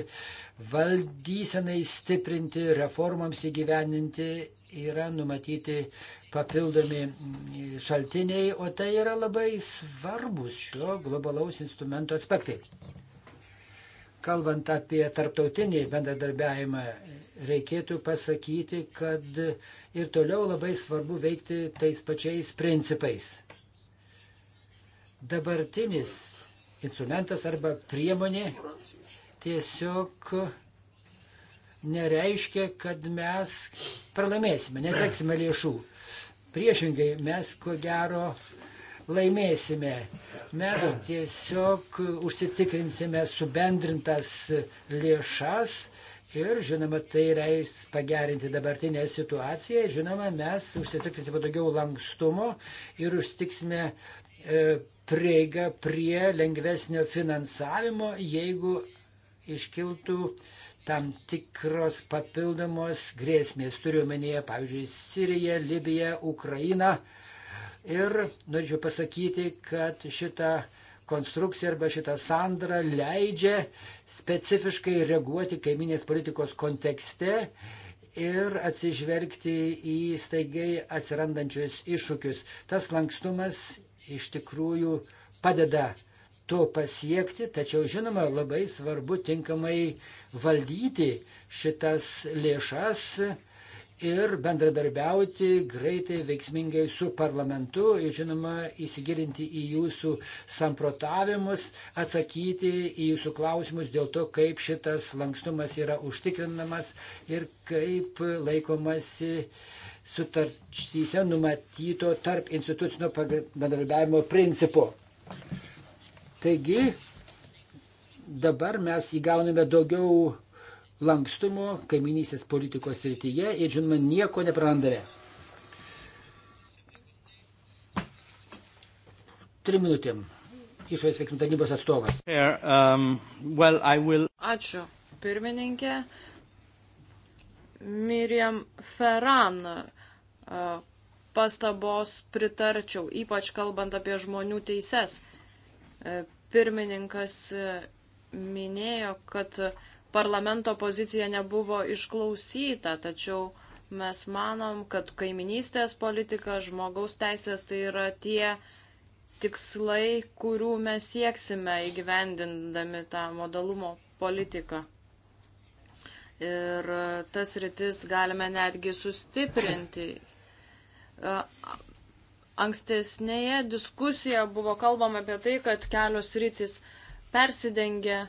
valdysenai stiprinti, reformams įgyveninti yra numatyti papildomi mm, šaltiniai, o tai yra labai svarbus šio globalaus instrumento aspektai. Kalbant apie tarptautinį bendradarbiavimą, reikėtų pasakyti, kad ir toliau labai svarbu veikti tais pačiais principais. Dabartinis instrumentas arba priemonė tiesiog nereiškia, kad mes pralaimėsime, neteksime lėšų. Priešingai, mes ko gero laimėsime. Mes tiesiog užsitikrinsime subendrintas lėšas ir, žinoma, tai reis pagerinti dabartinę situaciją. Žinoma, mes užsitikrinsime daugiau lankstumo ir užtiksime e, prieigą prie lengvesnio finansavimo, jeigu iškiltų tam tikros papildomos grėsmės. Turiu omenyje, pavyzdžiui, Siriją, Libiją, Ukrainą. Ir norėčiau pasakyti, kad šita konstrukcija arba šita sandra leidžia specifiškai reaguoti kaiminės politikos kontekste ir atsižvelgti į staigiai atsirandančius iššūkius. Tas lankstumas iš tikrųjų padeda to pasiekti, tačiau žinoma labai svarbu tinkamai valdyti šitas lėšas ir bendradarbiauti greitai, veiksmingai su parlamentu ir žinoma įsigilinti į jūsų samprotavimus, atsakyti į jūsų klausimus dėl to, kaip šitas lankstumas yra užtikrinamas ir kaip laikomasi sutartyse numatyto tarp institucinio bendradarbiavimo principo. Taigi dabar mes įgauname daugiau lankstumo kaiminysės politikos srityje ir, žinoma, nieko neprarandame. Trim minutėm. Išorės veiksmų tarnybos atstovas. Here, um, well, will... Ačiū, pirmininkė. Miriam Ferran pastabos pritarčiau, ypač kalbant apie žmonių teises. E, pirmininkas e, minėjo, kad parlamento pozicija nebuvo išklausyta, tačiau mes manom, kad kaiminystės politika, žmogaus teisės tai yra tie tikslai, kurių mes sieksime įgyvendindami tą modalumo politiką. Ir tas rytis galime netgi sustiprinti. E, Ankstesnėje diskusijoje buvo kalbama apie tai, kad kelios rytis persidengia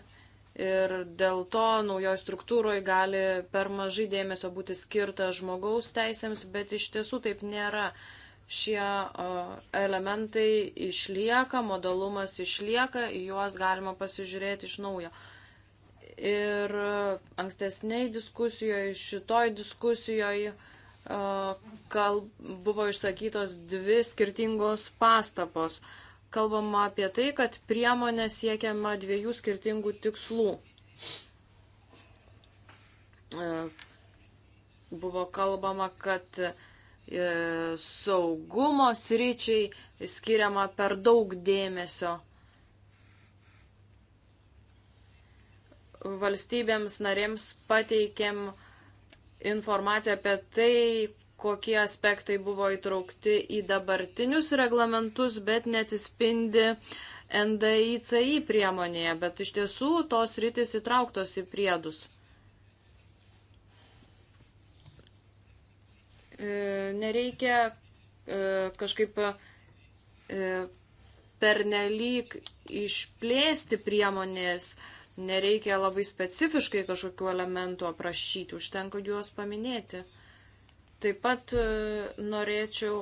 ir dėl to naujoje struktūroje gali per mažai dėmesio būti skirta žmogaus teisėms, bet iš tiesų taip nėra. Šie elementai išlieka, modalumas išlieka, juos galima pasižiūrėti iš naujo. Ir ankstesniai diskusijoje, šitoj diskusijoje kal, buvo išsakytos dvi skirtingos pastabos. Kalbama apie tai, kad priemonė siekiama dviejų skirtingų tikslų. E, buvo kalbama, kad e, saugumo sryčiai skiriama per daug dėmesio. Valstybėms narėms pateikėm uh, informaciją apie tai, kokie aspektai buvo įtraukti į dabartinius reglamentus, bet neatsispindi NDICI priemonėje, bet iš tiesų tos rytis įtrauktos į priedus. E, nereikia e, kažkaip e, pernelyg išplėsti priemonės, Nereikia labai specifiškai kažkokiu elementu aprašyti, užtenka juos paminėti. Taip pat e, norėčiau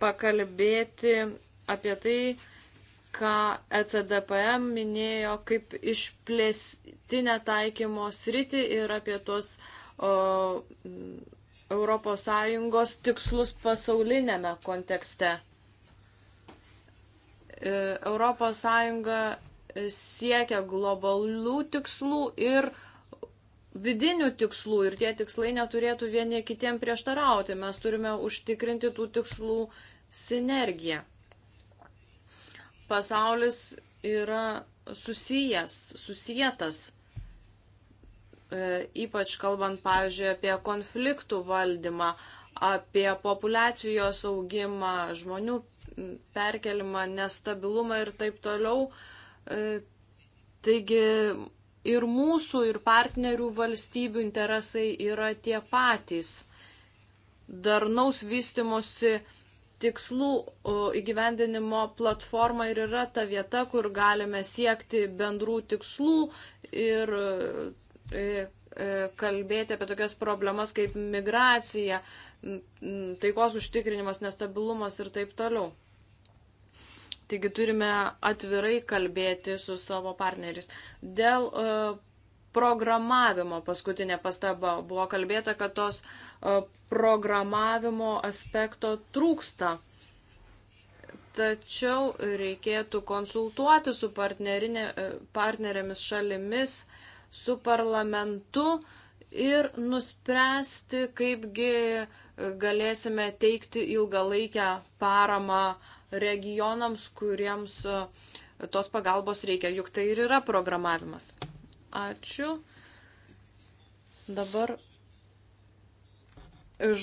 pakalbėti apie tai, ką ECDPM minėjo kaip išplėstinę taikymo sritį ir apie tuos o, ES tikslus pasaulinėme kontekste. ES siekia globalių tikslų ir vidinių tikslų ir tie tikslai neturėtų vieni kitiem prieštarauti. Mes turime užtikrinti tų tikslų sinergiją. Pasaulis yra susijęs, susijęs, e, ypač kalbant, pavyzdžiui, apie konfliktų valdymą, apie populacijos augimą, žmonių perkelimą, nestabilumą ir taip toliau. E, E, taigi ir mūsų, ir partnerių valstybių interesai yra tie patys. Darnaus vystimosi tikslų įgyvendinimo platforma ir yra ta vieta, kur galime siekti bendrų tikslų ir e, e, kalbėti apie tokias problemas kaip migracija, taikos užtikrinimas, nestabilumas ir taip toliau. Taigi turime atvirai kalbėti su savo partneriais. Dėl e, programavimo paskutinė pastaba buvo kalbėta, kad tos e, programavimo aspekto trūksta. Tačiau reikėtų konsultuoti su e, partnerėmis šalimis, su parlamentu ir nuspręsti, kaipgi galėsime teikti ilgalaikę paramą uh, regionams, kuriems e, tos pagalbos reikia, juk tai ir yra programavimas. Ačiū. Dabar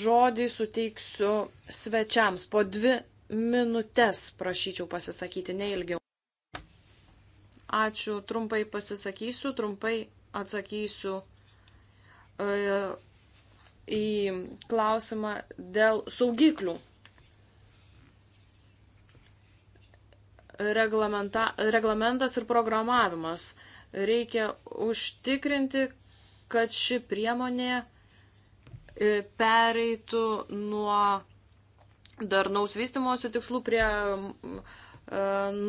žodį suteiksiu svečiams. Po dvi minutės prašyčiau pasisakyti, neilgiau. Ačiū, trumpai pasisakysiu, trumpai atsakysiu e, į klausimą dėl saugiklių. reglamentas ir programavimas. Reikia užtikrinti, kad ši priemonė e, pereitų nuo darnaus vystimosi tikslų prie e,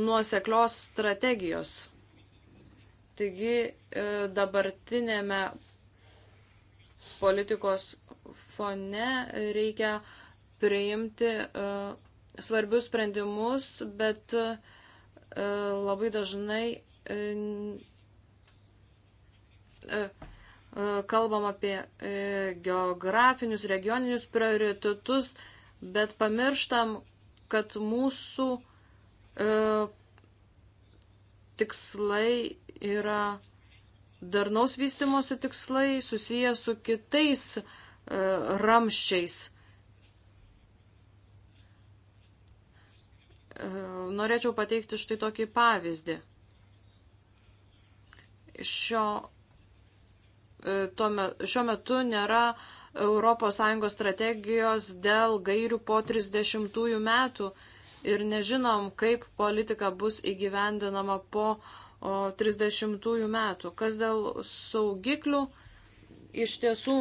nuoseklios strategijos. Taigi e, dabartinėme politikos fone reikia priimti uh, svarbius sprendimus, bet e, labai dažnai e, e, kalbam apie geografinius, regioninius prioritetus, bet pamirštam, kad mūsų tikslai yra darnaus vystimosi tikslai susiję su kitais ramščiais. norėčiau pateikti štai tokį pavyzdį. Šio, e, me, šiuo metu nėra ES strategijos dėl gairių po 30 metų ir nežinom, kaip politika bus įgyvendinama po o, 30 metų. Kas dėl saugiklių iš tiesų.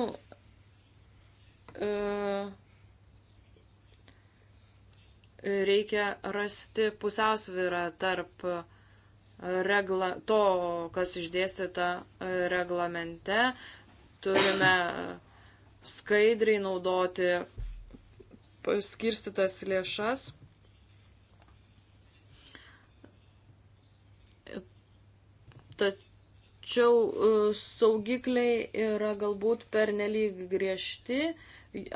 E, reikia rasti pusiausvyrą tarp regla, to, kas išdėstyta reglamente. Turime skaidriai naudoti skirstytas lėšas. Tačiau e, saugikliai yra galbūt pernelyg griežti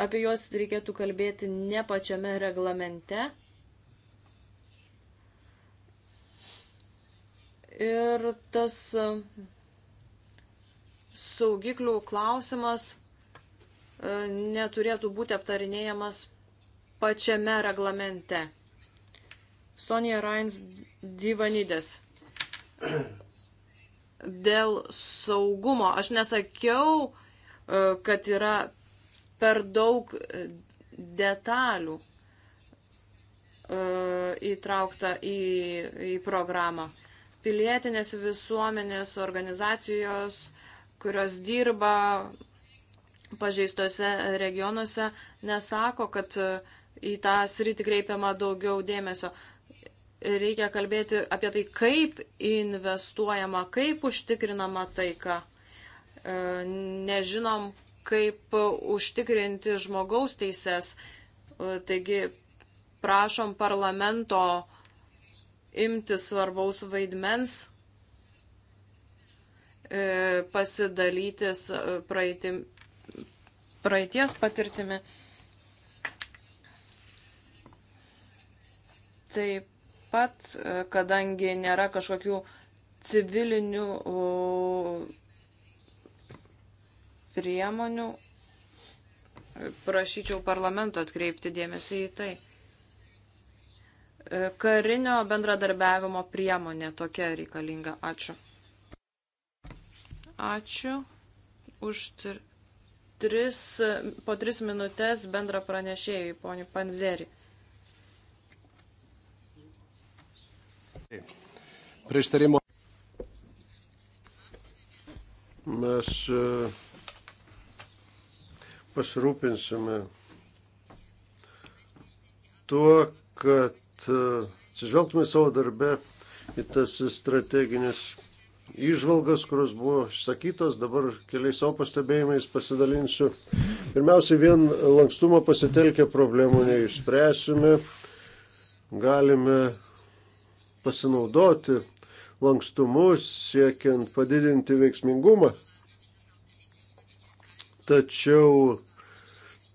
apie juos reikėtų kalbėti ne pačiame reglamente. Ir tas e, saugiklių klausimas e, neturėtų būti aptarinėjamas pačiame reglamente. Sonia Rains Divanidės. Dėl saugumo. Aš nesakiau, e, kad yra per daug e, detalių e, įtraukta į, į programą. Pilietinės visuomenės organizacijos, kurios dirba pažeistose regionuose, nesako, kad e, į tą sritį kreipiama daugiau dėmesio. Reikia kalbėti apie tai, kaip investuojama, kaip užtikrinama taika. Nežinom, kaip užtikrinti žmogaus teises. Taigi prašom parlamento imti svarbaus vaidmens, e, pasidalytis e, praeitim, praeities patirtimi. Taip pat, e, kadangi nėra kažkokių civilinių priemonių, prašyčiau parlamento atkreipti dėmesį į tai. Karinio bendradarbiavimo priemonė tokia reikalinga. Ačiū. Ačiū už tris, po tris minutės bendra pranešėjai, poni Panzeri. Prieštarimo. Mes uh pasirūpinsime tuo, kad e, atsižvelgtume savo darbę į tas strateginės išvalgas, kurios buvo išsakytos, dabar keliais savo pastebėjimais pasidalinsiu. Pirmiausiai, vien lankstumą pasitelkę problemų neišspręsime, galime pasinaudoti lankstumus siekiant padidinti veiksmingumą tačiau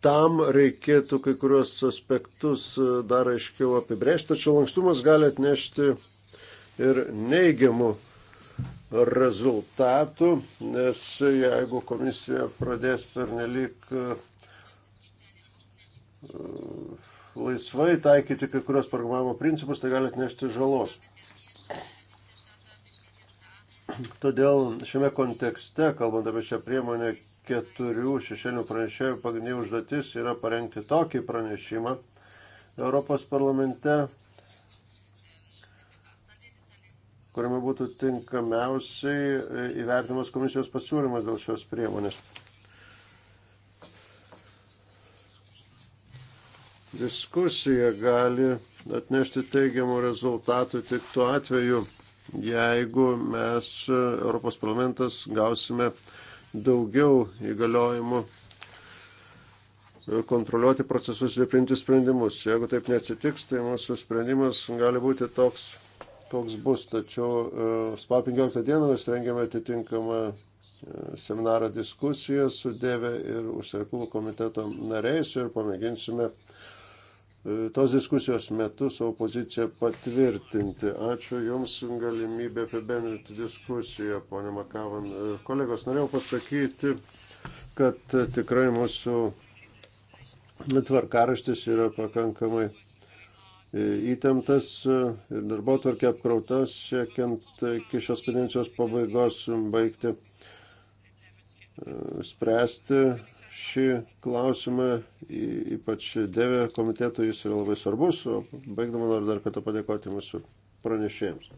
tam reikėtų kai kurios aspektus e, dar aiškiau apibrėžti, tačiau lankstumas gali atnešti ir neigiamų rezultatų, nes jeigu komisija pradės pernelyg e, laisvai taikyti kai kurios programavimo principus, tai gali atnešti žalos. Todėl šiame kontekste, kalbant apie šią priemonę, keturių šešėlių pranešėjų pagrindinė užduotis yra parengti tokį pranešimą Europos parlamente, kuriame būtų tinkamiausiai įvertinamas komisijos pasiūlymas dėl šios priemonės. Diskusija gali atnešti teigiamų rezultatų tik tuo atveju, jeigu mes Europos parlamentas gausime uh, daugiau įgaliojimų kontroliuoti procesus ir priimti sprendimus. Jeigu taip neatsitiks, tai mūsų sprendimas gali būti toks, koks bus. Tačiau e, spa 15 dieną mes rengiame atitinkamą e, seminarą diskusiją su Dėvė ir užsienio reikalų komiteto nariais ir pamėginsime E, tos diskusijos metu savo poziciją patvirtinti. Ačiū Jums galimybę apibendrinti diskusiją, ponė Makavan. E, kolegos, norėjau pasakyti, kad tikrai mūsų tvarkaraštis yra pakankamai e, įtemptas ir darbo tvarkė apkrautas, siekiant iki šios kadencijos pabaigos baigti spręsti šį klausimą, ypač Dėvė komitetų, jis yra labai svarbus. Baigdama noriu dar kartą padėkoti mūsų pranešėjams.